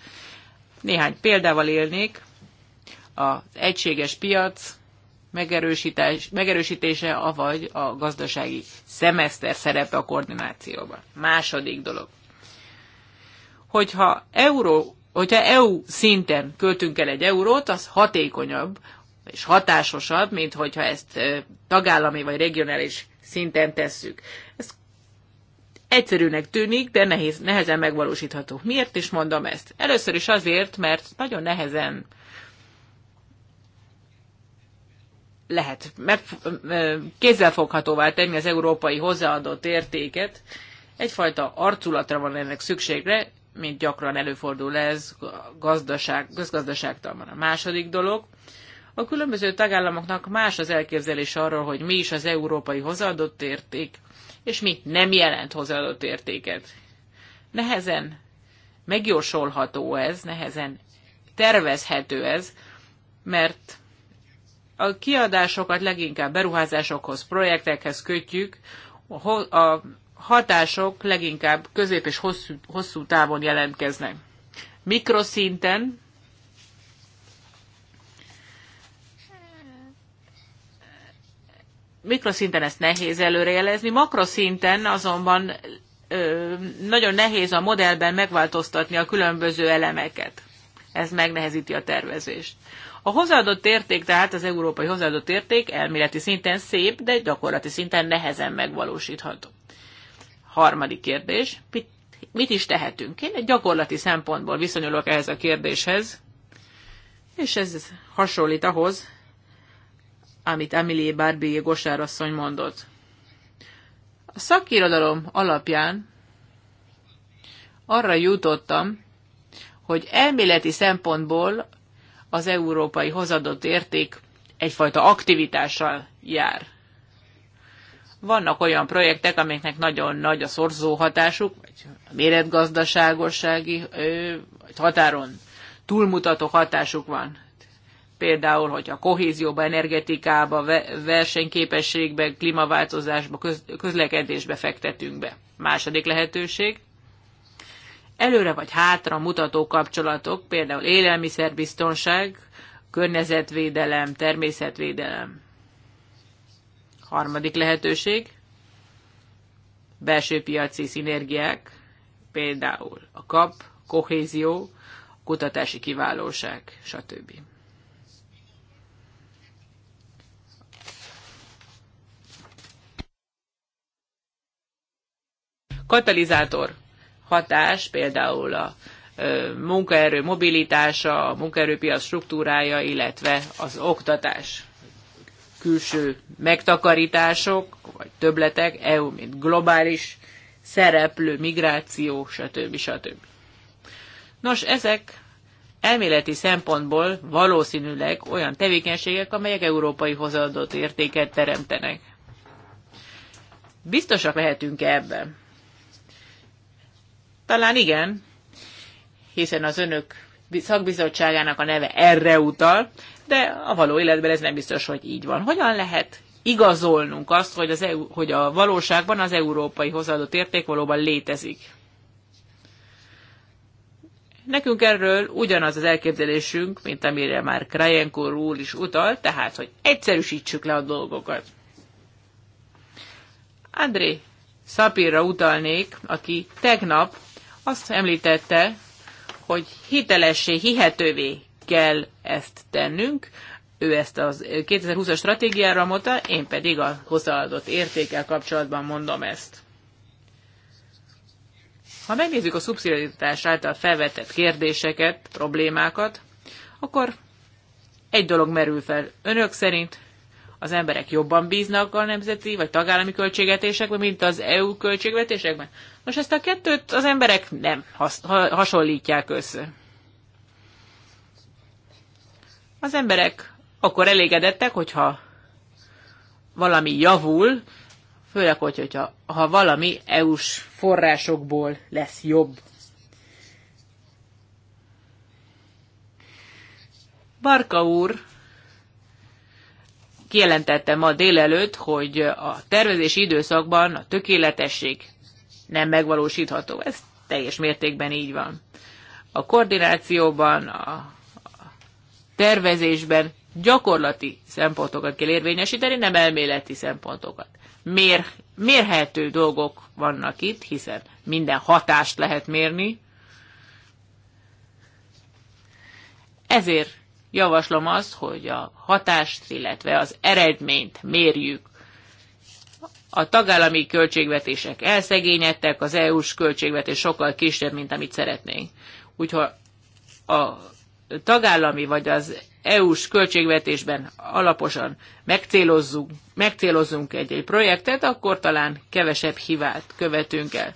Néhány példával élnék. Az egységes piac megerősítése, avagy a gazdasági szemeszter szerepe a koordinációban. Második dolog. Hogyha euró hogyha EU szinten költünk el egy eurót, az hatékonyabb és hatásosabb, mint hogyha ezt tagállami vagy regionális szinten tesszük. Ez egyszerűnek tűnik, de nehéz, nehezen megvalósítható. Miért is mondom ezt? Először is azért, mert nagyon nehezen lehet meg, kézzelfoghatóvá tenni az európai hozzáadott értéket. Egyfajta arculatra van ennek szükségre, mint gyakran előfordul ez gazdaság, közgazdaságtalban. A második dolog, a különböző tagállamoknak más az elképzelés arról, hogy mi is az európai hozzáadott érték, és mi nem jelent hozzáadott értéket. Nehezen megjósolható ez, nehezen tervezhető ez, mert a kiadásokat leginkább beruházásokhoz, projektekhez kötjük, a hatások leginkább közép és hosszú, hosszú távon jelentkeznek. Mikroszinten mikroszinten ezt nehéz előrejelezni, makroszinten azonban ö, nagyon nehéz a modellben megváltoztatni a különböző elemeket. Ez megnehezíti a tervezést. A hozzáadott érték, tehát az európai hozzáadott érték elméleti szinten szép, de gyakorlati szinten nehezen megvalósítható. Harmadik kérdés, mit, mit is tehetünk? Én egy gyakorlati szempontból viszonyulok ehhez a kérdéshez, és ez hasonlít ahhoz, amit Emilie Barbie gosárasszony mondott. A szakirodalom alapján arra jutottam, hogy elméleti szempontból az európai hozadott érték egyfajta aktivitással jár. Vannak olyan projektek, amiknek nagyon nagy a szorzó hatásuk, vagy méretgazdaságossági határon túlmutató hatásuk van például, hogy a kohézióba, energetikába, versenyképességbe, klímaváltozásba, közlekedésbe fektetünk be. Második lehetőség, előre vagy hátra mutató kapcsolatok, például élelmiszerbiztonság, környezetvédelem, természetvédelem. Harmadik lehetőség, belső piaci szinergiák, például a kap, kohézió, kutatási kiválóság, stb. katalizátor hatás, például a munkaerő mobilitása, a munkaerőpiac struktúrája, illetve az oktatás külső megtakarítások, vagy töbletek, EU, mint globális szereplő, migráció, stb. stb. Nos, ezek elméleti szempontból valószínűleg olyan tevékenységek, amelyek európai hozadott értéket teremtenek. Biztosak lehetünk ebben. Talán igen, hiszen az önök szakbizottságának a neve erre utal, de a való életben ez nem biztos, hogy így van. Hogyan lehet igazolnunk azt, hogy, az EU, hogy a valóságban az európai hozzáadott érték valóban létezik? Nekünk erről ugyanaz az elképzelésünk, mint amire már Krajenkor úr is utal, tehát, hogy egyszerűsítsük le a dolgokat. André Szapirra utalnék, aki tegnap azt említette, hogy hitelessé, hihetővé kell ezt tennünk. Ő ezt az 2020-as stratégiára mondta, én pedig a hozzáadott értékkel kapcsolatban mondom ezt. Ha megnézzük a szubszidiaritás által felvetett kérdéseket, problémákat, akkor egy dolog merül fel önök szerint, az emberek jobban bíznak a nemzeti vagy tagállami költségvetésekben, mint az EU költségvetésekben? Most ezt a kettőt az emberek nem hasonlítják össze. Az emberek akkor elégedettek, hogyha valami javul, főleg, hogyha ha valami EU-s forrásokból lesz jobb. Barka úr kijelentette ma délelőtt, hogy a tervezési időszakban a tökéletesség nem megvalósítható. Ez teljes mértékben így van. A koordinációban, a tervezésben gyakorlati szempontokat kell érvényesíteni, nem elméleti szempontokat. Mér, mérhető dolgok vannak itt, hiszen minden hatást lehet mérni. Ezért javaslom azt, hogy a hatást, illetve az eredményt mérjük. A tagállami költségvetések elszegényedtek, az EU-s költségvetés sokkal kisebb, mint amit szeretnénk. Úgyhogy a tagállami vagy az EU-s költségvetésben alaposan megcélozzunk, megcélozzunk egy-egy projektet, akkor talán kevesebb hibát követünk el.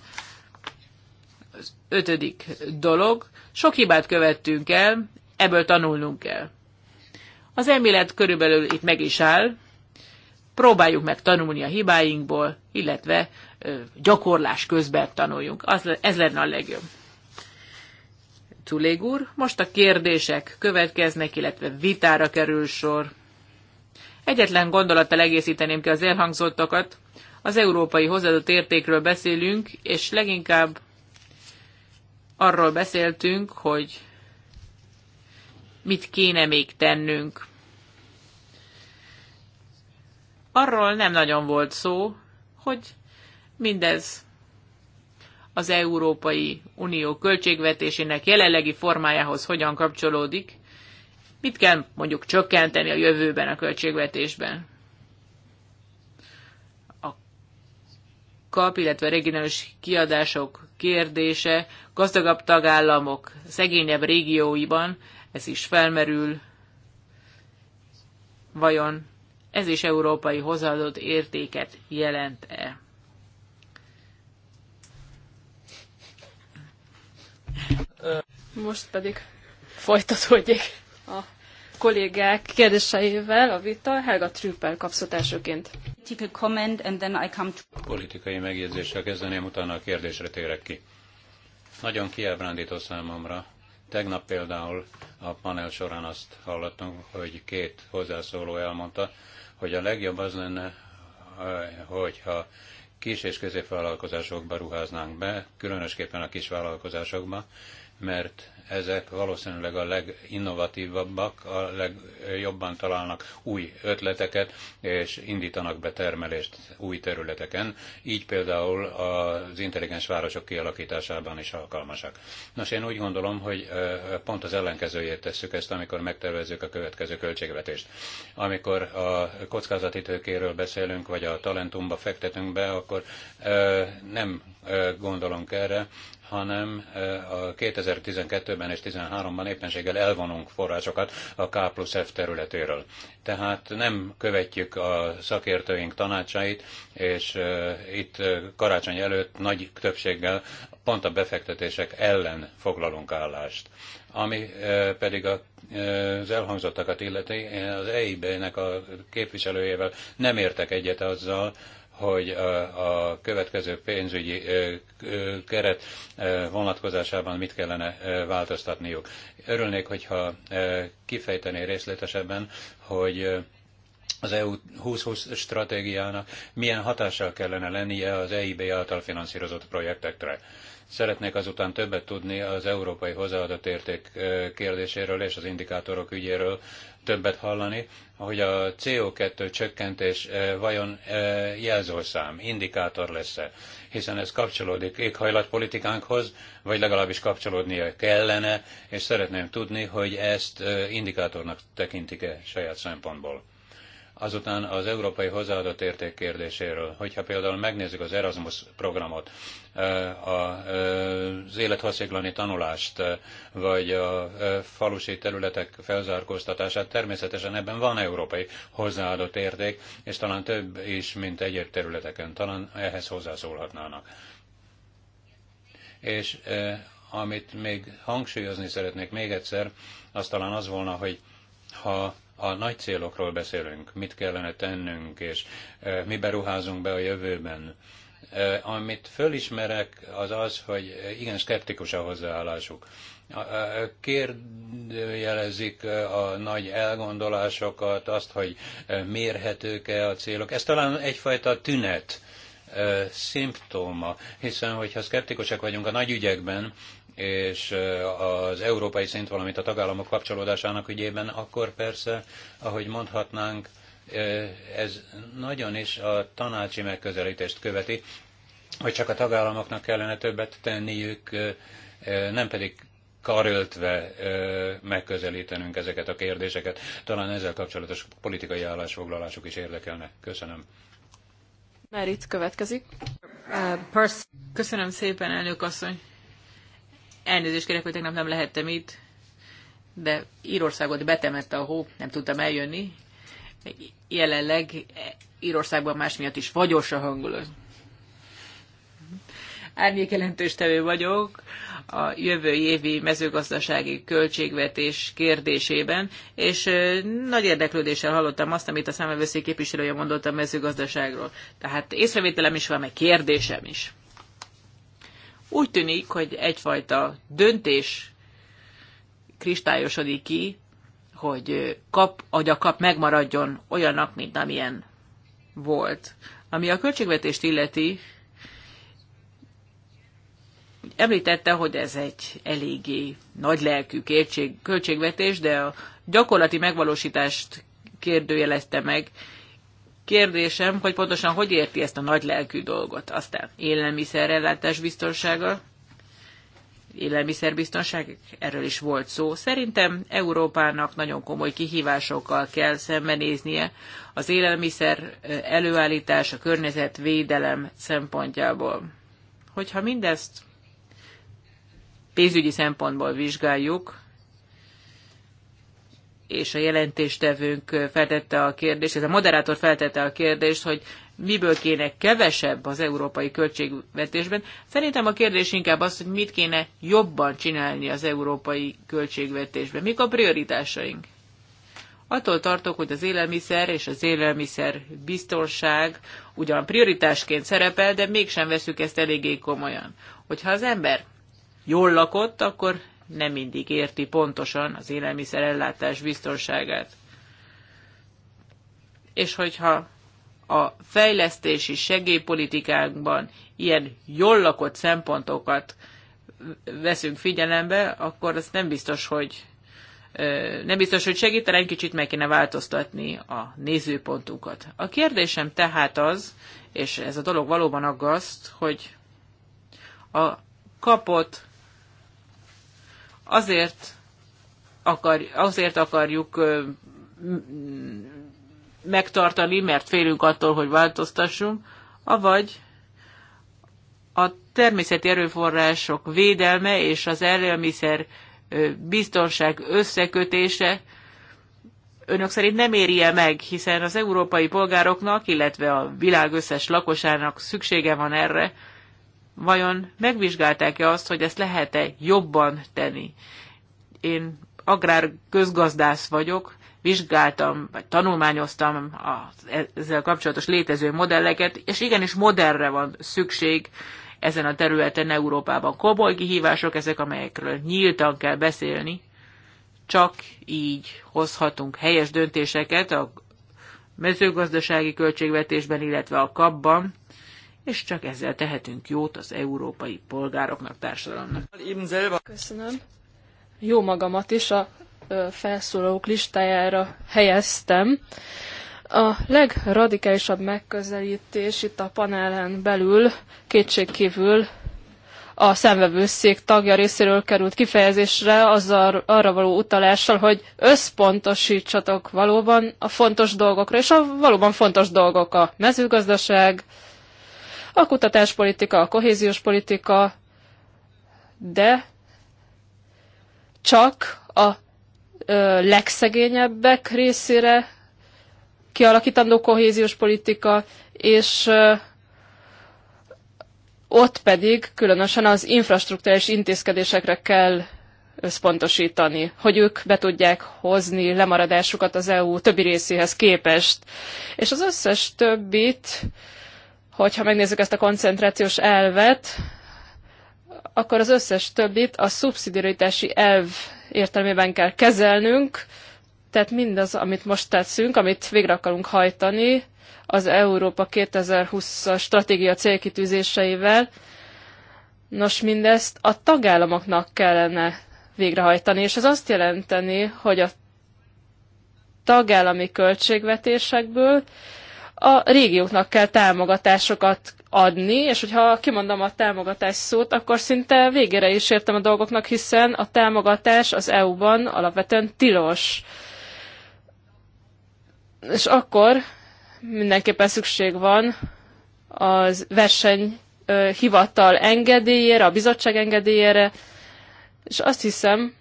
Az ötödik dolog, sok hibát követtünk el, ebből tanulnunk kell. Az elmélet körülbelül itt meg is áll, próbáljuk meg tanulni a hibáinkból, illetve gyakorlás közben tanuljunk. Az, ez lenne a legjobb. Tulég úr, most a kérdések következnek, illetve vitára kerül sor. Egyetlen gondolattal egészíteném ki az elhangzottakat. Az európai hozzáadott értékről beszélünk, és leginkább arról beszéltünk, hogy mit kéne még tennünk. Arról nem nagyon volt szó, hogy mindez az Európai Unió költségvetésének jelenlegi formájához hogyan kapcsolódik, mit kell mondjuk csökkenteni a jövőben a költségvetésben. A kap, illetve a regionális kiadások kérdése gazdagabb tagállamok szegényebb régióiban ez is felmerül. Vajon ez is európai hozzáadott értéket jelent-e? Most pedig folytatódjék a kollégák kérdéseivel a vita. Helga Trüppel kapszott elsőként. Politikai megjegyzéssel kezdeném, utána a kérdésre térek ki. Nagyon kiábrándító számomra, Tegnap például a panel során azt hallottunk, hogy két hozzászóló elmondta, hogy a legjobb az lenne, eh, hogyha kis és középvállalkozásokba ruháznánk be, különösképpen a kisvállalkozásokba, mert ezek valószínűleg a leginnovatívabbak, a legjobban találnak új ötleteket, és indítanak be termelést új területeken, így például az intelligens városok kialakításában is alkalmasak. Nos, én úgy gondolom, hogy pont az ellenkezőjét tesszük ezt, amikor megtervezzük a következő költségvetést. Amikor a kockázati tőkéről beszélünk, vagy a talentumba fektetünk be, akkor nem gondolunk erre, hanem a 2012-ben és 2013-ban éppenséggel elvonunk forrásokat a K plusz F területéről. Tehát nem követjük a szakértőink tanácsait, és itt karácsony előtt nagy többséggel pont a befektetések ellen foglalunk állást. Ami pedig az elhangzottakat illeti, az EIB-nek a képviselőjével nem értek egyet azzal, hogy a, következő pénzügyi keret vonatkozásában mit kellene változtatniuk. Örülnék, hogyha kifejtené részletesebben, hogy az EU 2020 stratégiának milyen hatással kellene lennie az EIB által finanszírozott projektekre. Szeretnék azután többet tudni az európai hozzáadott érték kérdéséről és az indikátorok ügyéről többet hallani, hogy a CO2 csökkentés vajon jelzőszám, indikátor lesz-e, hiszen ez kapcsolódik éghajlatpolitikánkhoz, vagy legalábbis kapcsolódnia kellene, és szeretném tudni, hogy ezt indikátornak tekintik-e saját szempontból. Azután az európai hozzáadott érték kérdéséről, hogyha például megnézzük az Erasmus programot, eh, eh, az élethosszéglani tanulást, eh, vagy a falusi területek felzárkóztatását, természetesen ebben van európai hozzáadott érték, és talán több is, mint egyéb területeken. Talán ehhez hozzászólhatnának. És amit még hangsúlyozni szeretnék még egyszer, az talán az volna, hogy ha a nagy célokról beszélünk, mit kellene tennünk, és e, mi beruházunk be a jövőben. E, amit fölismerek, az az, hogy igen szkeptikus a hozzáállásuk. E, kérdőjelezik a nagy elgondolásokat, azt, hogy mérhetők-e a célok. Ez talán egyfajta tünet, szimptóma, hiszen hogyha szkeptikusak vagyunk a nagy ügyekben, és az európai szint, valamint a tagállamok kapcsolódásának ügyében, akkor persze, ahogy mondhatnánk, ez nagyon is a tanácsi megközelítést követi, hogy csak a tagállamoknak kellene többet tenniük, nem pedig karöltve megközelítenünk ezeket a kérdéseket. Talán ezzel kapcsolatos politikai állásfoglalásuk is érdekelne. Köszönöm. Merit következik. Uh, Köszönöm szépen, elnök asszony. Elnézést kérek, hogy tegnap nem lehettem itt, de Írországot betemette a hó, nem tudtam eljönni. Jelenleg Írországban más miatt is fagyos a hangulat. Árnyék tevő vagyok a jövő évi mezőgazdasági költségvetés kérdésében, és nagy érdeklődéssel hallottam azt, amit a számvevőszék képviselője mondott a mezőgazdaságról. Tehát észrevételem is van, meg kérdésem is. Úgy tűnik, hogy egyfajta döntés kristályosodik ki, hogy kap, agya kap megmaradjon olyannak, mint amilyen volt. Ami a költségvetést illeti, említette, hogy ez egy eléggé nagy lelkű költségvetés, de a gyakorlati megvalósítást kérdőjelezte meg. Kérdésem, hogy pontosan hogy érti ezt a nagy lelkű dolgot. Aztán élelmiszerrelátás biztonsága, élelmiszerbiztonság, erről is volt szó. Szerintem Európának nagyon komoly kihívásokkal kell szembenéznie az élelmiszer előállítás, a környezetvédelem szempontjából. Hogyha mindezt pénzügyi szempontból vizsgáljuk, és a jelentéstevőnk feltette a kérdést, ez a moderátor feltette a kérdést, hogy miből kéne kevesebb az európai költségvetésben. Szerintem a kérdés inkább az, hogy mit kéne jobban csinálni az európai költségvetésben. Mik a prioritásaink? Attól tartok, hogy az élelmiszer és az élelmiszer biztonság ugyan prioritásként szerepel, de mégsem veszük ezt eléggé komolyan. Hogyha az ember jól lakott, akkor nem mindig érti pontosan az élelmiszerellátás biztonságát. És hogyha a fejlesztési segélypolitikánkban ilyen jól lakott szempontokat veszünk figyelembe, akkor ez nem biztos, hogy nem biztos, hogy segítene, egy kicsit meg kéne változtatni a nézőpontunkat. A kérdésem tehát az, és ez a dolog valóban aggaszt, hogy a kapott azért, akar, azért akarjuk megtartani, mert félünk attól, hogy változtassunk, avagy a természeti erőforrások védelme és az élelmiszer biztonság összekötése önök szerint nem érje meg, hiszen az európai polgároknak, illetve a világ összes lakosának szüksége van erre, vajon megvizsgálták-e azt, hogy ezt lehet-e jobban tenni? Én agrár közgazdász vagyok, vizsgáltam, vagy tanulmányoztam az e- ezzel kapcsolatos létező modelleket, és igenis modellre van szükség ezen a területen Európában. Komoly kihívások ezek, amelyekről nyíltan kell beszélni, csak így hozhatunk helyes döntéseket a mezőgazdasági költségvetésben, illetve a kapban, és csak ezzel tehetünk jót az európai polgároknak, társadalomnak. Köszönöm. Jó magamat is a felszólalók listájára helyeztem. A legradikálisabb megközelítés itt a panelen belül kétségkívül a szemvevőszék tagja részéről került kifejezésre azzal, arra való utalással, hogy összpontosítsatok valóban a fontos dolgokra, és a valóban fontos dolgok a mezőgazdaság, a kutatáspolitika, a kohéziós politika, de csak a ö, legszegényebbek részére kialakítandó kohéziós politika, és ö, ott pedig különösen az infrastruktúrális intézkedésekre kell összpontosítani, hogy ők be tudják hozni lemaradásukat az EU többi részéhez képest. És az összes többit hogyha megnézzük ezt a koncentrációs elvet, akkor az összes többit a szubszidiaritási elv értelmében kell kezelnünk, tehát mindaz, amit most tetszünk, amit végre akarunk hajtani az Európa 2020-as stratégia célkitűzéseivel, nos mindezt a tagállamoknak kellene végrehajtani, és ez azt jelenteni, hogy a tagállami költségvetésekből a régióknak kell támogatásokat adni, és hogyha kimondom a támogatás szót, akkor szinte végére is értem a dolgoknak, hiszen a támogatás az EU-ban alapvetően tilos. És akkor mindenképpen szükség van az versenyhivatal engedélyére, a bizottság engedélyére, és azt hiszem,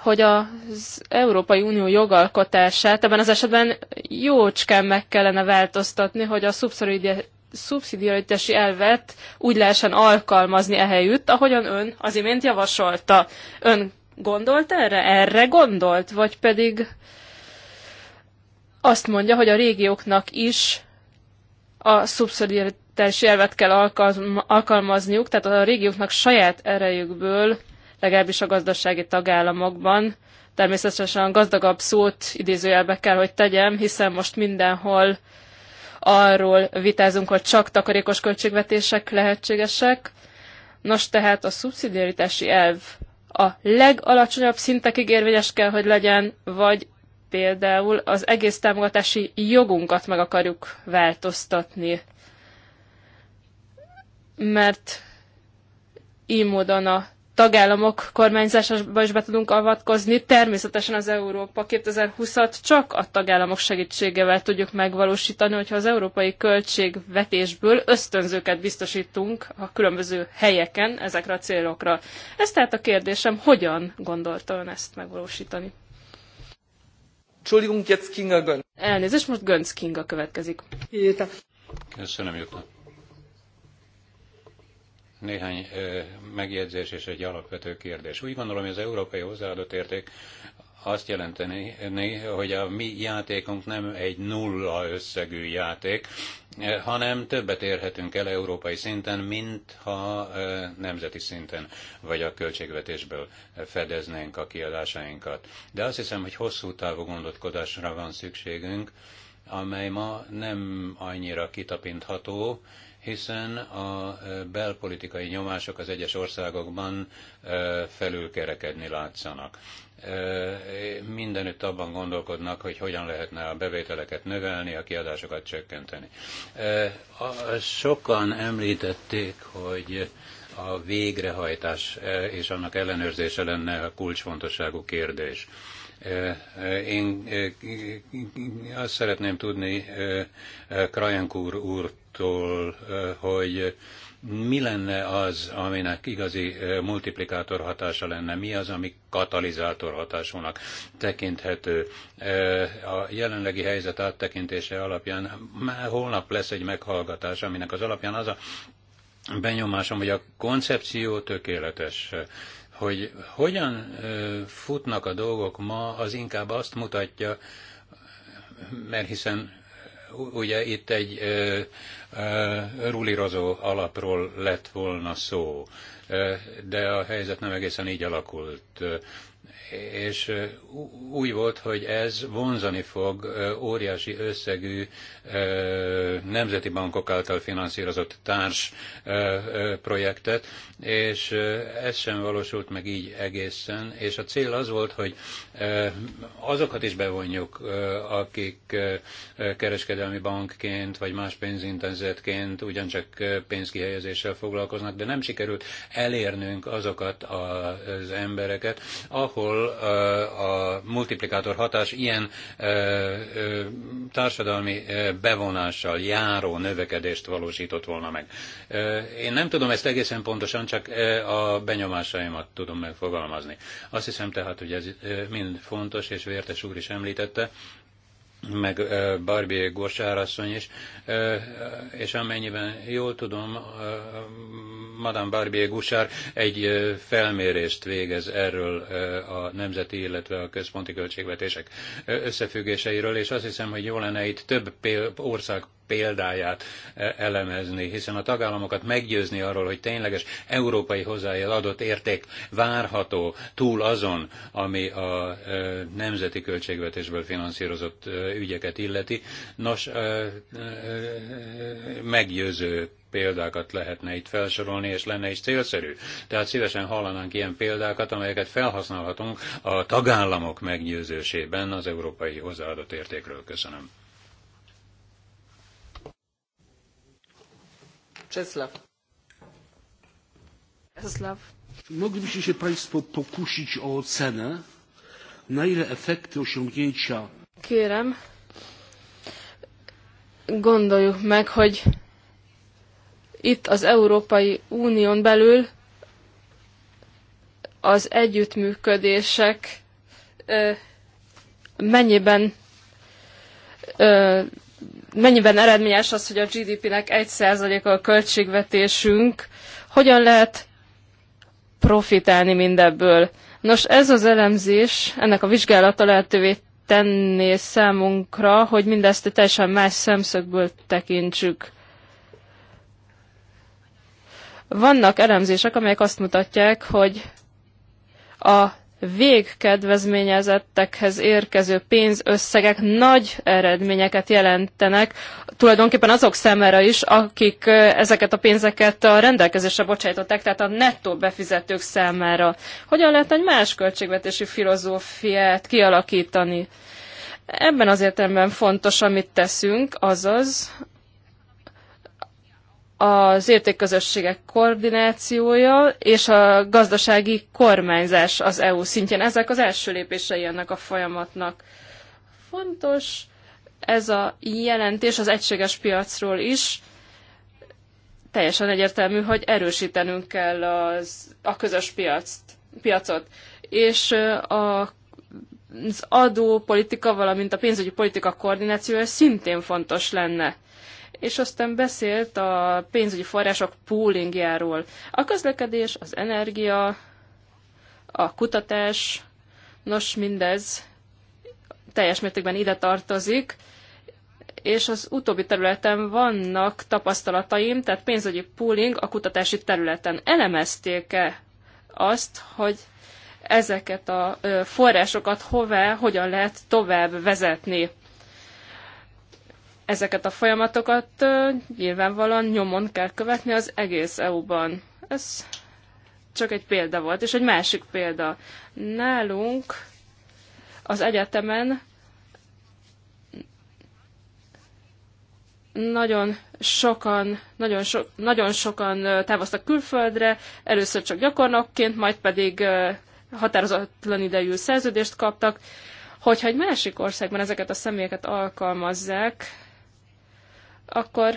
hogy az Európai Unió jogalkotását ebben az esetben jócskán meg kellene változtatni, hogy a szubszidiaritási elvet úgy lehessen alkalmazni ehelyütt, ahogyan ön az imént javasolta. Ön gondolt erre? Erre gondolt? Vagy pedig azt mondja, hogy a régióknak is a szubszidiaritási elvet kell alkalmazniuk, tehát a régióknak saját erejükből legalábbis a gazdasági tagállamokban. Természetesen gazdagabb szót idézőjelbe kell, hogy tegyem, hiszen most mindenhol arról vitázunk, hogy csak takarékos költségvetések lehetségesek. Nos, tehát a szubszidiaritási elv a legalacsonyabb szintekig érvényes kell, hogy legyen, vagy például az egész támogatási jogunkat meg akarjuk változtatni. Mert így módon a tagállamok kormányzásába is be tudunk avatkozni. Természetesen az Európa 2020-at csak a tagállamok segítségevel tudjuk megvalósítani, hogyha az európai költségvetésből ösztönzőket biztosítunk a különböző helyeken ezekre a célokra. Ez tehát a kérdésem, hogyan gondolta ön ezt megvalósítani? Elnézést, most Gönc Kinga következik. Köszönöm, Jutta. Néhány megjegyzés és egy alapvető kérdés. Úgy gondolom, hogy az európai hozzáadott érték azt jelenteni, hogy a mi játékunk nem egy nulla összegű játék, hanem többet érhetünk el európai szinten, mint ha nemzeti szinten vagy a költségvetésből fedeznénk a kiadásainkat. De azt hiszem, hogy hosszú távú gondolkodásra van szükségünk, amely ma nem annyira kitapintható, hiszen a belpolitikai nyomások az egyes országokban felülkerekedni látszanak. Mindenütt abban gondolkodnak, hogy hogyan lehetne a bevételeket növelni, a kiadásokat csökkenteni. Sokan említették, hogy a végrehajtás és annak ellenőrzése lenne a kulcsfontosságú kérdés. Én azt szeretném tudni Krajank úr úrtól, hogy mi lenne az, aminek igazi multiplikátor hatása lenne, mi az, ami katalizátor hatásúnak tekinthető. A jelenlegi helyzet áttekintése alapján már holnap lesz egy meghallgatás, aminek az alapján az a benyomásom, hogy a koncepció tökéletes hogy hogyan futnak a dolgok ma, az inkább azt mutatja, mert hiszen ugye itt egy ö, ö, alapról lett volna szó, de a helyzet nem egészen így alakult és úgy volt, hogy ez vonzani fog óriási összegű nemzeti bankok által finanszírozott társ projektet, és ez sem valósult meg így egészen, és a cél az volt, hogy azokat is bevonjuk, akik kereskedelmi bankként, vagy más pénzintenzetként ugyancsak pénzkihelyezéssel foglalkoznak, de nem sikerült elérnünk azokat az embereket, ahol a multiplikátor hatás ilyen társadalmi bevonással járó növekedést valósított volna meg. Én nem tudom ezt egészen pontosan, csak a benyomásaimat tudom megfogalmazni. Azt hiszem tehát, hogy ez mind fontos, és Vértes úr is említette, meg Barbie Gorsárasszony is, és amennyiben jól tudom, Madame Barbie Gusár egy felmérést végez erről a nemzeti, illetve a központi költségvetések összefüggéseiről, és azt hiszem, hogy jó lenne itt több ország példáját e, elemezni, hiszen a tagállamokat meggyőzni arról, hogy tényleges európai adott érték várható túl azon, ami a e, nemzeti költségvetésből finanszírozott e, ügyeket illeti. Nos, meggyőző példákat lehetne itt felsorolni, és lenne is célszerű. Tehát szívesen hallanánk ilyen példákat, amelyeket felhasználhatunk a tagállamok meggyőzésében az európai hozzáadott értékről. Köszönöm. Czesław. Czesław. Moglibyście się Państwo pokusić o ocenę, na ile efekty osiągnięcia... Kérem, gondoljuk meg, hogy itt az Európai Unión belül az együttműködések mennyiben mennyiben eredményes az, hogy a GDP-nek 1%-a a költségvetésünk, hogyan lehet profitálni mindebből. Nos, ez az elemzés, ennek a vizsgálata lehetővé tenné számunkra, hogy mindezt egy teljesen más szemszögből tekintsük. Vannak elemzések, amelyek azt mutatják, hogy a végkedvezményezettekhez érkező pénzösszegek nagy eredményeket jelentenek, tulajdonképpen azok számára is, akik ezeket a pénzeket a rendelkezésre bocsájtották, tehát a nettó befizetők számára. Hogyan lehet egy más költségvetési filozófiát kialakítani? Ebben az értelemben fontos, amit teszünk, azaz, az értékközösségek koordinációja és a gazdasági kormányzás az EU szintjén. Ezek az első lépései ennek a folyamatnak. Fontos ez a jelentés az egységes piacról is. Teljesen egyértelmű, hogy erősítenünk kell az, a közös piacot. piacot. És a, az adópolitika, valamint a pénzügyi politika koordinációja szintén fontos lenne és aztán beszélt a pénzügyi források poolingjáról. A közlekedés, az energia, a kutatás, nos mindez teljes mértékben ide tartozik, és az utóbbi területen vannak tapasztalataim, tehát pénzügyi pooling a kutatási területen. Elemezték-e azt, hogy ezeket a forrásokat hová, hogyan lehet tovább vezetni? Ezeket a folyamatokat nyilvánvalóan nyomon kell követni az egész EU-ban. Ez csak egy példa volt. És egy másik példa. Nálunk az egyetemen nagyon sokan, nagyon, so, nagyon sokan távoztak külföldre, először csak gyakornokként, majd pedig határozatlan idejű szerződést kaptak. Hogyha egy másik országban ezeket a személyeket alkalmazzák, akkor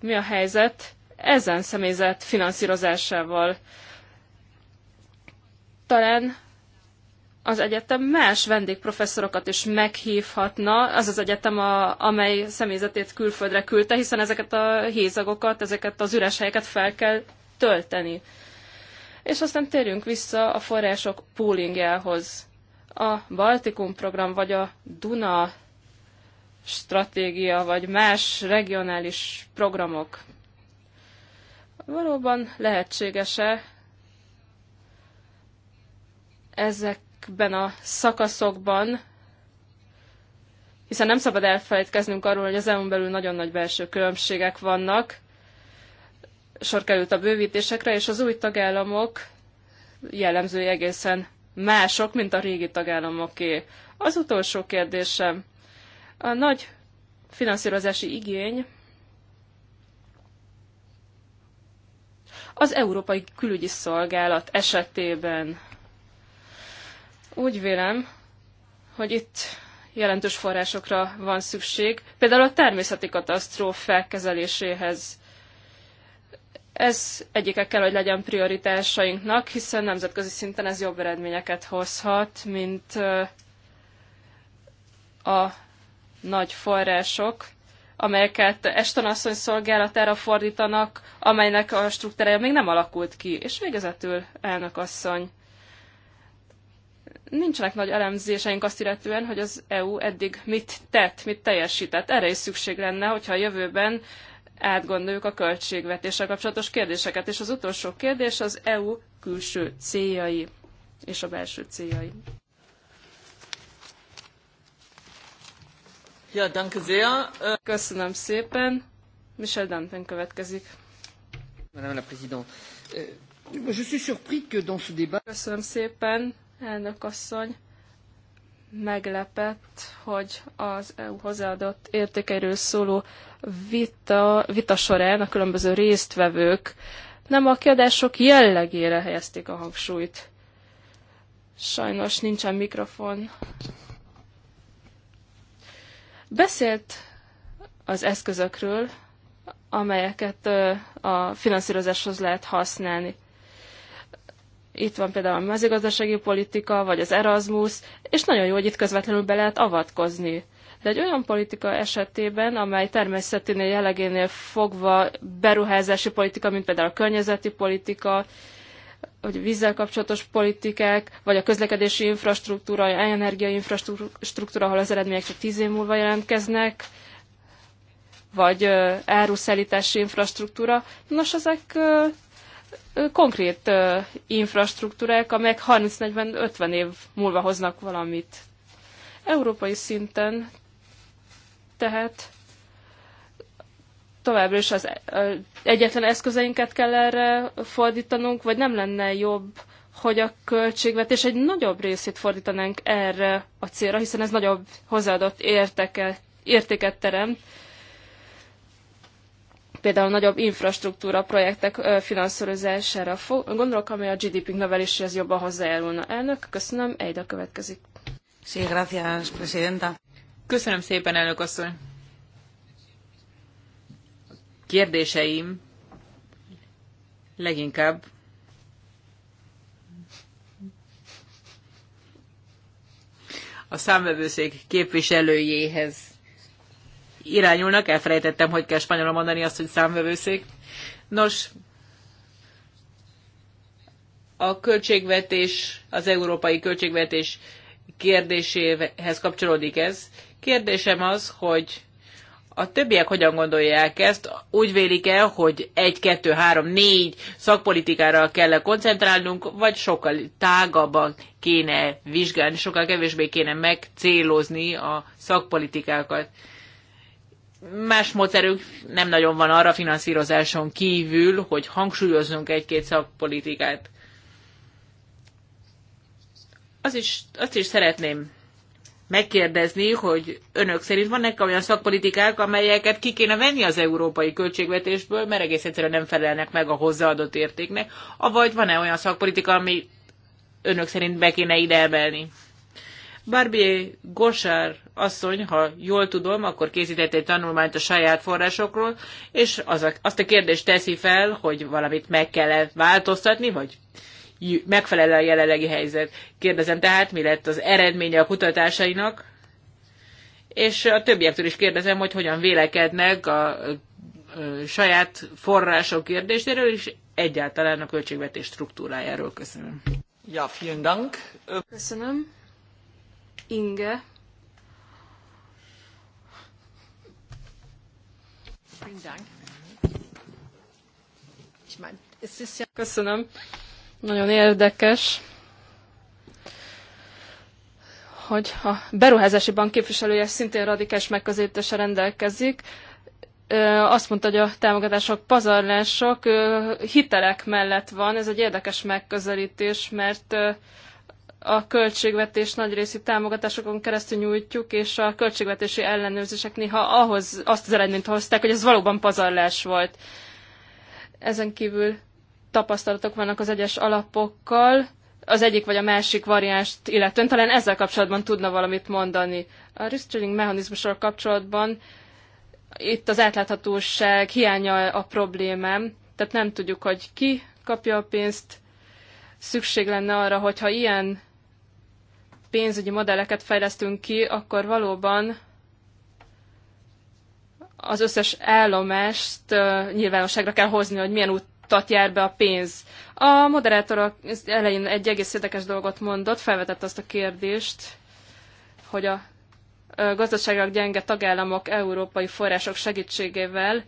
mi a helyzet ezen személyzet finanszírozásával? Talán az egyetem más vendégprofesszorokat is meghívhatna, az az egyetem, a, amely személyzetét külföldre küldte, hiszen ezeket a hézagokat, ezeket az üres helyeket fel kell tölteni. És aztán térjünk vissza a források poolingjához. A Baltikum program vagy a Duna stratégia, vagy más regionális programok. Valóban lehetséges-e ezekben a szakaszokban, hiszen nem szabad elfelejtkeznünk arról, hogy az EU-n belül nagyon nagy belső különbségek vannak, sor került a bővítésekre, és az új tagállamok jellemzői egészen mások, mint a régi tagállamoké. Az utolsó kérdésem, a nagy finanszírozási igény az Európai Külügyi Szolgálat esetében úgy vélem, hogy itt jelentős forrásokra van szükség, például a természeti katasztrófák kezeléséhez. Ez egyike kell, hogy legyen prioritásainknak, hiszen nemzetközi szinten ez jobb eredményeket hozhat, mint a nagy források, amelyeket Eston asszony szolgálatára fordítanak, amelynek a struktúrája még nem alakult ki. És végezetül, elnök asszony, nincsenek nagy elemzéseink azt illetően, hogy az EU eddig mit tett, mit teljesített. Erre is szükség lenne, hogyha a jövőben átgondoljuk a költségvetéssel kapcsolatos kérdéseket. És az utolsó kérdés az EU külső céljai és a belső céljai. Ja, danke sehr. Köszönöm szépen. Michel Danten következik. Madame la Présidente, euh, je suis surpris que dans ce débat... Köszönöm szépen, elnök asszony. Meglepett, hogy az EU hozzáadott értékeiről szóló vita, vita során a különböző résztvevők nem a kiadások jellegére helyezték a hangsúlyt. Sajnos nincsen mikrofon Beszélt az eszközökről, amelyeket a finanszírozáshoz lehet használni. Itt van például a mezőgazdasági politika, vagy az Erasmus, és nagyon jó, hogy itt közvetlenül be lehet avatkozni. De egy olyan politika esetében, amely természeténél jellegénél fogva beruházási politika, mint például a környezeti politika, hogy vízzel kapcsolatos politikák, vagy a közlekedési infrastruktúra, vagy a infrastruktúra, ahol az eredmények csak tíz év múlva jelentkeznek, vagy áruszállítási infrastruktúra. Nos, ezek konkrét infrastruktúrák, amelyek 30-40-50 év múlva hoznak valamit. Európai szinten tehát továbbra is az egyetlen eszközeinket kell erre fordítanunk, vagy nem lenne jobb, hogy a költségvetés egy nagyobb részét fordítanánk erre a célra, hiszen ez nagyobb hozzáadott érteke, értéket teremt, például nagyobb infrastruktúra projektek finanszírozására Gondolok, amely a GDP növeléséhez jobban hozzájárulna. Elnök, köszönöm, Eida következik. Sí, gracias, presidenta. Köszönöm szépen, elnök asszony kérdéseim leginkább a számvevőszék képviselőjéhez irányulnak. Elfelejtettem, hogy kell spanyolul mondani azt, hogy számvevőszék. Nos, a költségvetés, az európai költségvetés kérdéséhez kapcsolódik ez. Kérdésem az, hogy a többiek hogyan gondolják ezt? Úgy vélik el, hogy egy, kettő, három, négy szakpolitikára kell -e koncentrálnunk, vagy sokkal tágabban kéne vizsgálni, sokkal kevésbé kéne megcélozni a szakpolitikákat. Más módszerünk nem nagyon van arra finanszírozáson kívül, hogy hangsúlyozzunk egy-két szakpolitikát. Az is, azt is szeretném megkérdezni, hogy önök szerint vannak olyan szakpolitikák, amelyeket ki kéne venni az európai költségvetésből, mert egész egyszerűen nem felelnek meg a hozzáadott értéknek, avagy van-e olyan szakpolitika, ami önök szerint be kéne ide emelni? Barbie Gosár asszony, ha jól tudom, akkor készített egy tanulmányt a saját forrásokról, és az a, azt a kérdést teszi fel, hogy valamit meg kell -e változtatni, vagy megfelel a jelenlegi helyzet. Kérdezem tehát, mi lett az eredménye a kutatásainak, és a többiektől is kérdezem, hogy hogyan vélekednek a saját források kérdéséről, és egyáltalán a költségvetés struktúrájáról. Köszönöm. Ja, vielen Dank. Köszönöm. Inge. Vielen Dank. Köszönöm. Nagyon érdekes, hogy a beruházási bank képviselője szintén radikális megközelítése rendelkezik. Azt mondta, hogy a támogatások, pazarlások hitelek mellett van. Ez egy érdekes megközelítés, mert a költségvetés nagy részét támogatásokon keresztül nyújtjuk, és a költségvetési ellenőrzések néha ahhoz, azt az eredményt hozták, hogy ez valóban pazarlás volt. Ezen kívül tapasztalatok vannak az egyes alapokkal, az egyik vagy a másik variánst illetően, talán ezzel kapcsolatban tudna valamit mondani. A restructuring mechanizmusról kapcsolatban itt az átláthatóság hiánya a problémám, tehát nem tudjuk, hogy ki kapja a pénzt, szükség lenne arra, hogyha ilyen pénzügyi modelleket fejlesztünk ki, akkor valóban az összes állomást nyilvánosságra kell hozni, hogy milyen út utat jár be a pénz. A moderátor elején egy egész érdekes dolgot mondott, felvetett azt a kérdést, hogy a gazdaságilag gyenge tagállamok európai források segítségével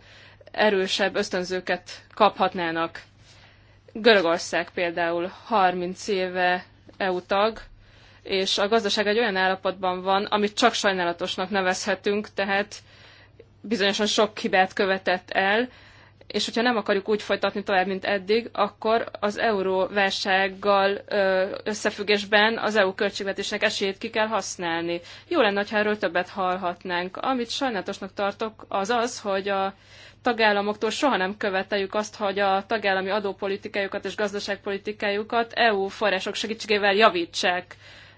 erősebb ösztönzőket kaphatnának. Görögország például 30 éve EU tag, és a gazdaság egy olyan állapotban van, amit csak sajnálatosnak nevezhetünk, tehát bizonyosan sok hibát követett el, és hogyha nem akarjuk úgy folytatni tovább, mint eddig, akkor az euróválsággal összefüggésben az EU költségvetésnek esélyét ki kell használni. Jó lenne, ha erről többet hallhatnánk. Amit sajnálatosnak tartok, az az, hogy a tagállamoktól soha nem követeljük azt, hogy a tagállami adópolitikájukat és gazdaságpolitikájukat EU források segítségével javítsák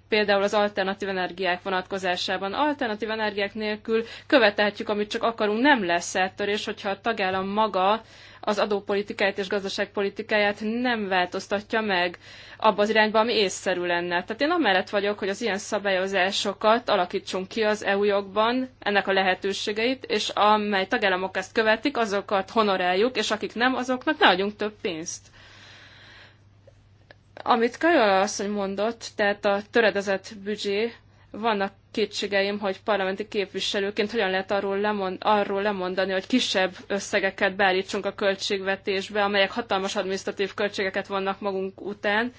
például az alternatív energiák vonatkozásában. Alternatív energiák nélkül követelhetjük, amit csak akarunk, nem lesz áttörés, hogyha a tagállam maga az adópolitikáját és gazdaságpolitikáját nem változtatja meg abba az irányba, ami észszerű lenne. Tehát én amellett vagyok, hogy az ilyen szabályozásokat alakítsunk ki az EU jogban, ennek a lehetőségeit, és amely tagállamok ezt követik, azokat honoráljuk, és akik nem, azoknak ne adjunk több pénzt. Amit Kaja asszony mondott, tehát a töredezett büdzsé, vannak kétségeim, hogy parlamenti képviselőként hogyan lehet arról, lemond, arról lemondani, hogy kisebb összegeket beállítsunk a költségvetésbe, amelyek hatalmas adminisztratív költségeket vannak magunk után.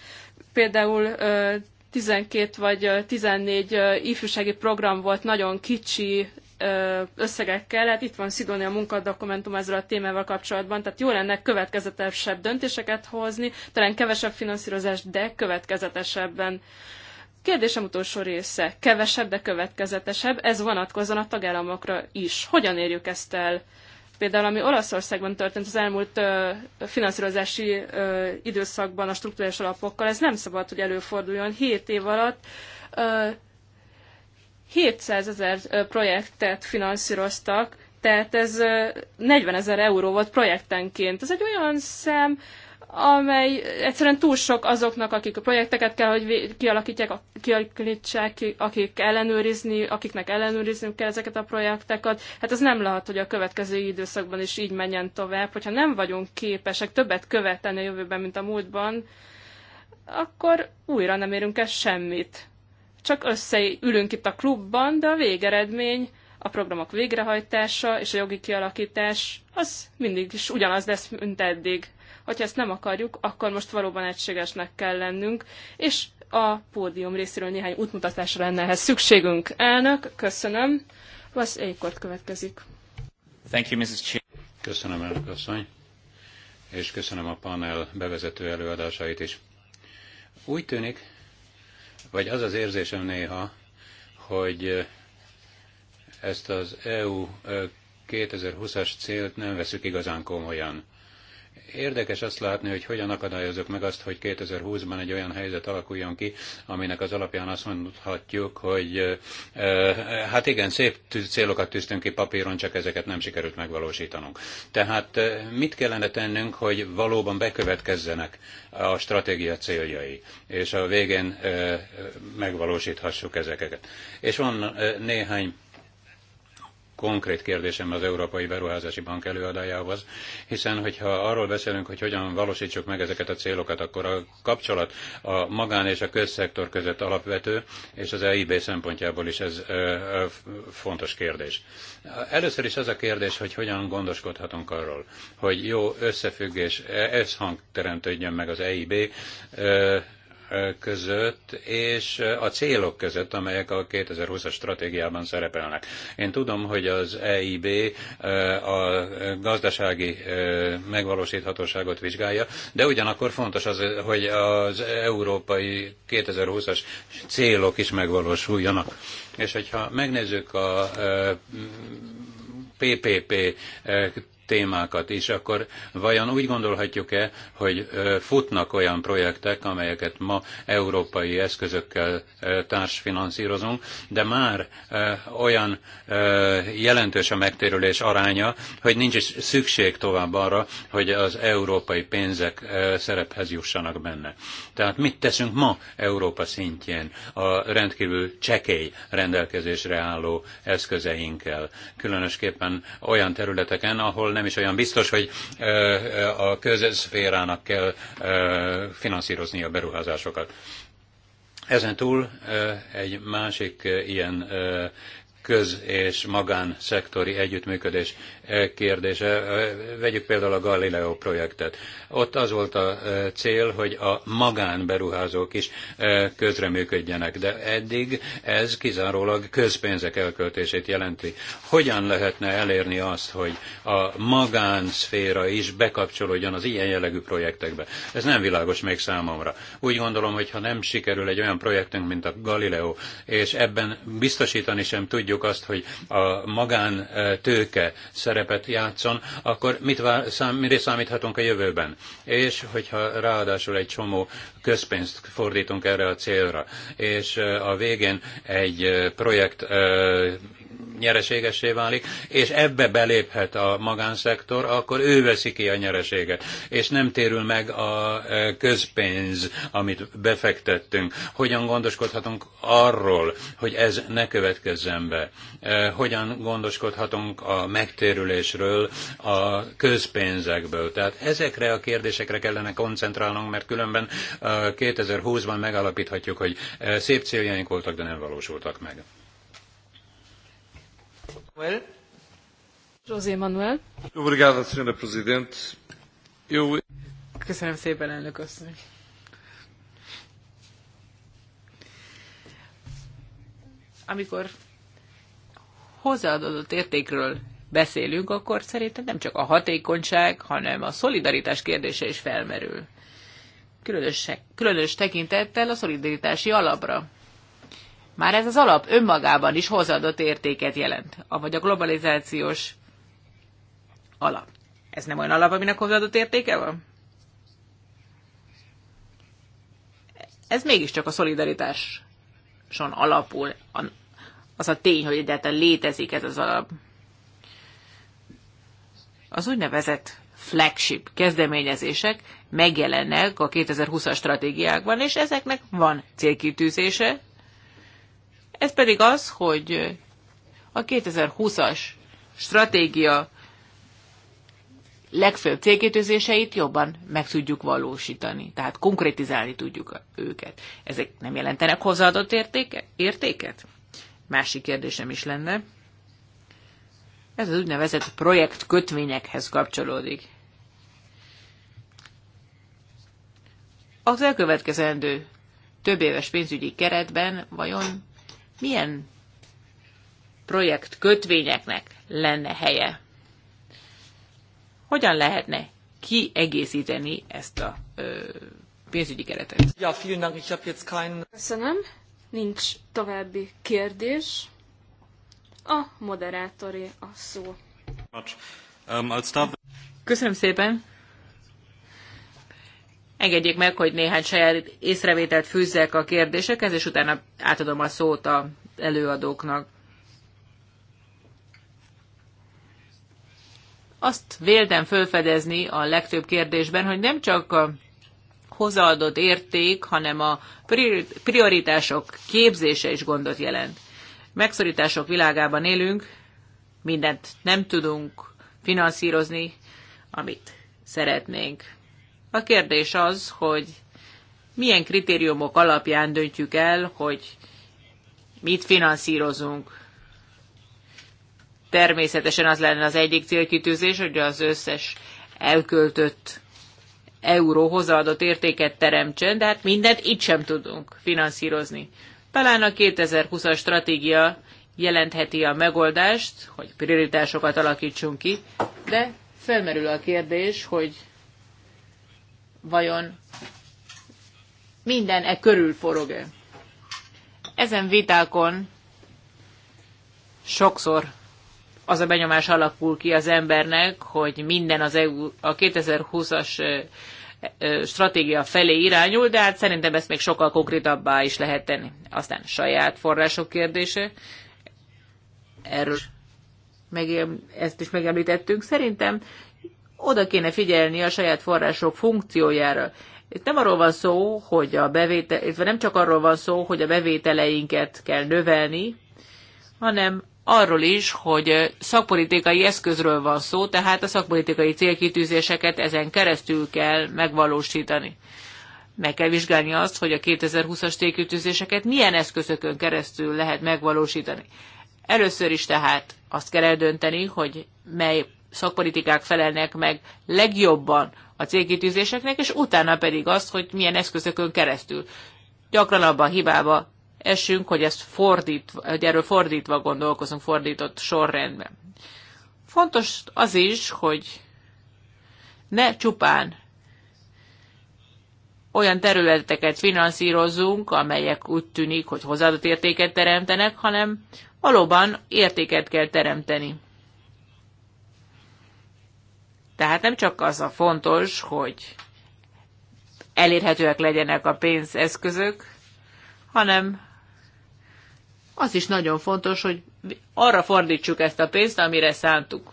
Például 12 vagy 14 ifjúsági program volt nagyon kicsi összegekkel. Hát itt van Szidónia munkadokumentum ezzel a témával kapcsolatban, tehát jó lenne következetesebb döntéseket hozni, talán kevesebb finanszírozás, de következetesebben. Kérdésem utolsó része. Kevesebb, de következetesebb. Ez vonatkozzon a tagállamokra is. Hogyan érjük ezt el? Például, ami Olaszországban történt az elmúlt ö, finanszírozási ö, időszakban a struktúrás alapokkal, ez nem szabad, hogy előforduljon. Hét év alatt ö, 700 ezer projektet finanszíroztak, tehát ez 40 ezer euró volt projektenként. Ez egy olyan szem, amely egyszerűen túl sok azoknak, akik a projekteket kell, hogy kialakítják, kialakítsák, akik ellenőrizni, akiknek ellenőrizni kell ezeket a projekteket. Hát ez nem lehet, hogy a következő időszakban is így menjen tovább. Hogyha nem vagyunk képesek többet követelni a jövőben, mint a múltban, akkor újra nem érünk el semmit csak összeülünk itt a klubban, de a végeredmény, a programok végrehajtása és a jogi kialakítás az mindig is ugyanaz lesz, mint eddig. Hogyha ezt nem akarjuk, akkor most valóban egységesnek kell lennünk, és a pódium részéről néhány útmutatásra lenne ehhez szükségünk. Elnök, köszönöm. Vasz Ékort következik. Thank you, Mrs. Chief. Köszönöm, elnök asszony, és köszönöm a panel bevezető előadásait is. Úgy tűnik, vagy az az érzésem néha, hogy ezt az EU 2020-as célt nem veszük igazán komolyan. Érdekes azt látni, hogy hogyan akadályozok meg azt, hogy 2020-ban egy olyan helyzet alakuljon ki, aminek az alapján azt mondhatjuk, hogy hát igen, szép célokat tűztünk ki papíron, csak ezeket nem sikerült megvalósítanunk. Tehát mit kellene tennünk, hogy valóban bekövetkezzenek a stratégia céljai, és a végén megvalósíthassuk ezeket. És van néhány konkrét kérdésem az Európai Beruházási Bank előadájához, hiszen hogyha arról beszélünk, hogy hogyan valósítsuk meg ezeket a célokat, akkor a kapcsolat a magán és a közszektor között alapvető, és az EIB szempontjából is ez fontos kérdés. Először is az a kérdés, hogy hogyan gondoskodhatunk arról, hogy jó összefüggés, e, ez hang teremtődjön meg az EIB között és a célok között, amelyek a 2020-as stratégiában szerepelnek. Én tudom, hogy az EIB eh, a gazdasági eh, megvalósíthatóságot vizsgálja, de ugyanakkor fontos az, hogy az európai 2020-as célok is megvalósuljanak. És hogyha megnézzük a PPP eh, témákat is, akkor vajon úgy gondolhatjuk-e, hogy futnak olyan projektek, amelyeket ma európai eszközökkel társfinanszírozunk, de már olyan jelentős a megtérülés aránya, hogy nincs is szükség tovább arra, hogy az európai pénzek szerephez jussanak benne. Tehát mit teszünk ma Európa szintjén a rendkívül csekély rendelkezésre álló eszközeinkkel, különösképpen olyan területeken, ahol nem nem is olyan biztos, hogy a közszférának kell finanszírozni a beruházásokat. Ezen túl egy másik ilyen köz- és magánszektori együttműködés kérdés. Vegyük például a Galileo projektet. Ott az volt a e, cél, hogy a magánberuházók is e, közreműködjenek, de eddig ez kizárólag közpénzek elköltését jelenti. Hogyan lehetne elérni azt, hogy a magánszféra is bekapcsolódjon az ilyen jellegű projektekbe? Ez nem világos még számomra. Úgy gondolom, hogy ha nem sikerül egy olyan projektünk, mint a Galileo, és ebben biztosítani sem tudjuk azt, hogy a magántőke e, szeret szerepet játszon, akkor mit vál, szám, mire számíthatunk a jövőben? És hogyha ráadásul egy csomó közpénzt fordítunk erre a célra, és a végén egy projekt nyereségessé válik, és ebbe beléphet a magánszektor, akkor ő veszi ki a nyereséget, és nem térül meg a e, közpénz, amit befektettünk. Hogyan gondoskodhatunk arról, hogy ez ne következzen be? E, hogyan gondoskodhatunk a megtérülésről a közpénzekből? Tehát ezekre a kérdésekre kellene koncentrálnunk, mert különben 2020-ban e, megalapíthatjuk, hogy szép céljaink voltak, de nem valósultak meg. José Manuel. Obrigado, Sra. Presidente. Eu... Köszönöm szépen, elnök asszony. Amikor hozzáadott értékről beszélünk, akkor szerintem nem csak a hatékonyság, hanem a szolidaritás kérdése is felmerül. Különös, különös tekintettel a szolidaritási alapra. Már ez az alap önmagában is hozadott értéket jelent, vagy a globalizációs alap. Ez nem olyan alap, aminek hozadott értéke van? Ez mégiscsak a szolidaritáson alapul az a tény, hogy egyáltalán létezik ez az alap. Az úgynevezett flagship kezdeményezések megjelennek a 2020-as stratégiákban, és ezeknek van célkitűzése, ez pedig az, hogy a 2020-as stratégia legfőbb célkétőzéseit jobban meg tudjuk valósítani, tehát konkrétizálni tudjuk őket. Ezek nem jelentenek hozzáadott értéke, értéket? Másik kérdésem is lenne. Ez az úgynevezett projekt kötvényekhez kapcsolódik. Az elkövetkezendő több éves pénzügyi keretben vajon milyen projekt kötvényeknek lenne helye? Hogyan lehetne kiegészíteni ezt a ö, pénzügyi keretet? Ja, vielen Dank, ich jetzt keinen... Köszönöm. Nincs további kérdés. A moderátoré a szó. Um, Köszönöm szépen. Engedjék meg, hogy néhány saját észrevételt fűzzek a kérdésekhez, és utána átadom a szót a előadóknak. Azt véltem fölfedezni a legtöbb kérdésben, hogy nem csak a hozzáadott érték, hanem a prioritások képzése is gondot jelent. Megszorítások világában élünk, mindent nem tudunk finanszírozni, amit szeretnénk. A kérdés az, hogy milyen kritériumok alapján döntjük el, hogy mit finanszírozunk. Természetesen az lenne az egyik célkitűzés, hogy az összes elköltött euró hozzáadott értéket teremtsen, de hát mindent itt sem tudunk finanszírozni. Talán a 2020-as stratégia jelentheti a megoldást, hogy prioritásokat alakítsunk ki, de felmerül a kérdés, hogy vajon minden e körül forog-e. Ezen vitákon sokszor az a benyomás alakul ki az embernek, hogy minden az EU a 2020-as stratégia felé irányul, de hát szerintem ezt még sokkal konkrétabbá is lehet tenni. Aztán saját források kérdése. Erről meg, ezt is megemlítettünk. Szerintem oda kéne figyelni a saját források funkciójára. Itt nem arról van szó, hogy a bevétel, illetve nem csak arról van szó, hogy a bevételeinket kell növelni, hanem arról is, hogy szakpolitikai eszközről van szó, tehát a szakpolitikai célkitűzéseket ezen keresztül kell megvalósítani. Meg kell vizsgálni azt, hogy a 2020-as célkitűzéseket milyen eszközökön keresztül lehet megvalósítani. Először is tehát azt kell eldönteni, hogy mely szakpolitikák felelnek meg legjobban a célkitűzéseknek, és utána pedig azt, hogy milyen eszközökön keresztül. Gyakran abban a hibába esünk, hogy, ezt fordít, hogy erről fordítva gondolkozunk, fordított sorrendben. Fontos az is, hogy ne csupán olyan területeket finanszírozzunk, amelyek úgy tűnik, hogy hozzáadott értéket teremtenek, hanem valóban értéket kell teremteni. Tehát nem csak az a fontos, hogy elérhetőek legyenek a pénzeszközök, hanem az is nagyon fontos, hogy arra fordítsuk ezt a pénzt, amire szántuk.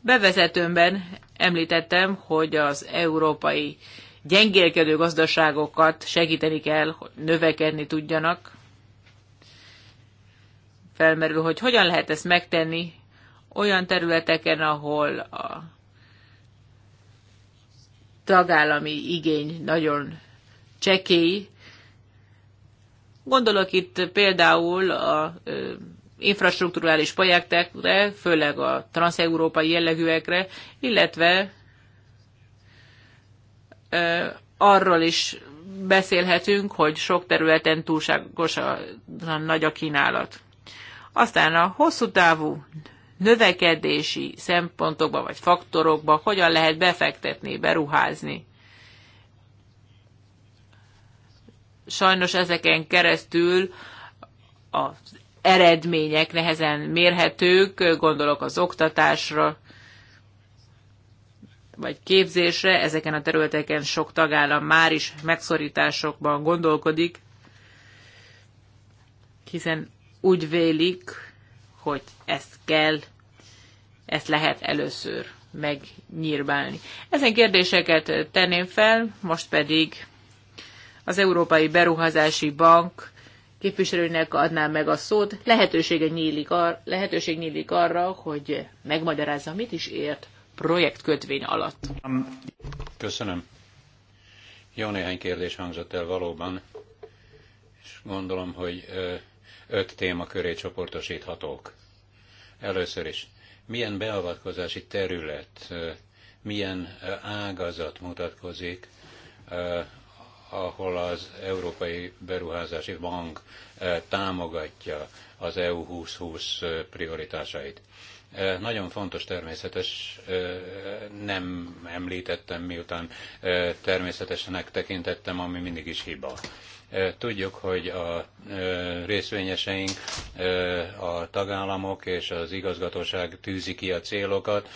Bevezetőmben említettem, hogy az európai gyengélkedő gazdaságokat segíteni kell, hogy növekedni tudjanak. Felmerül, hogy hogyan lehet ezt megtenni olyan területeken, ahol a tagállami igény nagyon csekély. Gondolok itt például a infrastruktúrális projektekre, főleg a transeurópai jellegűekre, illetve arról is beszélhetünk, hogy sok területen túlságosan nagy a kínálat. Aztán a hosszú távú növekedési szempontokba vagy faktorokba hogyan lehet befektetni, beruházni. Sajnos ezeken keresztül az eredmények nehezen mérhetők, gondolok az oktatásra, vagy képzésre, ezeken a területeken sok tagállam már is megszorításokban gondolkodik, hiszen úgy vélik, hogy ezt kell, ezt lehet először megnyírbálni. Ezen kérdéseket tenném fel, most pedig az Európai Beruházási Bank képviselőnek adnám meg a szót. Lehetősége nyílik ar- lehetőség nyílik arra, hogy megmagyarázza, mit is ért projektkötvény alatt. Köszönöm. Jó néhány kérdés hangzott el valóban, és gondolom, hogy öt téma köré csoportosíthatók. Először is, milyen beavatkozási terület, milyen ágazat mutatkozik, ahol az Európai Beruházási Bank támogatja az EU 2020 prioritásait. Nagyon fontos természetes, nem említettem, miután természetesenek tekintettem, ami mindig is hiba. Tudjuk, hogy a részvényeseink, a tagállamok és az igazgatóság tűzi ki a célokat,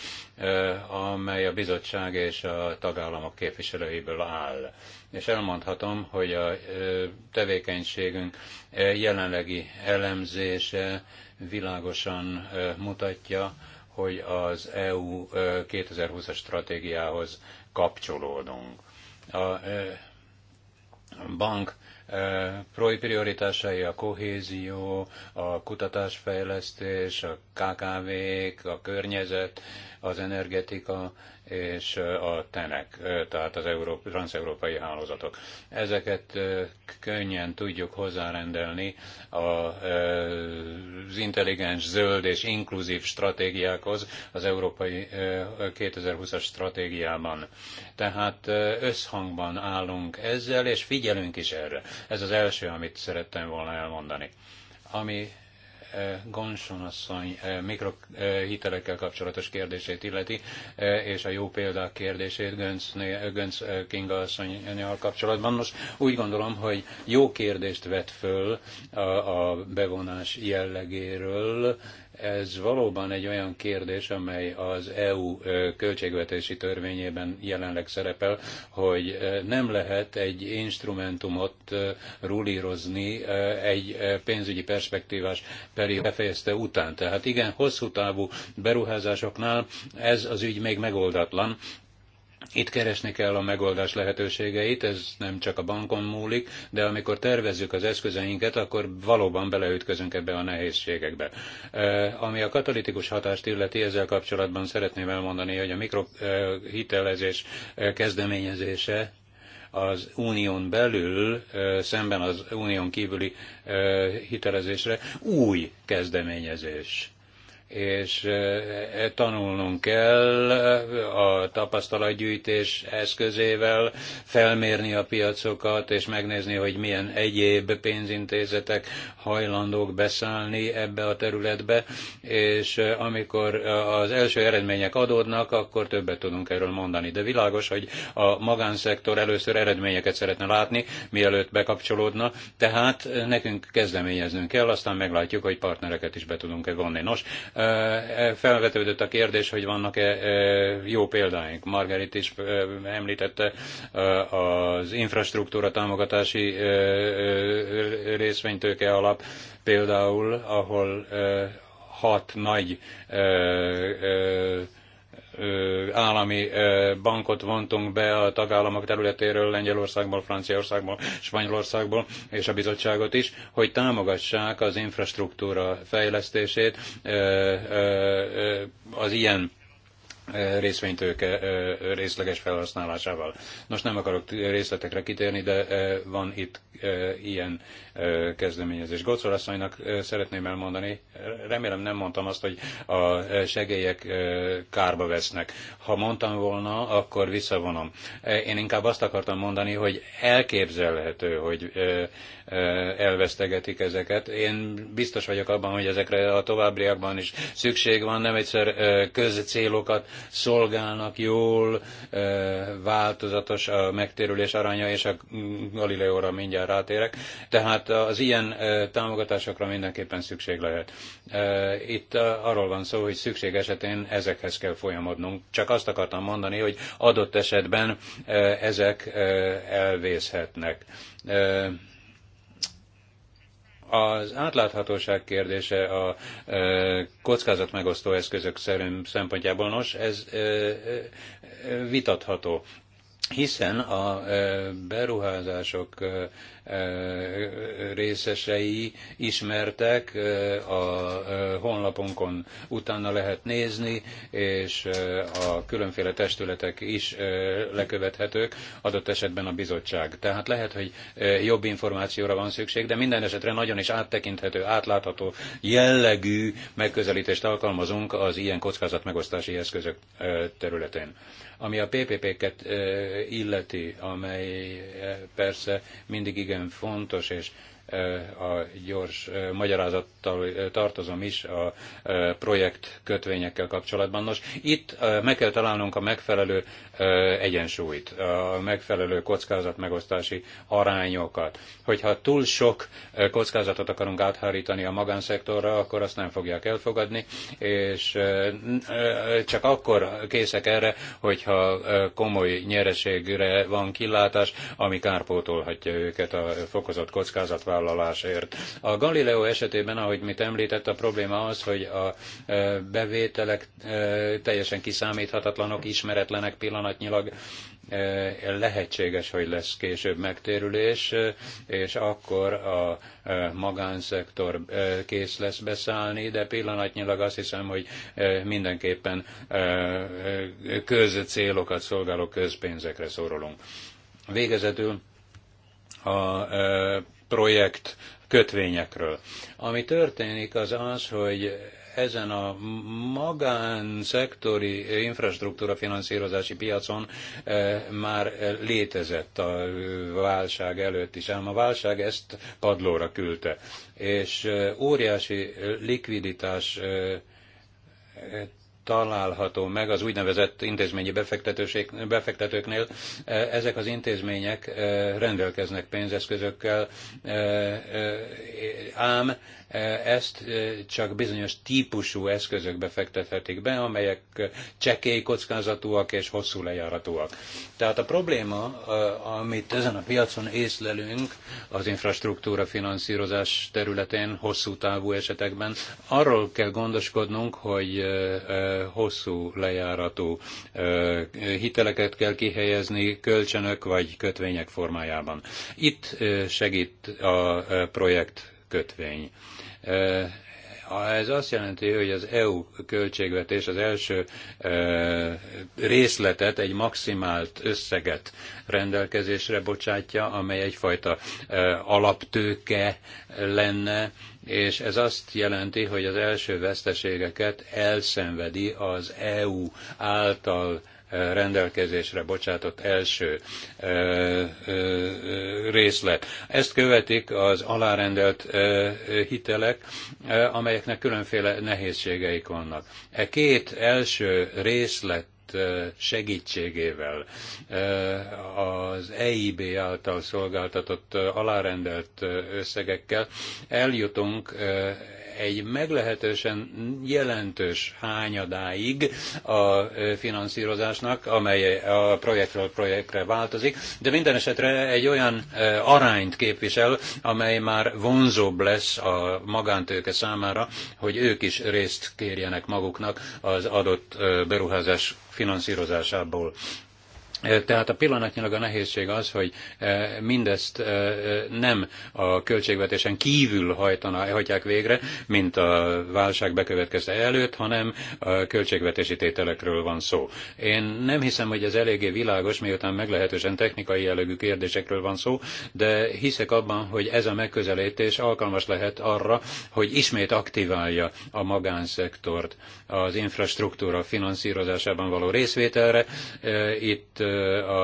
amely a bizottság és a tagállamok képviselőiből áll. És elmondhatom, hogy a tevékenységünk jelenlegi elemzése világosan mutatja, hogy az EU 2020-as stratégiához kapcsolódunk. A bank prioritásai a kohézió, a kutatásfejlesztés, a KKV-k, a környezet, az energetika és a TENEK, tehát az Euró- transeurópai hálózatok. Ezeket könnyen tudjuk hozzárendelni az intelligens, zöld és inkluzív stratégiákhoz az Európai 2020-as stratégiában. Tehát összhangban állunk ezzel, és figyelünk is erre. Ez az első, amit szerettem volna elmondani. Ami Eh, Ganson asszony eh, mikrohitelekkel kapcsolatos kérdését illeti, eh, és a jó példák kérdését Gönc, Gönc Kinga asszonynal kapcsolatban. Nos, úgy gondolom, hogy jó kérdést vet föl a, a bevonás jellegéről, ez valóban egy olyan kérdés, amely az EU költségvetési törvényében jelenleg szerepel, hogy nem lehet egy instrumentumot rulírozni egy pénzügyi perspektívás periódus befejezte után. Tehát igen, hosszú távú beruházásoknál ez az ügy még megoldatlan, itt keresni kell a megoldás lehetőségeit, ez nem csak a bankon múlik, de amikor tervezzük az eszközeinket, akkor valóban beleütközünk ebbe a nehézségekbe. Ami a katalitikus hatást illeti, ezzel kapcsolatban szeretném elmondani, hogy a mikrohitelezés kezdeményezése az unión belül szemben az unión kívüli hitelezésre új kezdeményezés és e, tanulnunk kell a tapasztalatgyűjtés eszközével, felmérni a piacokat, és megnézni, hogy milyen egyéb pénzintézetek hajlandók beszállni ebbe a területbe, és amikor az első eredmények adódnak, akkor többet tudunk erről mondani. De világos, hogy a magánszektor először eredményeket szeretne látni, mielőtt bekapcsolódna, tehát nekünk kezdeményeznünk kell, aztán meglátjuk, hogy partnereket is be tudunk-e vonni. Nos, E, felvetődött a kérdés, hogy vannak-e e, jó példáink. Margarit is említette az infrastruktúra támogatási részvénytőke alap például, ahol hat nagy állami bankot vontunk be a tagállamok területéről, Lengyelországból, Franciaországból, Spanyolországból, és a bizottságot is, hogy támogassák az infrastruktúra fejlesztését az ilyen részvénytőke részleges felhasználásával. Nos, nem akarok részletekre kitérni, de van itt ilyen kezdeményezés. Gocor asszonynak szeretném elmondani, remélem nem mondtam azt, hogy a segélyek kárba vesznek. Ha mondtam volna, akkor visszavonom. Én inkább azt akartam mondani, hogy elképzelhető, hogy elvesztegetik ezeket. Én biztos vagyok abban, hogy ezekre a továbbiakban is szükség van, nem egyszer közcélokat szolgálnak jól, változatos a megtérülés aránya, és a Galileóra mindjárt rátérek. Tehát az ilyen támogatásokra mindenképpen szükség lehet. Itt arról van szó, hogy szükség esetén ezekhez kell folyamodnunk. Csak azt akartam mondani, hogy adott esetben ezek elvészhetnek az átláthatóság kérdése a e, kockázatmegosztó eszközök szerint szempontjából nos, ez e, e, vitatható hiszen a beruházások részesei ismertek a honlapunkon utána lehet nézni, és a különféle testületek is lekövethetők, adott esetben a bizottság. Tehát lehet, hogy jobb információra van szükség, de minden esetre nagyon is áttekinthető, átlátható jellegű megközelítést alkalmazunk az ilyen kockázatmegosztási eszközök területén ami a PPP-ket illeti, amely persze mindig igen fontos, és a gyors magyarázattal tartozom is a projekt kötvényekkel kapcsolatban. Nos, itt meg kell találnunk a megfelelő egyensúlyt, a megfelelő kockázatmegosztási arányokat. Hogyha túl sok kockázatot akarunk áthárítani a magánszektorra, akkor azt nem fogják elfogadni, és csak akkor készek erre, hogyha komoly nyereségre van kilátás, ami kárpótolhatja őket a fokozott kockázat szerepvállalásért. A Galileo esetében, ahogy mit említett, a probléma az, hogy a e, bevételek e, teljesen kiszámíthatatlanok, ismeretlenek pillanatnyilag, e, lehetséges, hogy lesz később megtérülés, és akkor a magánszektor kész lesz beszállni, de pillanatnyilag azt hiszem, hogy mindenképpen közcélokat szolgáló közpénzekre szorulunk. Végezetül a projekt kötvényekről. Ami történik az az, hogy ezen a magánszektori infrastruktúra finanszírozási piacon eh, már létezett a válság előtt is, ám a válság ezt padlóra küldte, és eh, óriási likviditás eh, található meg az úgynevezett intézményi befektetőknél. E, ezek az intézmények e, rendelkeznek pénzeszközökkel, e, ám ezt csak bizonyos típusú eszközökbe fektethetik be, amelyek csekély kockázatúak és hosszú lejáratúak. Tehát a probléma, amit ezen a piacon észlelünk az infrastruktúra finanszírozás területén hosszú távú esetekben, arról kell gondoskodnunk, hogy hosszú lejáratú hiteleket kell kihelyezni kölcsönök vagy kötvények formájában. Itt segít a projekt kötvény. Ez azt jelenti, hogy az EU költségvetés az első részletet, egy maximált összeget rendelkezésre bocsátja, amely egyfajta alaptőke lenne, és ez azt jelenti, hogy az első veszteségeket elszenvedi az EU által rendelkezésre bocsátott első részlet. Ezt követik az alárendelt hitelek, amelyeknek különféle nehézségeik vannak. E két első részlet segítségével az EIB által szolgáltatott alárendelt összegekkel eljutunk egy meglehetősen jelentős hányadáig a finanszírozásnak, amely a projektről projektre változik, de minden esetre egy olyan arányt képvisel, amely már vonzóbb lesz a magántőke számára, hogy ők is részt kérjenek maguknak az adott beruházás finanszírozásából. Tehát a pillanatnyilag a nehézség az, hogy mindezt nem a költségvetésen kívül hajtana, hajtják végre, mint a válság bekövetkezte előtt, hanem a költségvetési tételekről van szó. Én nem hiszem, hogy ez eléggé világos, miután meglehetősen technikai jellegű kérdésekről van szó, de hiszek abban, hogy ez a megközelítés alkalmas lehet arra, hogy ismét aktiválja a magánszektort az infrastruktúra finanszírozásában való részvételre. Itt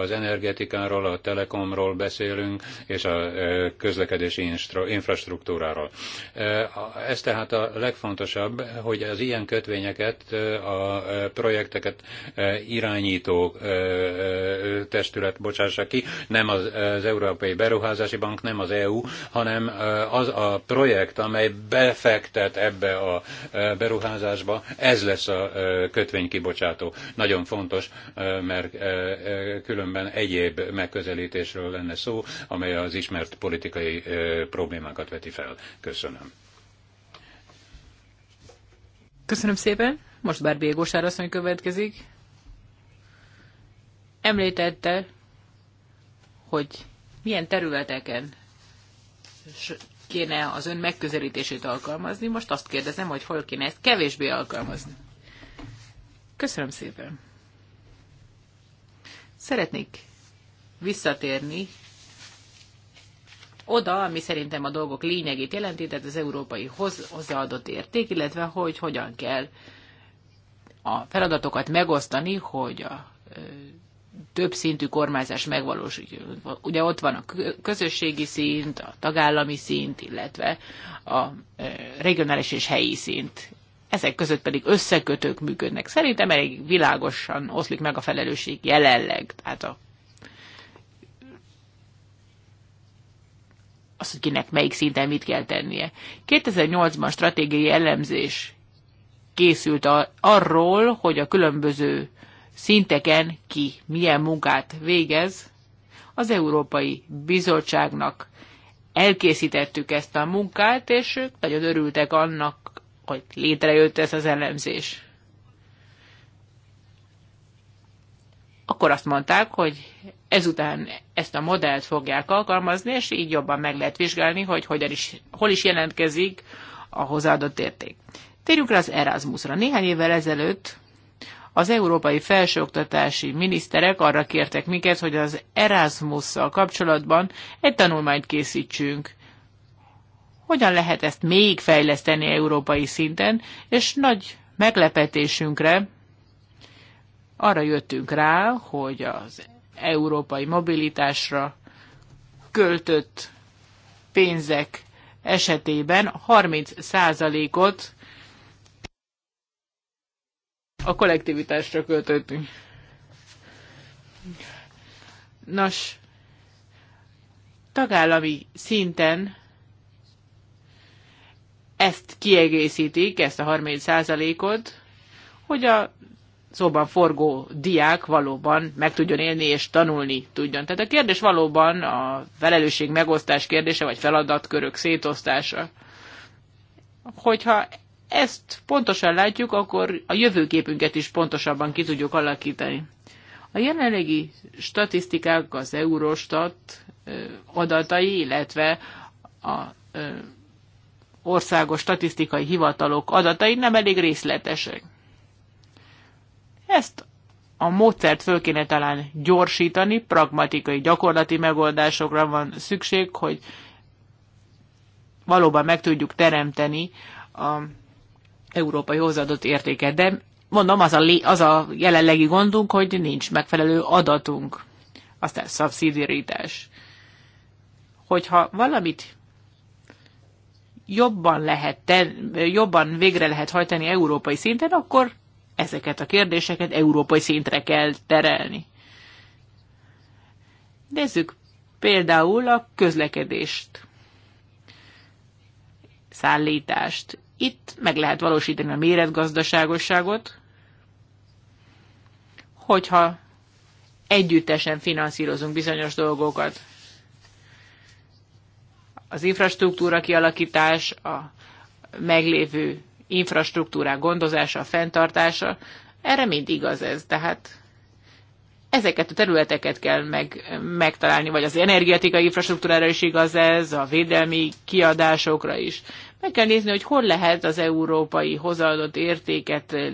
az energetikáról, a telekomról beszélünk, és a közlekedési infrastruktúráról. Ez tehát a legfontosabb, hogy az ilyen kötvényeket, a projekteket irányító testület bocsássa ki, nem az Európai Beruházási Bank, nem az EU, hanem az a projekt, amely befektet ebbe a beruházásba, ez ez lesz a kötvénykibocsátó. Nagyon fontos, mert különben egyéb megközelítésről lenne szó, amely az ismert politikai problémákat veti fel. Köszönöm. Köszönöm szépen. Most bár Bégós Árasszony következik. Említette, hogy milyen területeken kéne az ön megközelítését alkalmazni, most azt kérdezem, hogy hol kéne ezt kevésbé alkalmazni. Köszönöm szépen. Szeretnék visszatérni oda, ami szerintem a dolgok lényegét jelenti, tehát az európai hozzáadott érték, illetve hogy hogyan kell a feladatokat megosztani, hogy a több szintű kormányzás megvalósul. Ugye ott van a közösségi szint, a tagállami szint, illetve a e, regionális és helyi szint. Ezek között pedig összekötők működnek. Szerintem elég világosan oszlik meg a felelősség jelenleg. Tehát a az, hogy kinek melyik szinten mit kell tennie. 2008-ban stratégiai elemzés készült a, arról, hogy a különböző szinteken ki milyen munkát végez. Az Európai Bizottságnak elkészítettük ezt a munkát, és ők nagyon örültek annak, hogy létrejött ez az elemzés. Akkor azt mondták, hogy ezután ezt a modellt fogják alkalmazni, és így jobban meg lehet vizsgálni, hogy hogyan is, hol is jelentkezik a hozzáadott érték. Térjünk rá az Erasmusra. Néhány évvel ezelőtt az európai felsőoktatási miniszterek arra kértek minket, hogy az Erasmus-szal kapcsolatban egy tanulmányt készítsünk. Hogyan lehet ezt még fejleszteni európai szinten, és nagy meglepetésünkre arra jöttünk rá, hogy az európai mobilitásra költött pénzek esetében 30%-ot a kollektivitásra költöttünk. Nos, tagállami szinten ezt kiegészítik, ezt a 30%-ot, hogy a szóban forgó diák valóban meg tudjon élni és tanulni tudjon. Tehát a kérdés valóban a felelősség megosztás kérdése, vagy feladatkörök szétosztása. Hogyha ezt pontosan látjuk, akkor a jövőképünket is pontosabban ki tudjuk alakítani. A jelenlegi statisztikák az Eurostat adatai, illetve a országos statisztikai hivatalok adatai nem elég részletesek. Ezt a módszert föl kéne talán gyorsítani, pragmatikai, gyakorlati megoldásokra van szükség, hogy valóban meg tudjuk teremteni a európai hozzáadott értéket. De mondom, az a, az a jelenlegi gondunk, hogy nincs megfelelő adatunk. Aztán szabszidirítás. Hogyha valamit jobban, lehet ten, jobban végre lehet hajtani európai szinten, akkor ezeket a kérdéseket európai szintre kell terelni. Nézzük például a közlekedést, szállítást. Itt meg lehet valósítani a méretgazdaságosságot, hogyha együttesen finanszírozunk bizonyos dolgokat. Az infrastruktúra kialakítás, a meglévő infrastruktúrák gondozása, a fenntartása, erre mind igaz ez. Tehát ezeket a területeket kell meg, megtalálni, vagy az energetikai infrastruktúrára is igaz ez, a védelmi kiadásokra is. Meg kell nézni, hogy hol lehet az európai hozzáadott értéket eh,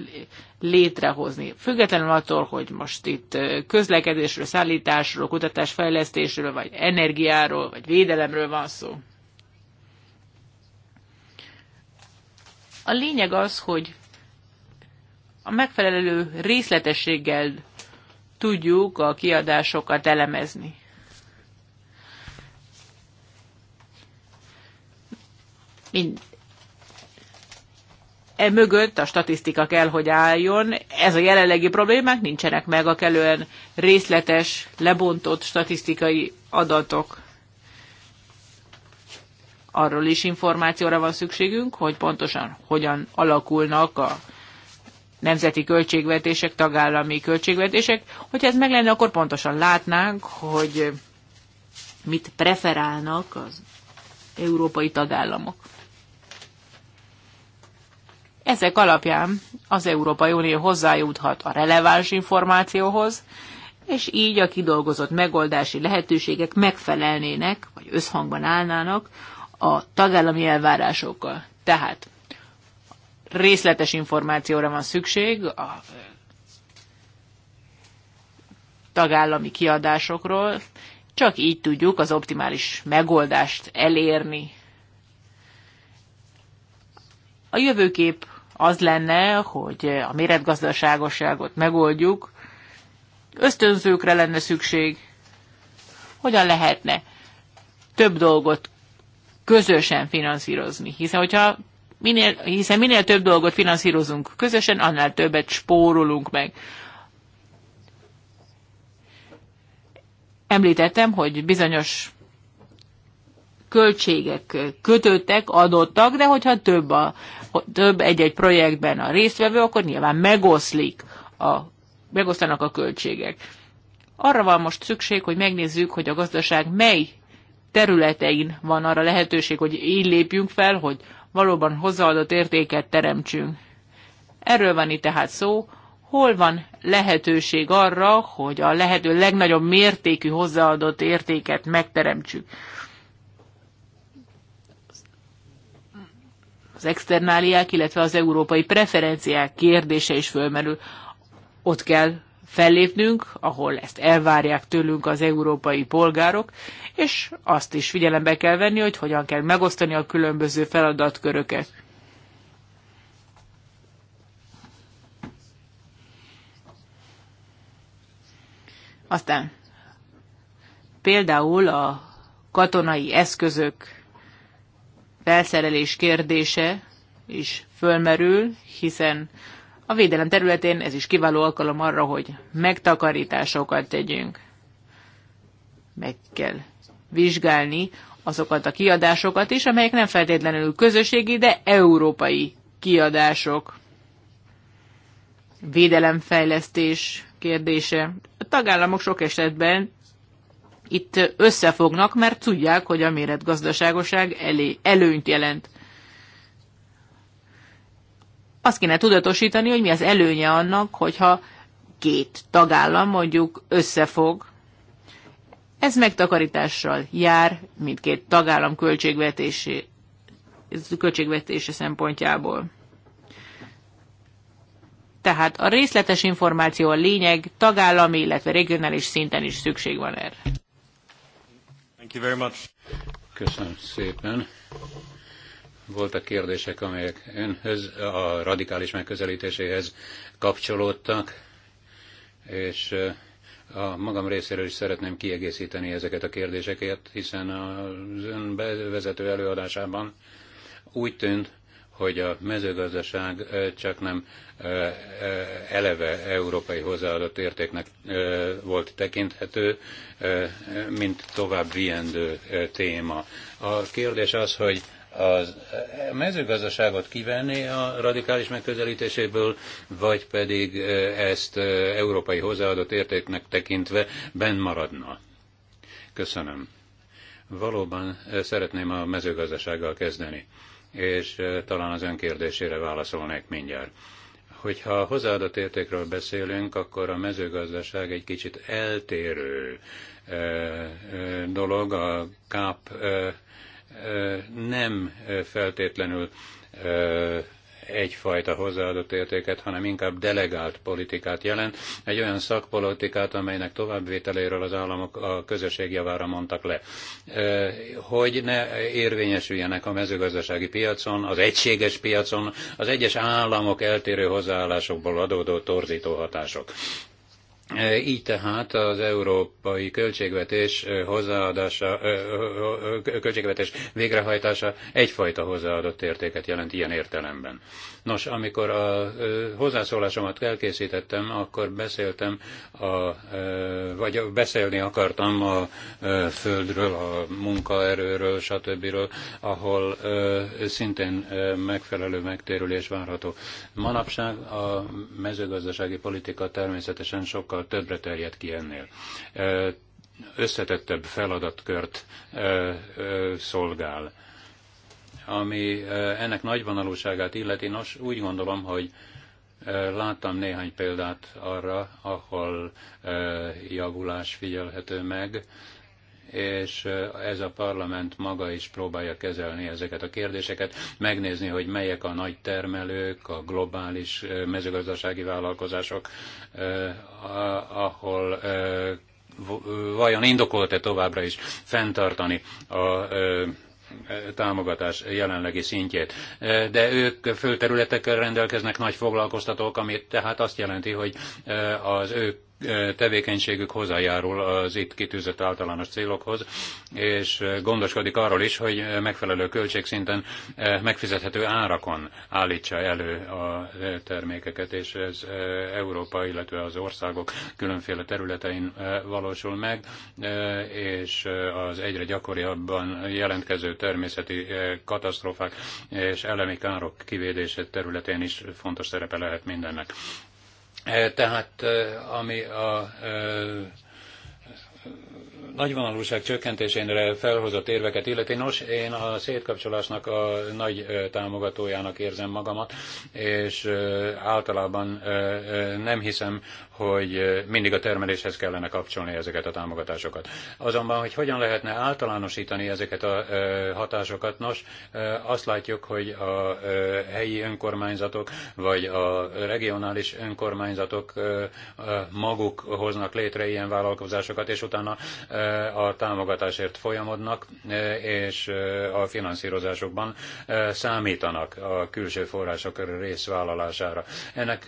létrehozni. Függetlenül attól, hogy most itt eh, közlekedésről, szállításról, kutatásfejlesztésről, vagy energiáról, vagy védelemről van szó. A lényeg az, hogy a megfelelő részletességgel tudjuk a kiadásokat elemezni. mind, e mögött a statisztika kell, hogy álljon. Ez a jelenlegi problémák nincsenek meg a kellően részletes, lebontott statisztikai adatok. Arról is információra van szükségünk, hogy pontosan hogyan alakulnak a nemzeti költségvetések, tagállami költségvetések. Hogyha ez meg lenne, akkor pontosan látnánk, hogy mit preferálnak az európai tagállamok. Ezek alapján az Európai Unió hozzájuthat a releváns információhoz, és így a kidolgozott megoldási lehetőségek megfelelnének, vagy összhangban állnának a tagállami elvárásokkal. Tehát részletes információra van szükség a tagállami kiadásokról, csak így tudjuk az optimális megoldást elérni. A jövőkép az lenne, hogy a méretgazdaságosságot megoldjuk, ösztönzőkre lenne szükség. Hogyan lehetne több dolgot közösen finanszírozni? Hiszen, hogyha minél, hiszen minél több dolgot finanszírozunk közösen, annál többet spórolunk meg. Említettem, hogy bizonyos költségek kötöttek, adottak, de hogyha több a, több egy-egy projektben a résztvevő, akkor nyilván megoszlik a, megosztanak a költségek. Arra van most szükség, hogy megnézzük, hogy a gazdaság mely területein van arra lehetőség, hogy így lépjünk fel, hogy valóban hozzáadott értéket teremtsünk. Erről van itt tehát szó, hol van lehetőség arra, hogy a lehető legnagyobb mértékű hozzáadott értéket megteremtsük. az externáliák, illetve az európai preferenciák kérdése is fölmerül. Ott kell fellépnünk, ahol ezt elvárják tőlünk az európai polgárok, és azt is figyelembe kell venni, hogy hogyan kell megosztani a különböző feladatköröket. Aztán például a katonai eszközök felszerelés kérdése is fölmerül, hiszen a védelem területén ez is kiváló alkalom arra, hogy megtakarításokat tegyünk. Meg kell vizsgálni azokat a kiadásokat is, amelyek nem feltétlenül közösségi, de európai kiadások. Védelemfejlesztés kérdése. A tagállamok sok esetben itt összefognak, mert tudják, hogy a méretgazdaságoság elé, előnyt jelent. Azt kéne tudatosítani, hogy mi az előnye annak, hogyha két tagállam mondjuk összefog. Ez megtakarítással jár mindkét tagállam költségvetési, költségvetése szempontjából. Tehát a részletes információ a lényeg, tagállami, illetve regionális szinten is szükség van erre you very much. Köszönöm szépen. Voltak kérdések, amelyek önhöz, a radikális megközelítéséhez kapcsolódtak, és a magam részéről is szeretném kiegészíteni ezeket a kérdéseket, hiszen az ön bevezető előadásában úgy tűnt, hogy a mezőgazdaság csak nem eleve európai hozzáadott értéknek volt tekinthető, mint tovább viendő téma. A kérdés az, hogy az mezőgazdaságot kivenni a radikális megközelítéséből, vagy pedig ezt európai hozzáadott értéknek tekintve benn maradna. Köszönöm. Valóban szeretném a mezőgazdasággal kezdeni és talán az ön kérdésére válaszolnék mindjárt. Hogyha hozzáadott értékről beszélünk, akkor a mezőgazdaság egy kicsit eltérő dolog. A KÁP nem feltétlenül egyfajta hozzáadott értéket, hanem inkább delegált politikát jelent, egy olyan szakpolitikát, amelynek továbbvételéről az államok a közösség javára mondtak le. Hogy ne érvényesüljenek a mezőgazdasági piacon, az egységes piacon, az egyes államok eltérő hozzáállásokból adódó torzító hatások. Így tehát az európai költségvetés hozzáadása, költségvetés végrehajtása egyfajta hozzáadott értéket jelent ilyen értelemben. Nos, amikor a hozzászólásomat elkészítettem, akkor beszéltem, a, vagy beszélni akartam a földről, a munkaerőről, stb., ahol szintén megfelelő megtérülés várható. Manapság a mezőgazdasági politika természetesen sokkal többre terjed ki ennél összetettebb feladatkört ö, ö, szolgál. Ami ennek nagyvonalúságát illeti, nos, úgy gondolom, hogy láttam néhány példát arra, ahol javulás figyelhető meg, és ez a parlament maga is próbálja kezelni ezeket a kérdéseket, megnézni, hogy melyek a nagy termelők, a globális mezőgazdasági vállalkozások, ahol vajon indokolt-e továbbra is fenntartani a támogatás jelenlegi szintjét. De ők fő rendelkeznek nagy foglalkoztatók, ami tehát azt jelenti, hogy eh, az ők tevékenységük hozzájárul az itt kitűzött általános célokhoz, és gondoskodik arról is, hogy megfelelő költségszinten eh, megfizethető árakon állítsa elő a eh, termékeket, és ez eh, Európa, illetve az országok különféle területein valósul meg, és az egyre gyakoribban jelentkező természeti katasztrófák és elemi károk kivédése területén is fontos szerepe lehet mindennek. Eh, tehát eh, ami a eh, nagyvonalúság csökkentésére felhozott érveket illeti. Nos, én a szétkapcsolásnak a nagy támogatójának érzem magamat, és általában nem hiszem, hogy mindig a termeléshez kellene kapcsolni ezeket a támogatásokat. Azonban, hogy hogyan lehetne általánosítani ezeket a hatásokat, nos, azt látjuk, hogy a helyi önkormányzatok vagy a regionális önkormányzatok maguk hoznak létre ilyen vállalkozásokat, és utána a támogatásért folyamodnak, és a finanszírozásokban számítanak a külső források részvállalására. Ennek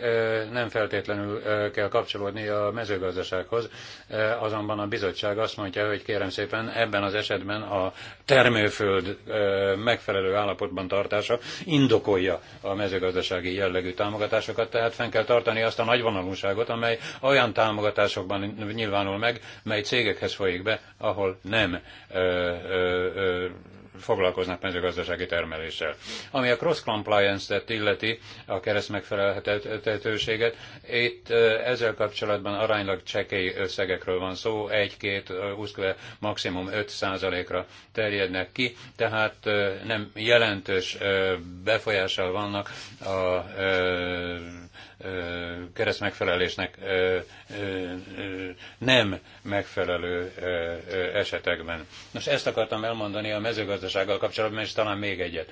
nem feltétlenül kell kapcsolódni a mezőgazdasághoz, e, azonban a bizottság azt mondja, hogy kérem szépen ebben az esetben a termőföld e, megfelelő állapotban tartása indokolja a mezőgazdasági jellegű támogatásokat, tehát fenn kell tartani azt a nagyvonalúságot, amely olyan támogatásokban nyilvánul meg, mely cégekhez folyik be, ahol nem e, foglalkoznak mezőgazdasági termeléssel. Ami a cross-compliance-et illeti, a kereszt megfelelhetőséget, itt ezzel kapcsolatban aránylag csekély összegekről van szó, 1-2, úszkve maximum 5 ra terjednek ki, tehát nem jelentős befolyással vannak a keresztmegfelelésnek nem megfelelő esetekben. Nos, ezt akartam elmondani a mezőgazdasággal kapcsolatban, és talán még egyet.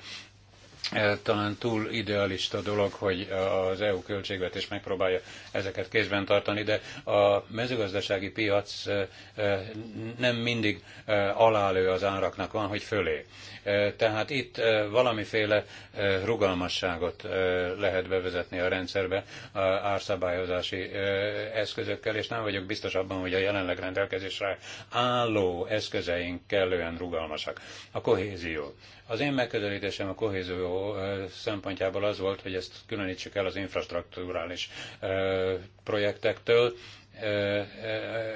E, talán túl idealista dolog, hogy az EU költségvetés megpróbálja ezeket kézben tartani, de a mezőgazdasági piac e, e, nem mindig alálő az áraknak, van, hogy fölé. Tehát itt valamiféle rugalmasságot lehet bevezetni a rendszerbe a árszabályozási eszközökkel, és nem vagyok biztos abban, hogy a jelenleg rendelkezésre álló eszközeink kellően rugalmasak. A kohézió az én megközelítésem a kohézió szempontjából az volt, hogy ezt különítsük el az infrastruktúrális projektektől,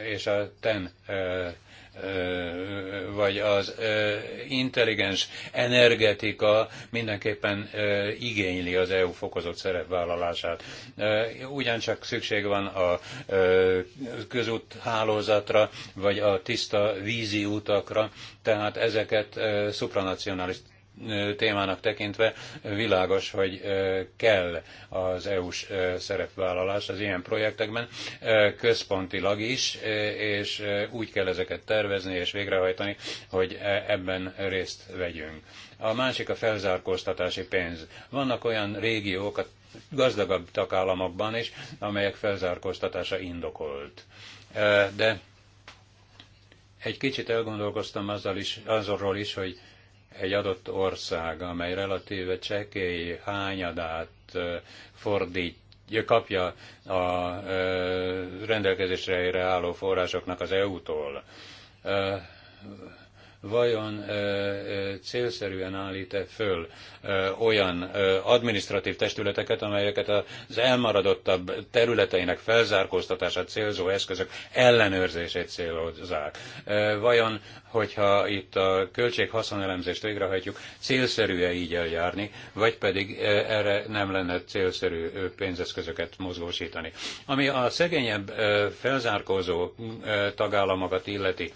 és a TEN vagy az intelligens energetika mindenképpen igényli az EU fokozott szerepvállalását. Ugyancsak szükség van a közút hálózatra, vagy a tiszta vízi utakra, tehát ezeket szupranacionális témának tekintve világos, hogy kell az EU-s szerepvállalás az ilyen projektekben, központilag is, és úgy kell ezeket tervezni és végrehajtani, hogy ebben részt vegyünk. A másik a felzárkóztatási pénz. Vannak olyan régiók a gazdagabb tagállamokban is, amelyek felzárkóztatása indokolt. De egy kicsit elgondolkoztam azzal is, azorról is, hogy egy adott ország, amely relatíve csekély hányadát fordít, kapja a rendelkezésre álló forrásoknak az EU-tól, vajon célszerűen állít-e föl olyan administratív testületeket, amelyeket az elmaradottabb területeinek felzárkóztatását célzó eszközök ellenőrzését célozzák? Vajon hogyha itt a költség-haszonelemzést végrehajtjuk, célszerű-e így eljárni, vagy pedig e, erre nem lenne célszerű pénzeszközöket mozgósítani. Ami a szegényebb felzárkózó tagállamokat illeti,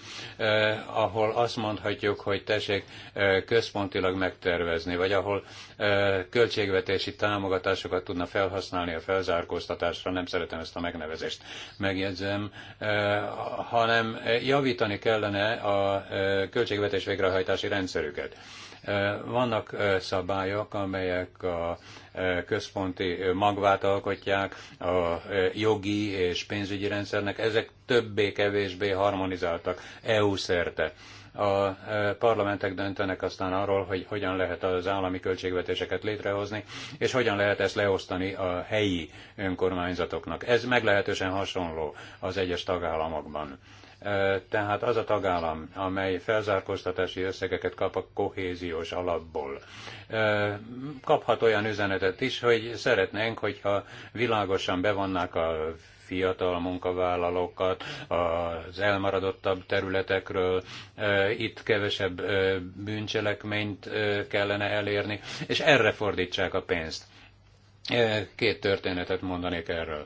ahol azt mondhatjuk, hogy tessék központilag megtervezni, vagy ahol költségvetési támogatásokat tudna felhasználni a felzárkóztatásra, nem szeretem ezt a megnevezést megjegyzem, hanem javítani kellene a költségvetés végrehajtási rendszerüket. Vannak szabályok, amelyek a központi magvát alkotják, a jogi és pénzügyi rendszernek, ezek többé-kevésbé harmonizáltak EU szerte a parlamentek döntenek aztán arról, hogy hogyan lehet az állami költségvetéseket létrehozni, és hogyan lehet ezt leosztani a helyi önkormányzatoknak. Ez meglehetősen hasonló az egyes tagállamokban. Tehát az a tagállam, amely felzárkóztatási összegeket kap a kohéziós alapból, kaphat olyan üzenetet is, hogy szeretnénk, hogyha világosan bevannák a fiatal munkavállalókat az elmaradottabb területekről, itt kevesebb bűncselekményt kellene elérni, és erre fordítsák a pénzt. Két történetet mondanék erről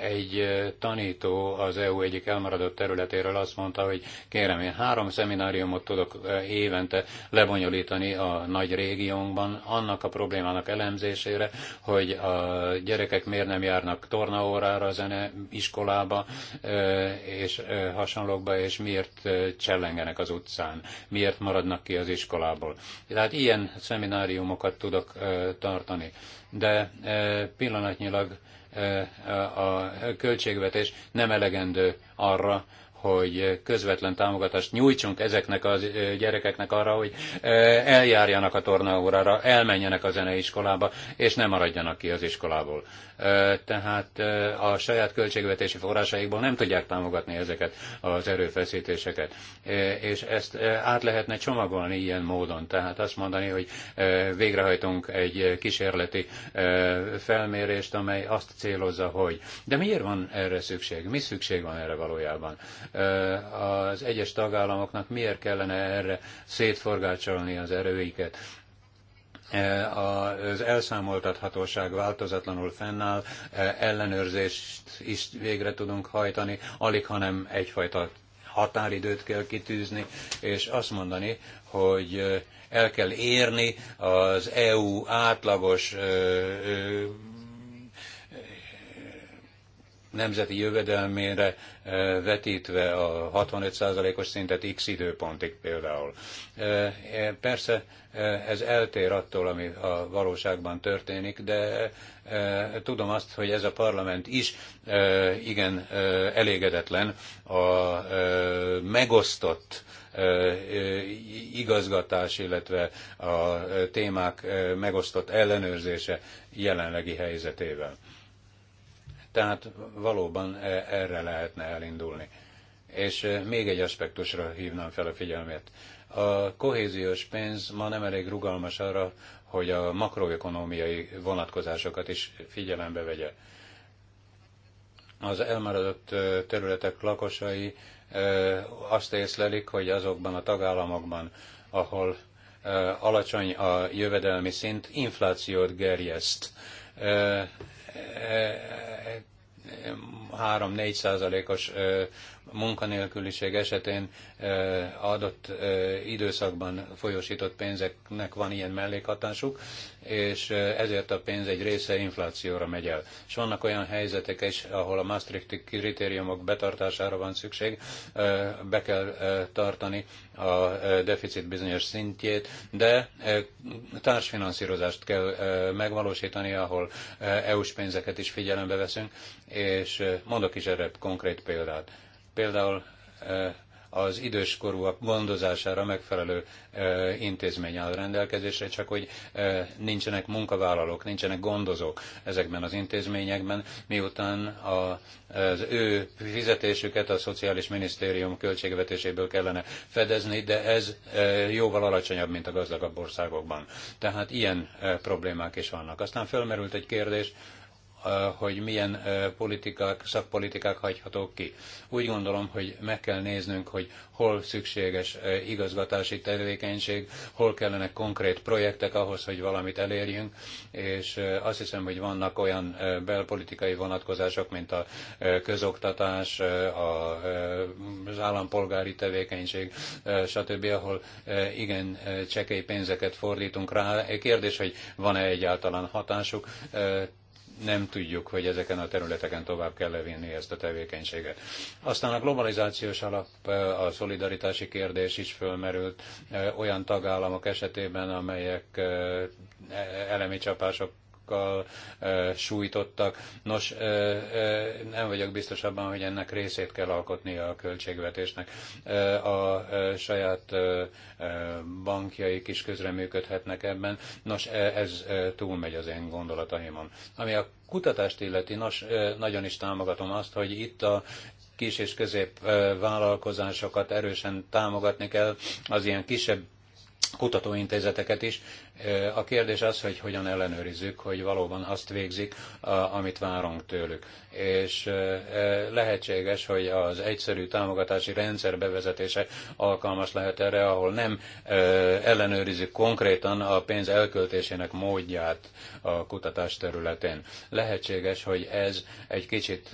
egy tanító az EU egyik elmaradott területéről azt mondta, hogy kérem, én három szemináriumot tudok évente lebonyolítani a nagy régiónkban, annak a problémának elemzésére, hogy a gyerekek miért nem járnak tornaórára, zene iskolába és hasonlókba, és miért csellengenek az utcán, miért maradnak ki az iskolából. Tehát ilyen szemináriumokat tudok tartani. De pillanatnyilag a költségvetés nem elegendő arra, hogy közvetlen támogatást nyújtsunk ezeknek a gyerekeknek arra, hogy eljárjanak a tornaórára, elmenjenek a zeneiskolába, és ne maradjanak ki az iskolából. Tehát a saját költségvetési forrásaikból nem tudják támogatni ezeket az erőfeszítéseket. És ezt át lehetne csomagolni ilyen módon. Tehát azt mondani, hogy végrehajtunk egy kísérleti felmérést, amely azt célozza, hogy de miért van erre szükség? Mi szükség van erre valójában? az egyes tagállamoknak miért kellene erre szétforgácsolni az erőiket az elszámoltathatóság változatlanul fennáll, ellenőrzést is végre tudunk hajtani, alig hanem egyfajta határidőt kell kitűzni, és azt mondani, hogy el kell érni az EU átlagos nemzeti jövedelmére eh, vetítve a 65%-os szintet x időpontig például. Eh, eh, persze ez eltér attól, ami a valóságban történik, de tudom azt, hogy ez a parlament is igen elégedetlen a megosztott igazgatás, illetve a témák megosztott ellenőrzése jelenlegi helyzetével. Tehát valóban e, erre lehetne elindulni. És e, még egy aspektusra hívnám fel a figyelmét. A kohéziós pénz ma nem elég rugalmas arra, hogy a makroekonomiai vonatkozásokat is figyelembe vegye. Az elmaradott e, területek lakosai azt észlelik, hogy azokban a tagállamokban, ahol alacsony a jövedelmi szint, inflációt gerjeszt. 3-4 százalékos munkanélküliség esetén adott időszakban folyósított pénzeknek van ilyen mellékhatásuk, és ezért a pénz egy része inflációra megy el. És vannak olyan helyzetek is, ahol a Maastrichti kritériumok betartására van szükség, be kell tartani a deficit bizonyos szintjét, de társfinanszírozást kell megvalósítani, ahol EU-s pénzeket is figyelembe veszünk, és mondok is erre konkrét példát például az időskorúak gondozására megfelelő intézmény áll rendelkezésre, csak hogy nincsenek munkavállalók, nincsenek gondozók ezekben az intézményekben, miután az ő fizetésüket a Szociális Minisztérium költségvetéséből kellene fedezni, de ez jóval alacsonyabb, mint a gazdagabb országokban. Tehát ilyen problémák is vannak. Aztán felmerült egy kérdés hogy milyen politikák, szakpolitikák hagyhatók ki. Úgy gondolom, hogy meg kell néznünk, hogy hol szükséges igazgatási tevékenység, hol kellene konkrét projektek ahhoz, hogy valamit elérjünk, és azt hiszem, hogy vannak olyan belpolitikai vonatkozások, mint a közoktatás, az állampolgári tevékenység, stb., ahol igen csekély pénzeket fordítunk rá. Kérdés, hogy van-e egyáltalán hatásuk, nem tudjuk, hogy ezeken a területeken tovább kell levinni ezt a tevékenységet. Aztán a globalizációs alap, eh, a szolidaritási kérdés is fölmerült eh, olyan tagállamok esetében, amelyek eh, e-, elemi csapások e, sújtottak. Nos, nem vagyok biztos abban, hogy ennek részét kell alkotni a költségvetésnek. A saját bankjaik is közreműködhetnek ebben. Nos, ez túlmegy az én gondolataimon. Ami a kutatást illeti, nos, nagyon is támogatom azt, hogy itt a kis és közép vállalkozásokat erősen támogatni kell, az ilyen kisebb kutatóintézeteket is, a kérdés az, hogy hogyan ellenőrizzük, hogy valóban azt végzik, amit várunk tőlük. És lehetséges, hogy az egyszerű támogatási rendszer bevezetése alkalmas lehet erre, ahol nem ellenőrizzük konkrétan a pénz elköltésének módját a kutatás területén. Lehetséges, hogy ez egy kicsit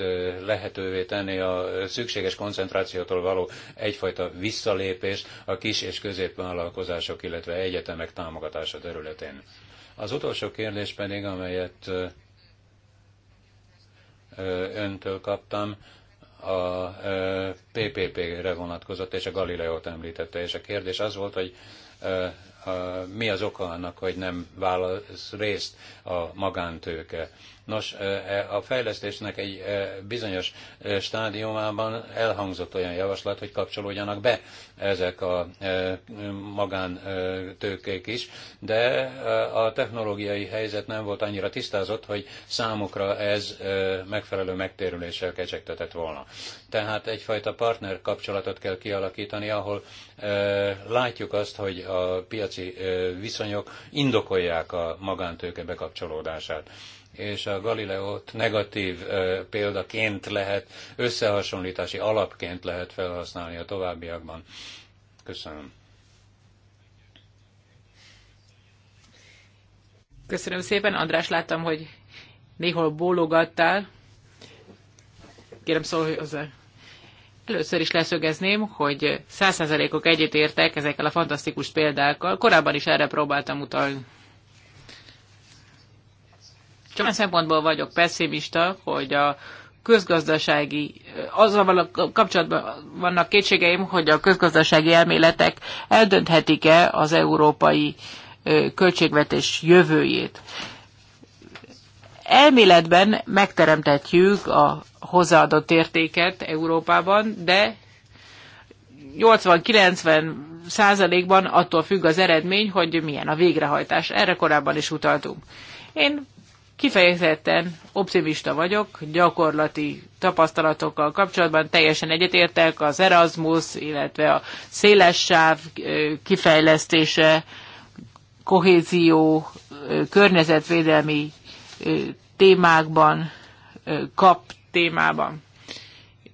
lehetővé tenni a szükséges koncentrációtól való egyfajta visszalépést a kis és középvállalkozások, illetve egyetemek támogatása területén területén. Az utolsó kérdés pedig, amelyet öntől kaptam, a PPP-re vonatkozott, és a Galileót említette, és a kérdés az volt, hogy mi az oka annak, hogy nem válasz részt a magántőke Nos, e, a fejlesztésnek egy bizonyos stádiumában elhangzott olyan javaslat, hogy kapcsolódjanak be ezek a magántőkék is, de a technológiai helyzet nem volt annyira tisztázott, hogy számukra ez megfelelő megtérüléssel kecsegtetett volna. Tehát egyfajta partner kapcsolatot kell kialakítani, ahol látjuk azt, hogy a piaci viszonyok indokolják a magántőke bekapcsolódását és a Galileót negatív példaként lehet, összehasonlítási alapként lehet felhasználni a továbbiakban. Köszönöm. Köszönöm szépen. András, láttam, hogy néhol bólogattál. Kérem, szólj hozzá. Először is leszögezném, hogy egyet egyetértek ezekkel a fantasztikus példákkal. Korábban is erre próbáltam utalni. Csak olyan szempontból vagyok pessimista, hogy a közgazdasági, azzal a kapcsolatban vannak kétségeim, hogy a közgazdasági elméletek eldönthetik-e az európai költségvetés jövőjét. Elméletben megteremthetjük a hozzáadott értéket Európában, de 80-90 százalékban attól függ az eredmény, hogy milyen a végrehajtás. Erre korábban is utaltunk. Én Kifejezetten optimista vagyok, gyakorlati tapasztalatokkal kapcsolatban teljesen egyetértek az Erasmus, illetve a széles sáv kifejlesztése, kohézió, környezetvédelmi témákban, kap témában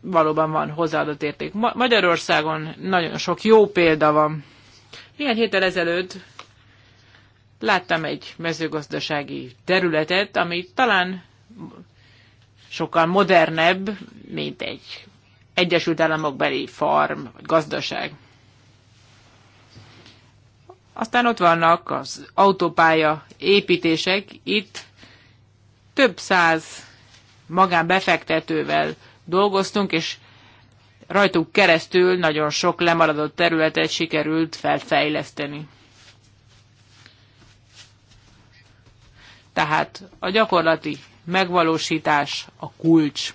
valóban van hozzáadott érték. Magyarországon nagyon sok jó példa van. Néhány héttel ezelőtt láttam egy mezőgazdasági területet, ami talán sokkal modernebb, mint egy Egyesült Államok beli farm, vagy gazdaság. Aztán ott vannak az autópálya építések, itt több száz magánbefektetővel dolgoztunk, és rajtuk keresztül nagyon sok lemaradott területet sikerült felfejleszteni. Tehát a gyakorlati megvalósítás a kulcs.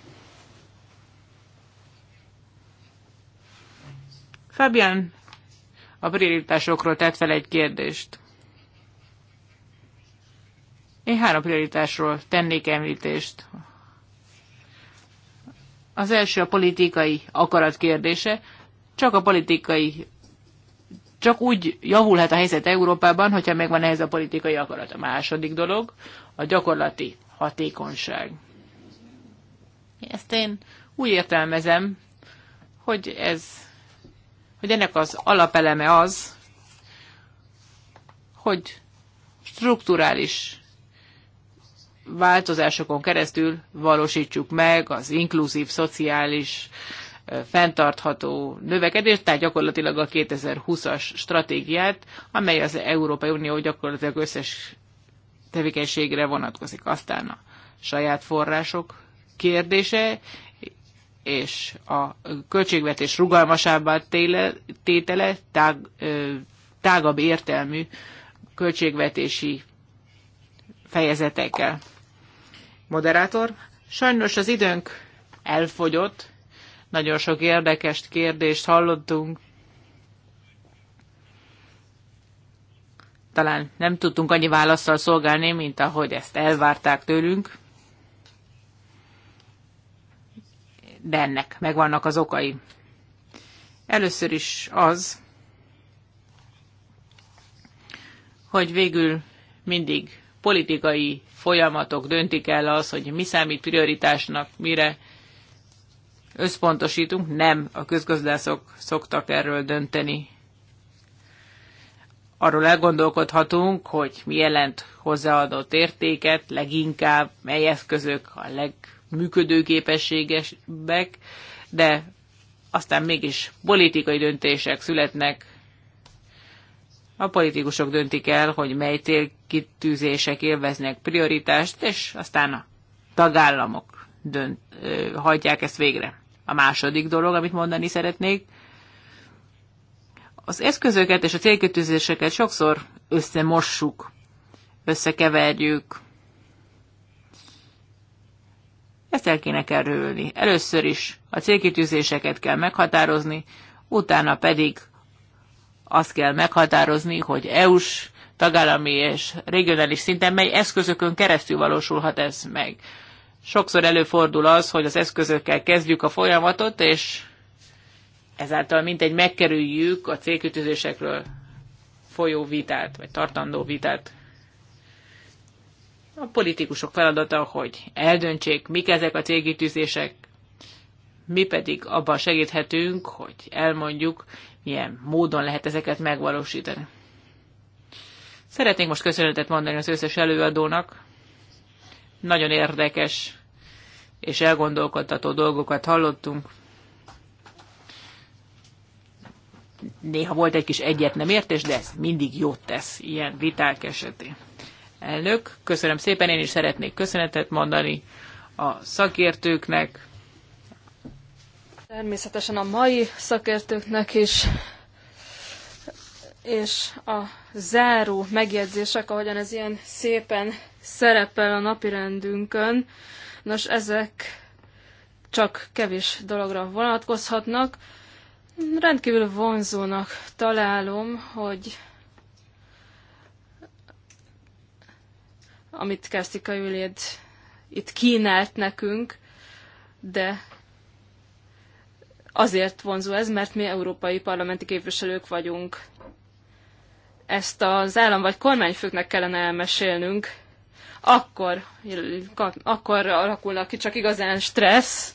Fabian a prioritásokról tett fel egy kérdést. Én három prioritásról tennék említést. Az első a politikai akarat kérdése. Csak a politikai csak úgy javulhat a helyzet Európában, hogyha megvan ehhez a politikai akarat. A második dolog a gyakorlati hatékonyság. Ezt én úgy értelmezem, hogy ez, hogy ennek az alapeleme az, hogy strukturális változásokon keresztül valósítsuk meg az inkluzív szociális uh, fenntartható növekedést, tehát gyakorlatilag a 2020-as stratégiát, amely az Európai Unió gyakorlatilag összes tevékenységre vonatkozik. Aztán a saját források kérdése, és a költségvetés rugalmasabbá tétele, tág, tágabb értelmű költségvetési fejezetekkel. Moderátor, sajnos az időnk elfogyott, nagyon sok érdekes kérdést hallottunk. Talán nem tudtunk annyi válaszsal szolgálni, mint ahogy ezt elvárták tőlünk. De ennek megvannak az okai. Először is az, hogy végül mindig politikai folyamatok döntik el az, hogy mi számít prioritásnak, mire összpontosítunk, nem a közgazdászok szoktak erről dönteni. Arról elgondolkodhatunk, hogy mi jelent hozzáadott értéket, leginkább mely eszközök a legműködőképességesek, de aztán mégis politikai döntések születnek. A politikusok döntik el, hogy mely célkitűzések élveznek prioritást, és aztán a tagállamok dönt, ö, hajtják ezt végre a második dolog, amit mondani szeretnék. Az eszközöket és a célkötőzéseket sokszor összemossuk, összekeverjük. Ezt el kéne kerülni. Először is a célkitűzéseket kell meghatározni, utána pedig azt kell meghatározni, hogy EU-s, tagállami és regionális szinten mely eszközökön keresztül valósulhat ez meg. Sokszor előfordul az, hogy az eszközökkel kezdjük a folyamatot, és ezáltal mintegy megkerüljük a célkütőzésekről folyó vitát, vagy tartandó vitát. A politikusok feladata, hogy eldöntsék, mik ezek a célkitűzések, mi pedig abban segíthetünk, hogy elmondjuk, milyen módon lehet ezeket megvalósítani. Szeretnénk most köszönetet mondani az összes előadónak, nagyon érdekes és elgondolkodtató dolgokat hallottunk. Néha volt egy kis egyet nem értés, de ez mindig jót tesz ilyen viták esetén. Elnök, köszönöm szépen, én is szeretnék köszönetet mondani a szakértőknek. Természetesen a mai szakértőknek is és a záró megjegyzések, ahogyan ez ilyen szépen szerepel a napirendünkön, nos, ezek csak kevés dologra vonatkozhatnak. Rendkívül vonzónak találom, hogy amit Kersztika Jüléd itt kínált nekünk, de azért vonzó ez, mert mi európai parlamenti képviselők vagyunk ezt az állam vagy kormányfőknek kellene elmesélnünk, akkor, akkor alakulnak ki csak igazán stressz.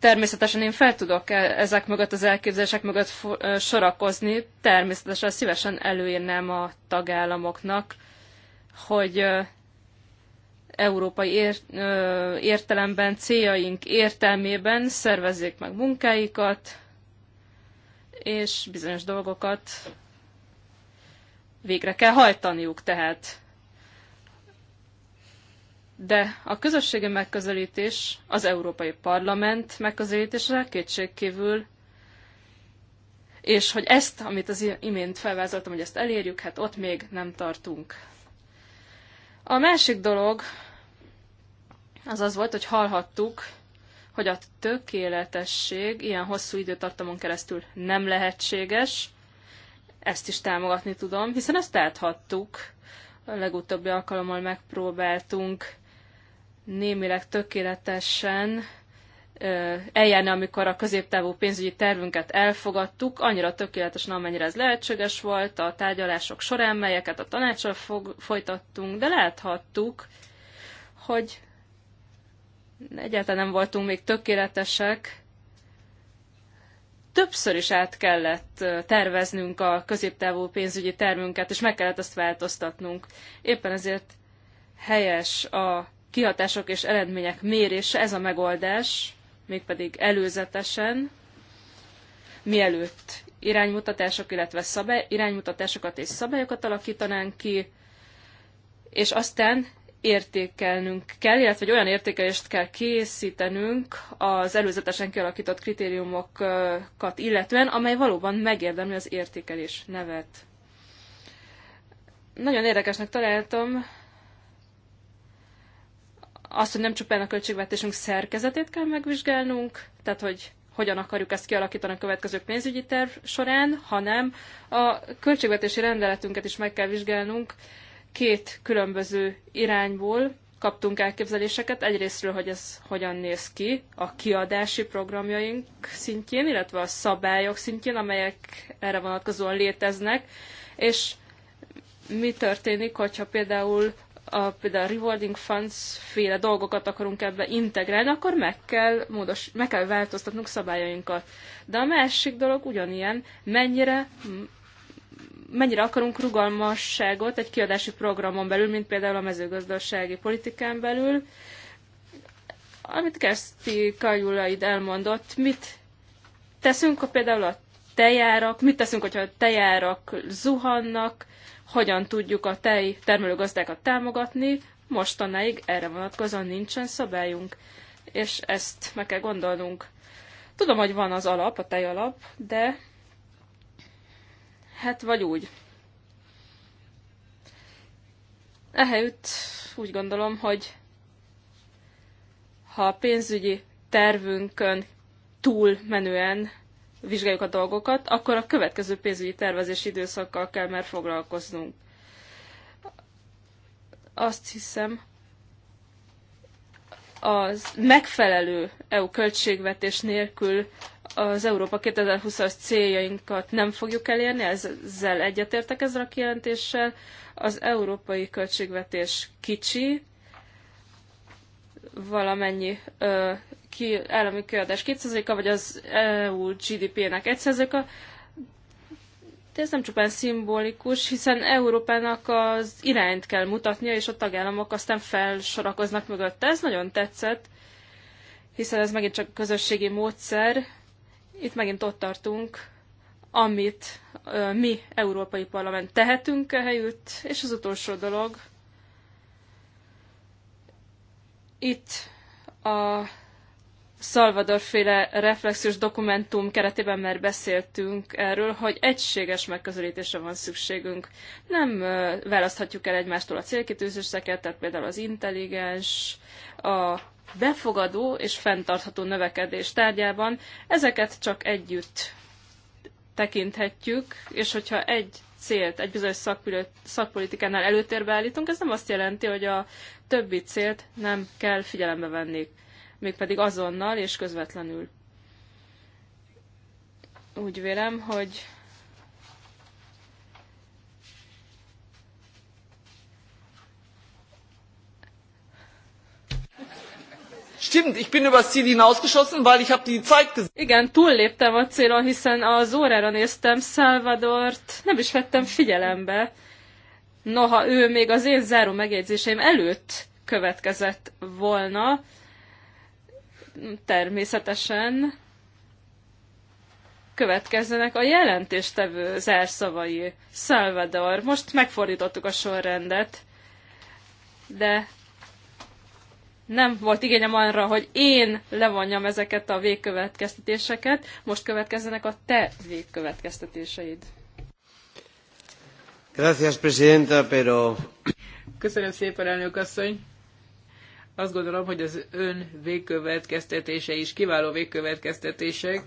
Természetesen én fel tudok e- ezek mögött, az elképzelések mögött sorakozni. Természetesen szívesen előírnám a tagállamoknak, hogy európai ér, ö, értelemben, céljaink értelmében szervezzék meg munkáikat, és bizonyos dolgokat végre kell hajtaniuk tehát. De a közösségi megközelítés, az Európai Parlament megközelítésre kétségkívül, és hogy ezt, amit az imént felvázoltam, hogy ezt elérjük, hát ott még nem tartunk. A másik dolog az az volt, hogy hallhattuk, hogy a tökéletesség ilyen hosszú időtartamon keresztül nem lehetséges, ezt is támogatni tudom, hiszen ezt láthattuk. A legutóbbi alkalommal megpróbáltunk némileg tökéletesen eljárni, amikor a középtávú pénzügyi tervünket elfogadtuk, annyira tökéletesen, amennyire ez lehetséges volt a tárgyalások során, melyeket a tanácsra folytattunk, de láthattuk, hogy egyáltalán nem voltunk még tökéletesek, többször is át kellett terveznünk a középtávú pénzügyi termünket, és meg kellett azt változtatnunk. Éppen ezért helyes a kihatások és eredmények mérése, ez a megoldás, mégpedig előzetesen, mielőtt iránymutatások, illetve szabály, iránymutatásokat és szabályokat alakítanánk ki, és aztán értékelnünk kell, illetve egy olyan értékelést kell készítenünk az előzetesen kialakított kritériumokat illetően, amely valóban megérdemli az értékelés nevet. Nagyon érdekesnek találtam azt, hogy nem csupán a költségvetésünk szerkezetét kell megvizsgálnunk, tehát hogy hogyan akarjuk ezt kialakítani a következő pénzügyi terv során, hanem a költségvetési rendeletünket is meg kell vizsgálnunk, két különböző irányból kaptunk elképzeléseket. Egyrésztről, hogy ez hogyan néz ki a kiadási programjaink szintjén, illetve a szabályok szintjén, amelyek erre vonatkozóan léteznek, és mi történik, hogyha például a, például a rewarding funds féle dolgokat akarunk ebbe integrálni, akkor meg kell, módos, meg kell változtatnunk szabályainkat. De a másik dolog ugyanilyen, mennyire mennyire akarunk rugalmasságot egy kiadási programon belül, mint például a mezőgazdasági politikán belül. Amit Kerszti Kajulaid elmondott, mit teszünk a például a tejárak, mit teszünk, hogyha a tejárak zuhannak, hogyan tudjuk a tej termelőgazdákat támogatni, mostanáig erre vonatkozóan nincsen szabályunk, és ezt meg kell gondolnunk. Tudom, hogy van az alap, a tejalap, de Hát vagy úgy. Ehelyütt úgy gondolom, hogy ha a pénzügyi tervünkön túl menően vizsgáljuk a dolgokat, akkor a következő pénzügyi tervezési időszakkal kell már foglalkoznunk. Azt hiszem, az megfelelő EU költségvetés nélkül az Európa 2020-as céljainkat nem fogjuk elérni, ezzel egyetértek ezzel a kijelentéssel. Az európai költségvetés kicsi, valamennyi ö, ki, állami kiadás 2%-a, vagy az EU GDP-nek 1%-a, de ez nem csupán szimbolikus, hiszen Európának az irányt kell mutatnia, és a tagállamok aztán felsorakoznak mögötte. Ez nagyon tetszett, hiszen ez megint csak közösségi módszer. Itt megint ott tartunk, amit ö, mi, Európai Parlament tehetünk helyütt, és az utolsó dolog, itt a Salvador-féle reflexus dokumentum keretében már beszéltünk erről, hogy egységes megközelítésre van szükségünk. Nem választhatjuk el egymástól a célkitűzéseket, tehát például az intelligens, a befogadó és fenntartható növekedés tárgyában. Ezeket csak együtt tekinthetjük, és hogyha egy célt egy bizonyos szakpolitikánál előtérbe állítunk, ez nem azt jelenti, hogy a többi célt nem kell figyelembe venni mégpedig azonnal és közvetlenül. Úgy vélem, hogy Stimmt, ich bin das Ziel hinausgeschossen, weil ich habe die Zeit gesehen. Igen, túlléptem a célon, hiszen az órára néztem Salvadort, nem is vettem figyelembe. Noha ő még az én záró megjegyzéseim előtt következett volna, természetesen következzenek a jelentéstevő zárszavai. Salvador, most megfordítottuk a sorrendet, de nem volt igényem arra, hogy én levonjam ezeket a végkövetkeztetéseket, most következzenek a te végkövetkeztetéseid. Gracias, Presidenta, pero... Köszönöm szépen, elnök asszony. Azt gondolom, hogy az ön végkövetkeztetése is kiváló végkövetkeztetések,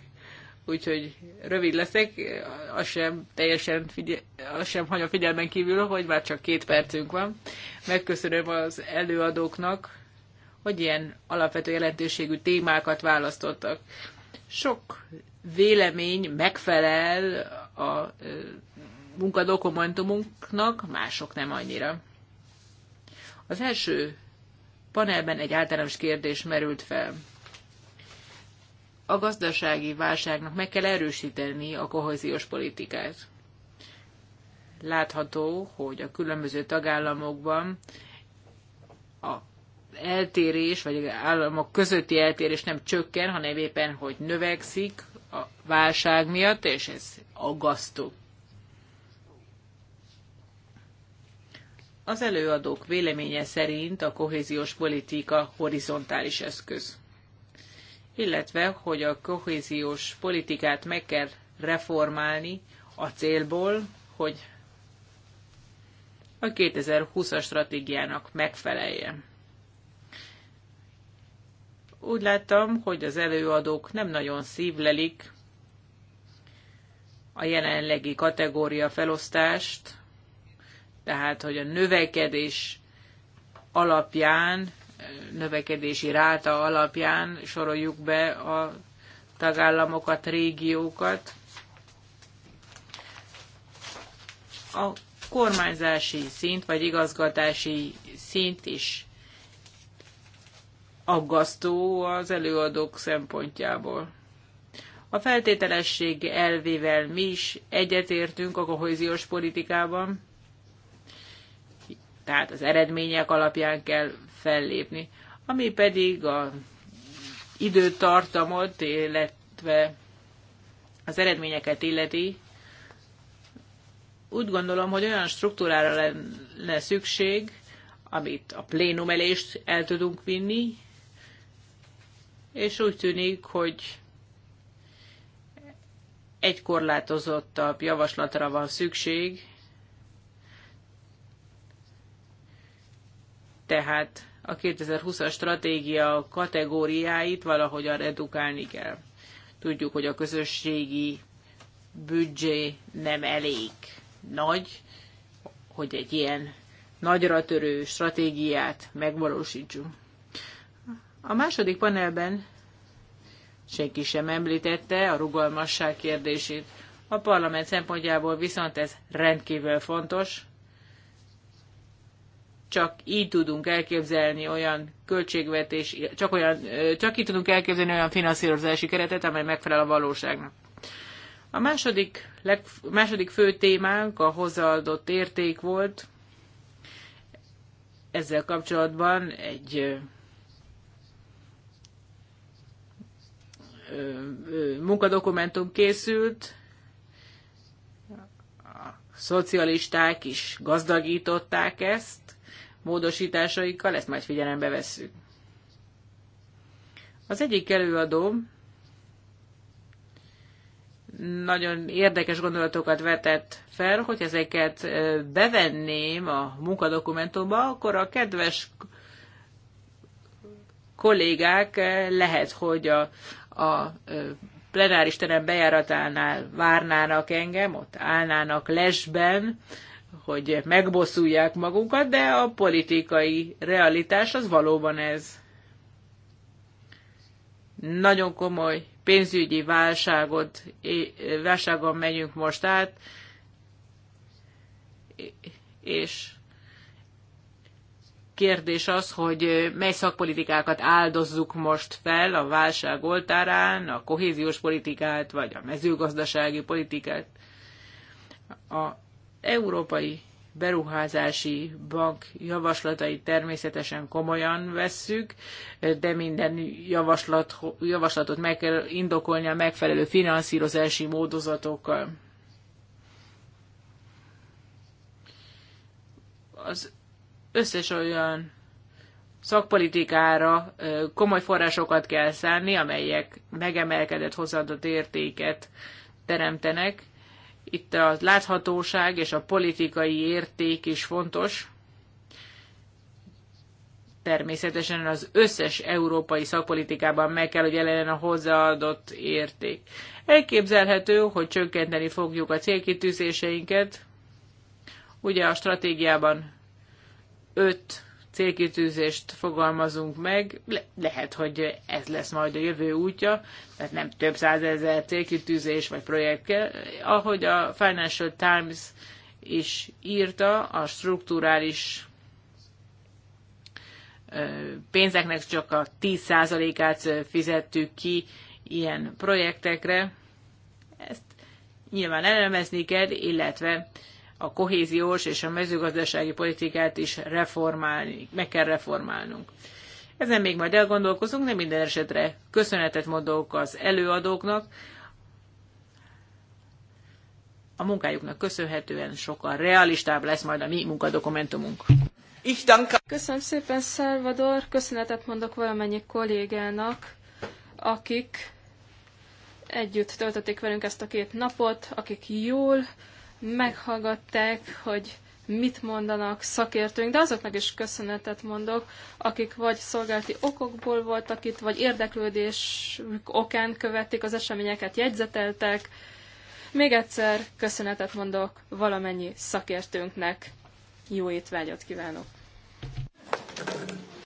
úgyhogy rövid leszek, az sem teljesen figyel, az sem hagyom figyelmen kívül, hogy már csak két percünk van. Megköszönöm az előadóknak, hogy ilyen alapvető jelentőségű témákat választottak. Sok vélemény megfelel a munkadokumentumunknak, mások nem annyira. Az első panelben egy általános kérdés merült fel. A gazdasági válságnak meg kell erősíteni a kohéziós politikát. Látható, hogy a különböző tagállamokban a eltérés, vagy államok közötti eltérés nem csökken, hanem éppen, hogy növekszik a válság miatt, és ez aggasztó. Az előadók véleménye szerint a kohéziós politika horizontális eszköz, illetve hogy a kohéziós politikát meg kell reformálni a célból, hogy a 2020-as stratégiának megfeleljen. Úgy láttam, hogy az előadók nem nagyon szívlelik a jelenlegi kategória felosztást, tehát hogy a növekedés alapján, növekedési ráta alapján soroljuk be a tagállamokat, régiókat. A kormányzási szint, vagy igazgatási szint is aggasztó az előadók szempontjából. A feltételesség elvével mi is egyetértünk a kohéziós politikában, tehát az eredmények alapján kell fellépni, ami pedig a időtartamot, illetve az eredményeket illeti, úgy gondolom, hogy olyan struktúrára lenne szükség, amit a plénum elést el tudunk vinni, és úgy tűnik, hogy egy korlátozottabb javaslatra van szükség, tehát a 2020-as stratégia kategóriáit valahogyan redukálni kell. Tudjuk, hogy a közösségi büdzsé nem elég nagy, hogy egy ilyen nagyra törő stratégiát megvalósítsunk. A második panelben senki sem említette a rugalmasság kérdését. A parlament szempontjából viszont ez rendkívül fontos, csak így tudunk elképzelni olyan költségvetés, csak, olyan, csak így tudunk elképzelni olyan finanszírozási keretet, amely megfelel a valóságnak. A második, leg, második fő témánk a hozzáadott érték volt. Ezzel kapcsolatban egy munkadokumentum készült, a szocialisták is gazdagították ezt, módosításaikkal, ezt majd figyelembe vesszük. Az egyik előadó nagyon érdekes gondolatokat vetett fel, hogy ezeket bevenném a munkadokumentumba, akkor a kedves kollégák lehet, hogy a, a plenáris terem bejáratánál várnának engem, ott állnának lesben, hogy megbosszulják magukat, de a politikai realitás az valóban ez. Nagyon komoly pénzügyi válságot, válságon megyünk most át, és kérdés az, hogy mely szakpolitikákat áldozzuk most fel a válság oltárán, a kohéziós politikát, vagy a mezőgazdasági politikát. A Európai Beruházási Bank javaslatait természetesen komolyan vesszük, de minden javaslat, javaslatot meg kell indokolni a megfelelő finanszírozási módozatokkal. Az összes olyan szakpolitikára komoly forrásokat kell szánni, amelyek megemelkedett hozzáadott értéket teremtenek, itt a láthatóság és a politikai érték is fontos. Természetesen az összes európai szakpolitikában meg kell, hogy jelenjen a hozzáadott érték. Elképzelhető, hogy csökkenteni fogjuk a célkitűzéseinket. Ugye a stratégiában öt célkitűzést fogalmazunk meg, Le- lehet, hogy ez lesz majd a jövő útja, tehát nem több százezer célkitűzés vagy projekt kell. Ahogy a Financial Times is írta, a strukturális pénzeknek csak a 10%-át fizettük ki ilyen projektekre. Ezt nyilván elemezni kell, illetve a kohéziós és a mezőgazdasági politikát is reformálni, meg kell reformálnunk. Ezen még majd elgondolkozunk, de minden esetre köszönetet mondok az előadóknak. A munkájuknak köszönhetően sokkal realistább lesz majd a mi munkadokumentumunk. Köszönöm szépen, Salvador. Köszönetet mondok valamennyi kollégának, akik együtt töltötték velünk ezt a két napot, akik jól meghallgatták, hogy mit mondanak szakértőink, de azoknak is köszönetet mondok, akik vagy szolgálati okokból voltak itt, vagy érdeklődésük okán követték az eseményeket, jegyzeteltek. Még egyszer köszönetet mondok valamennyi szakértőnknek. Jó étvágyat kívánok!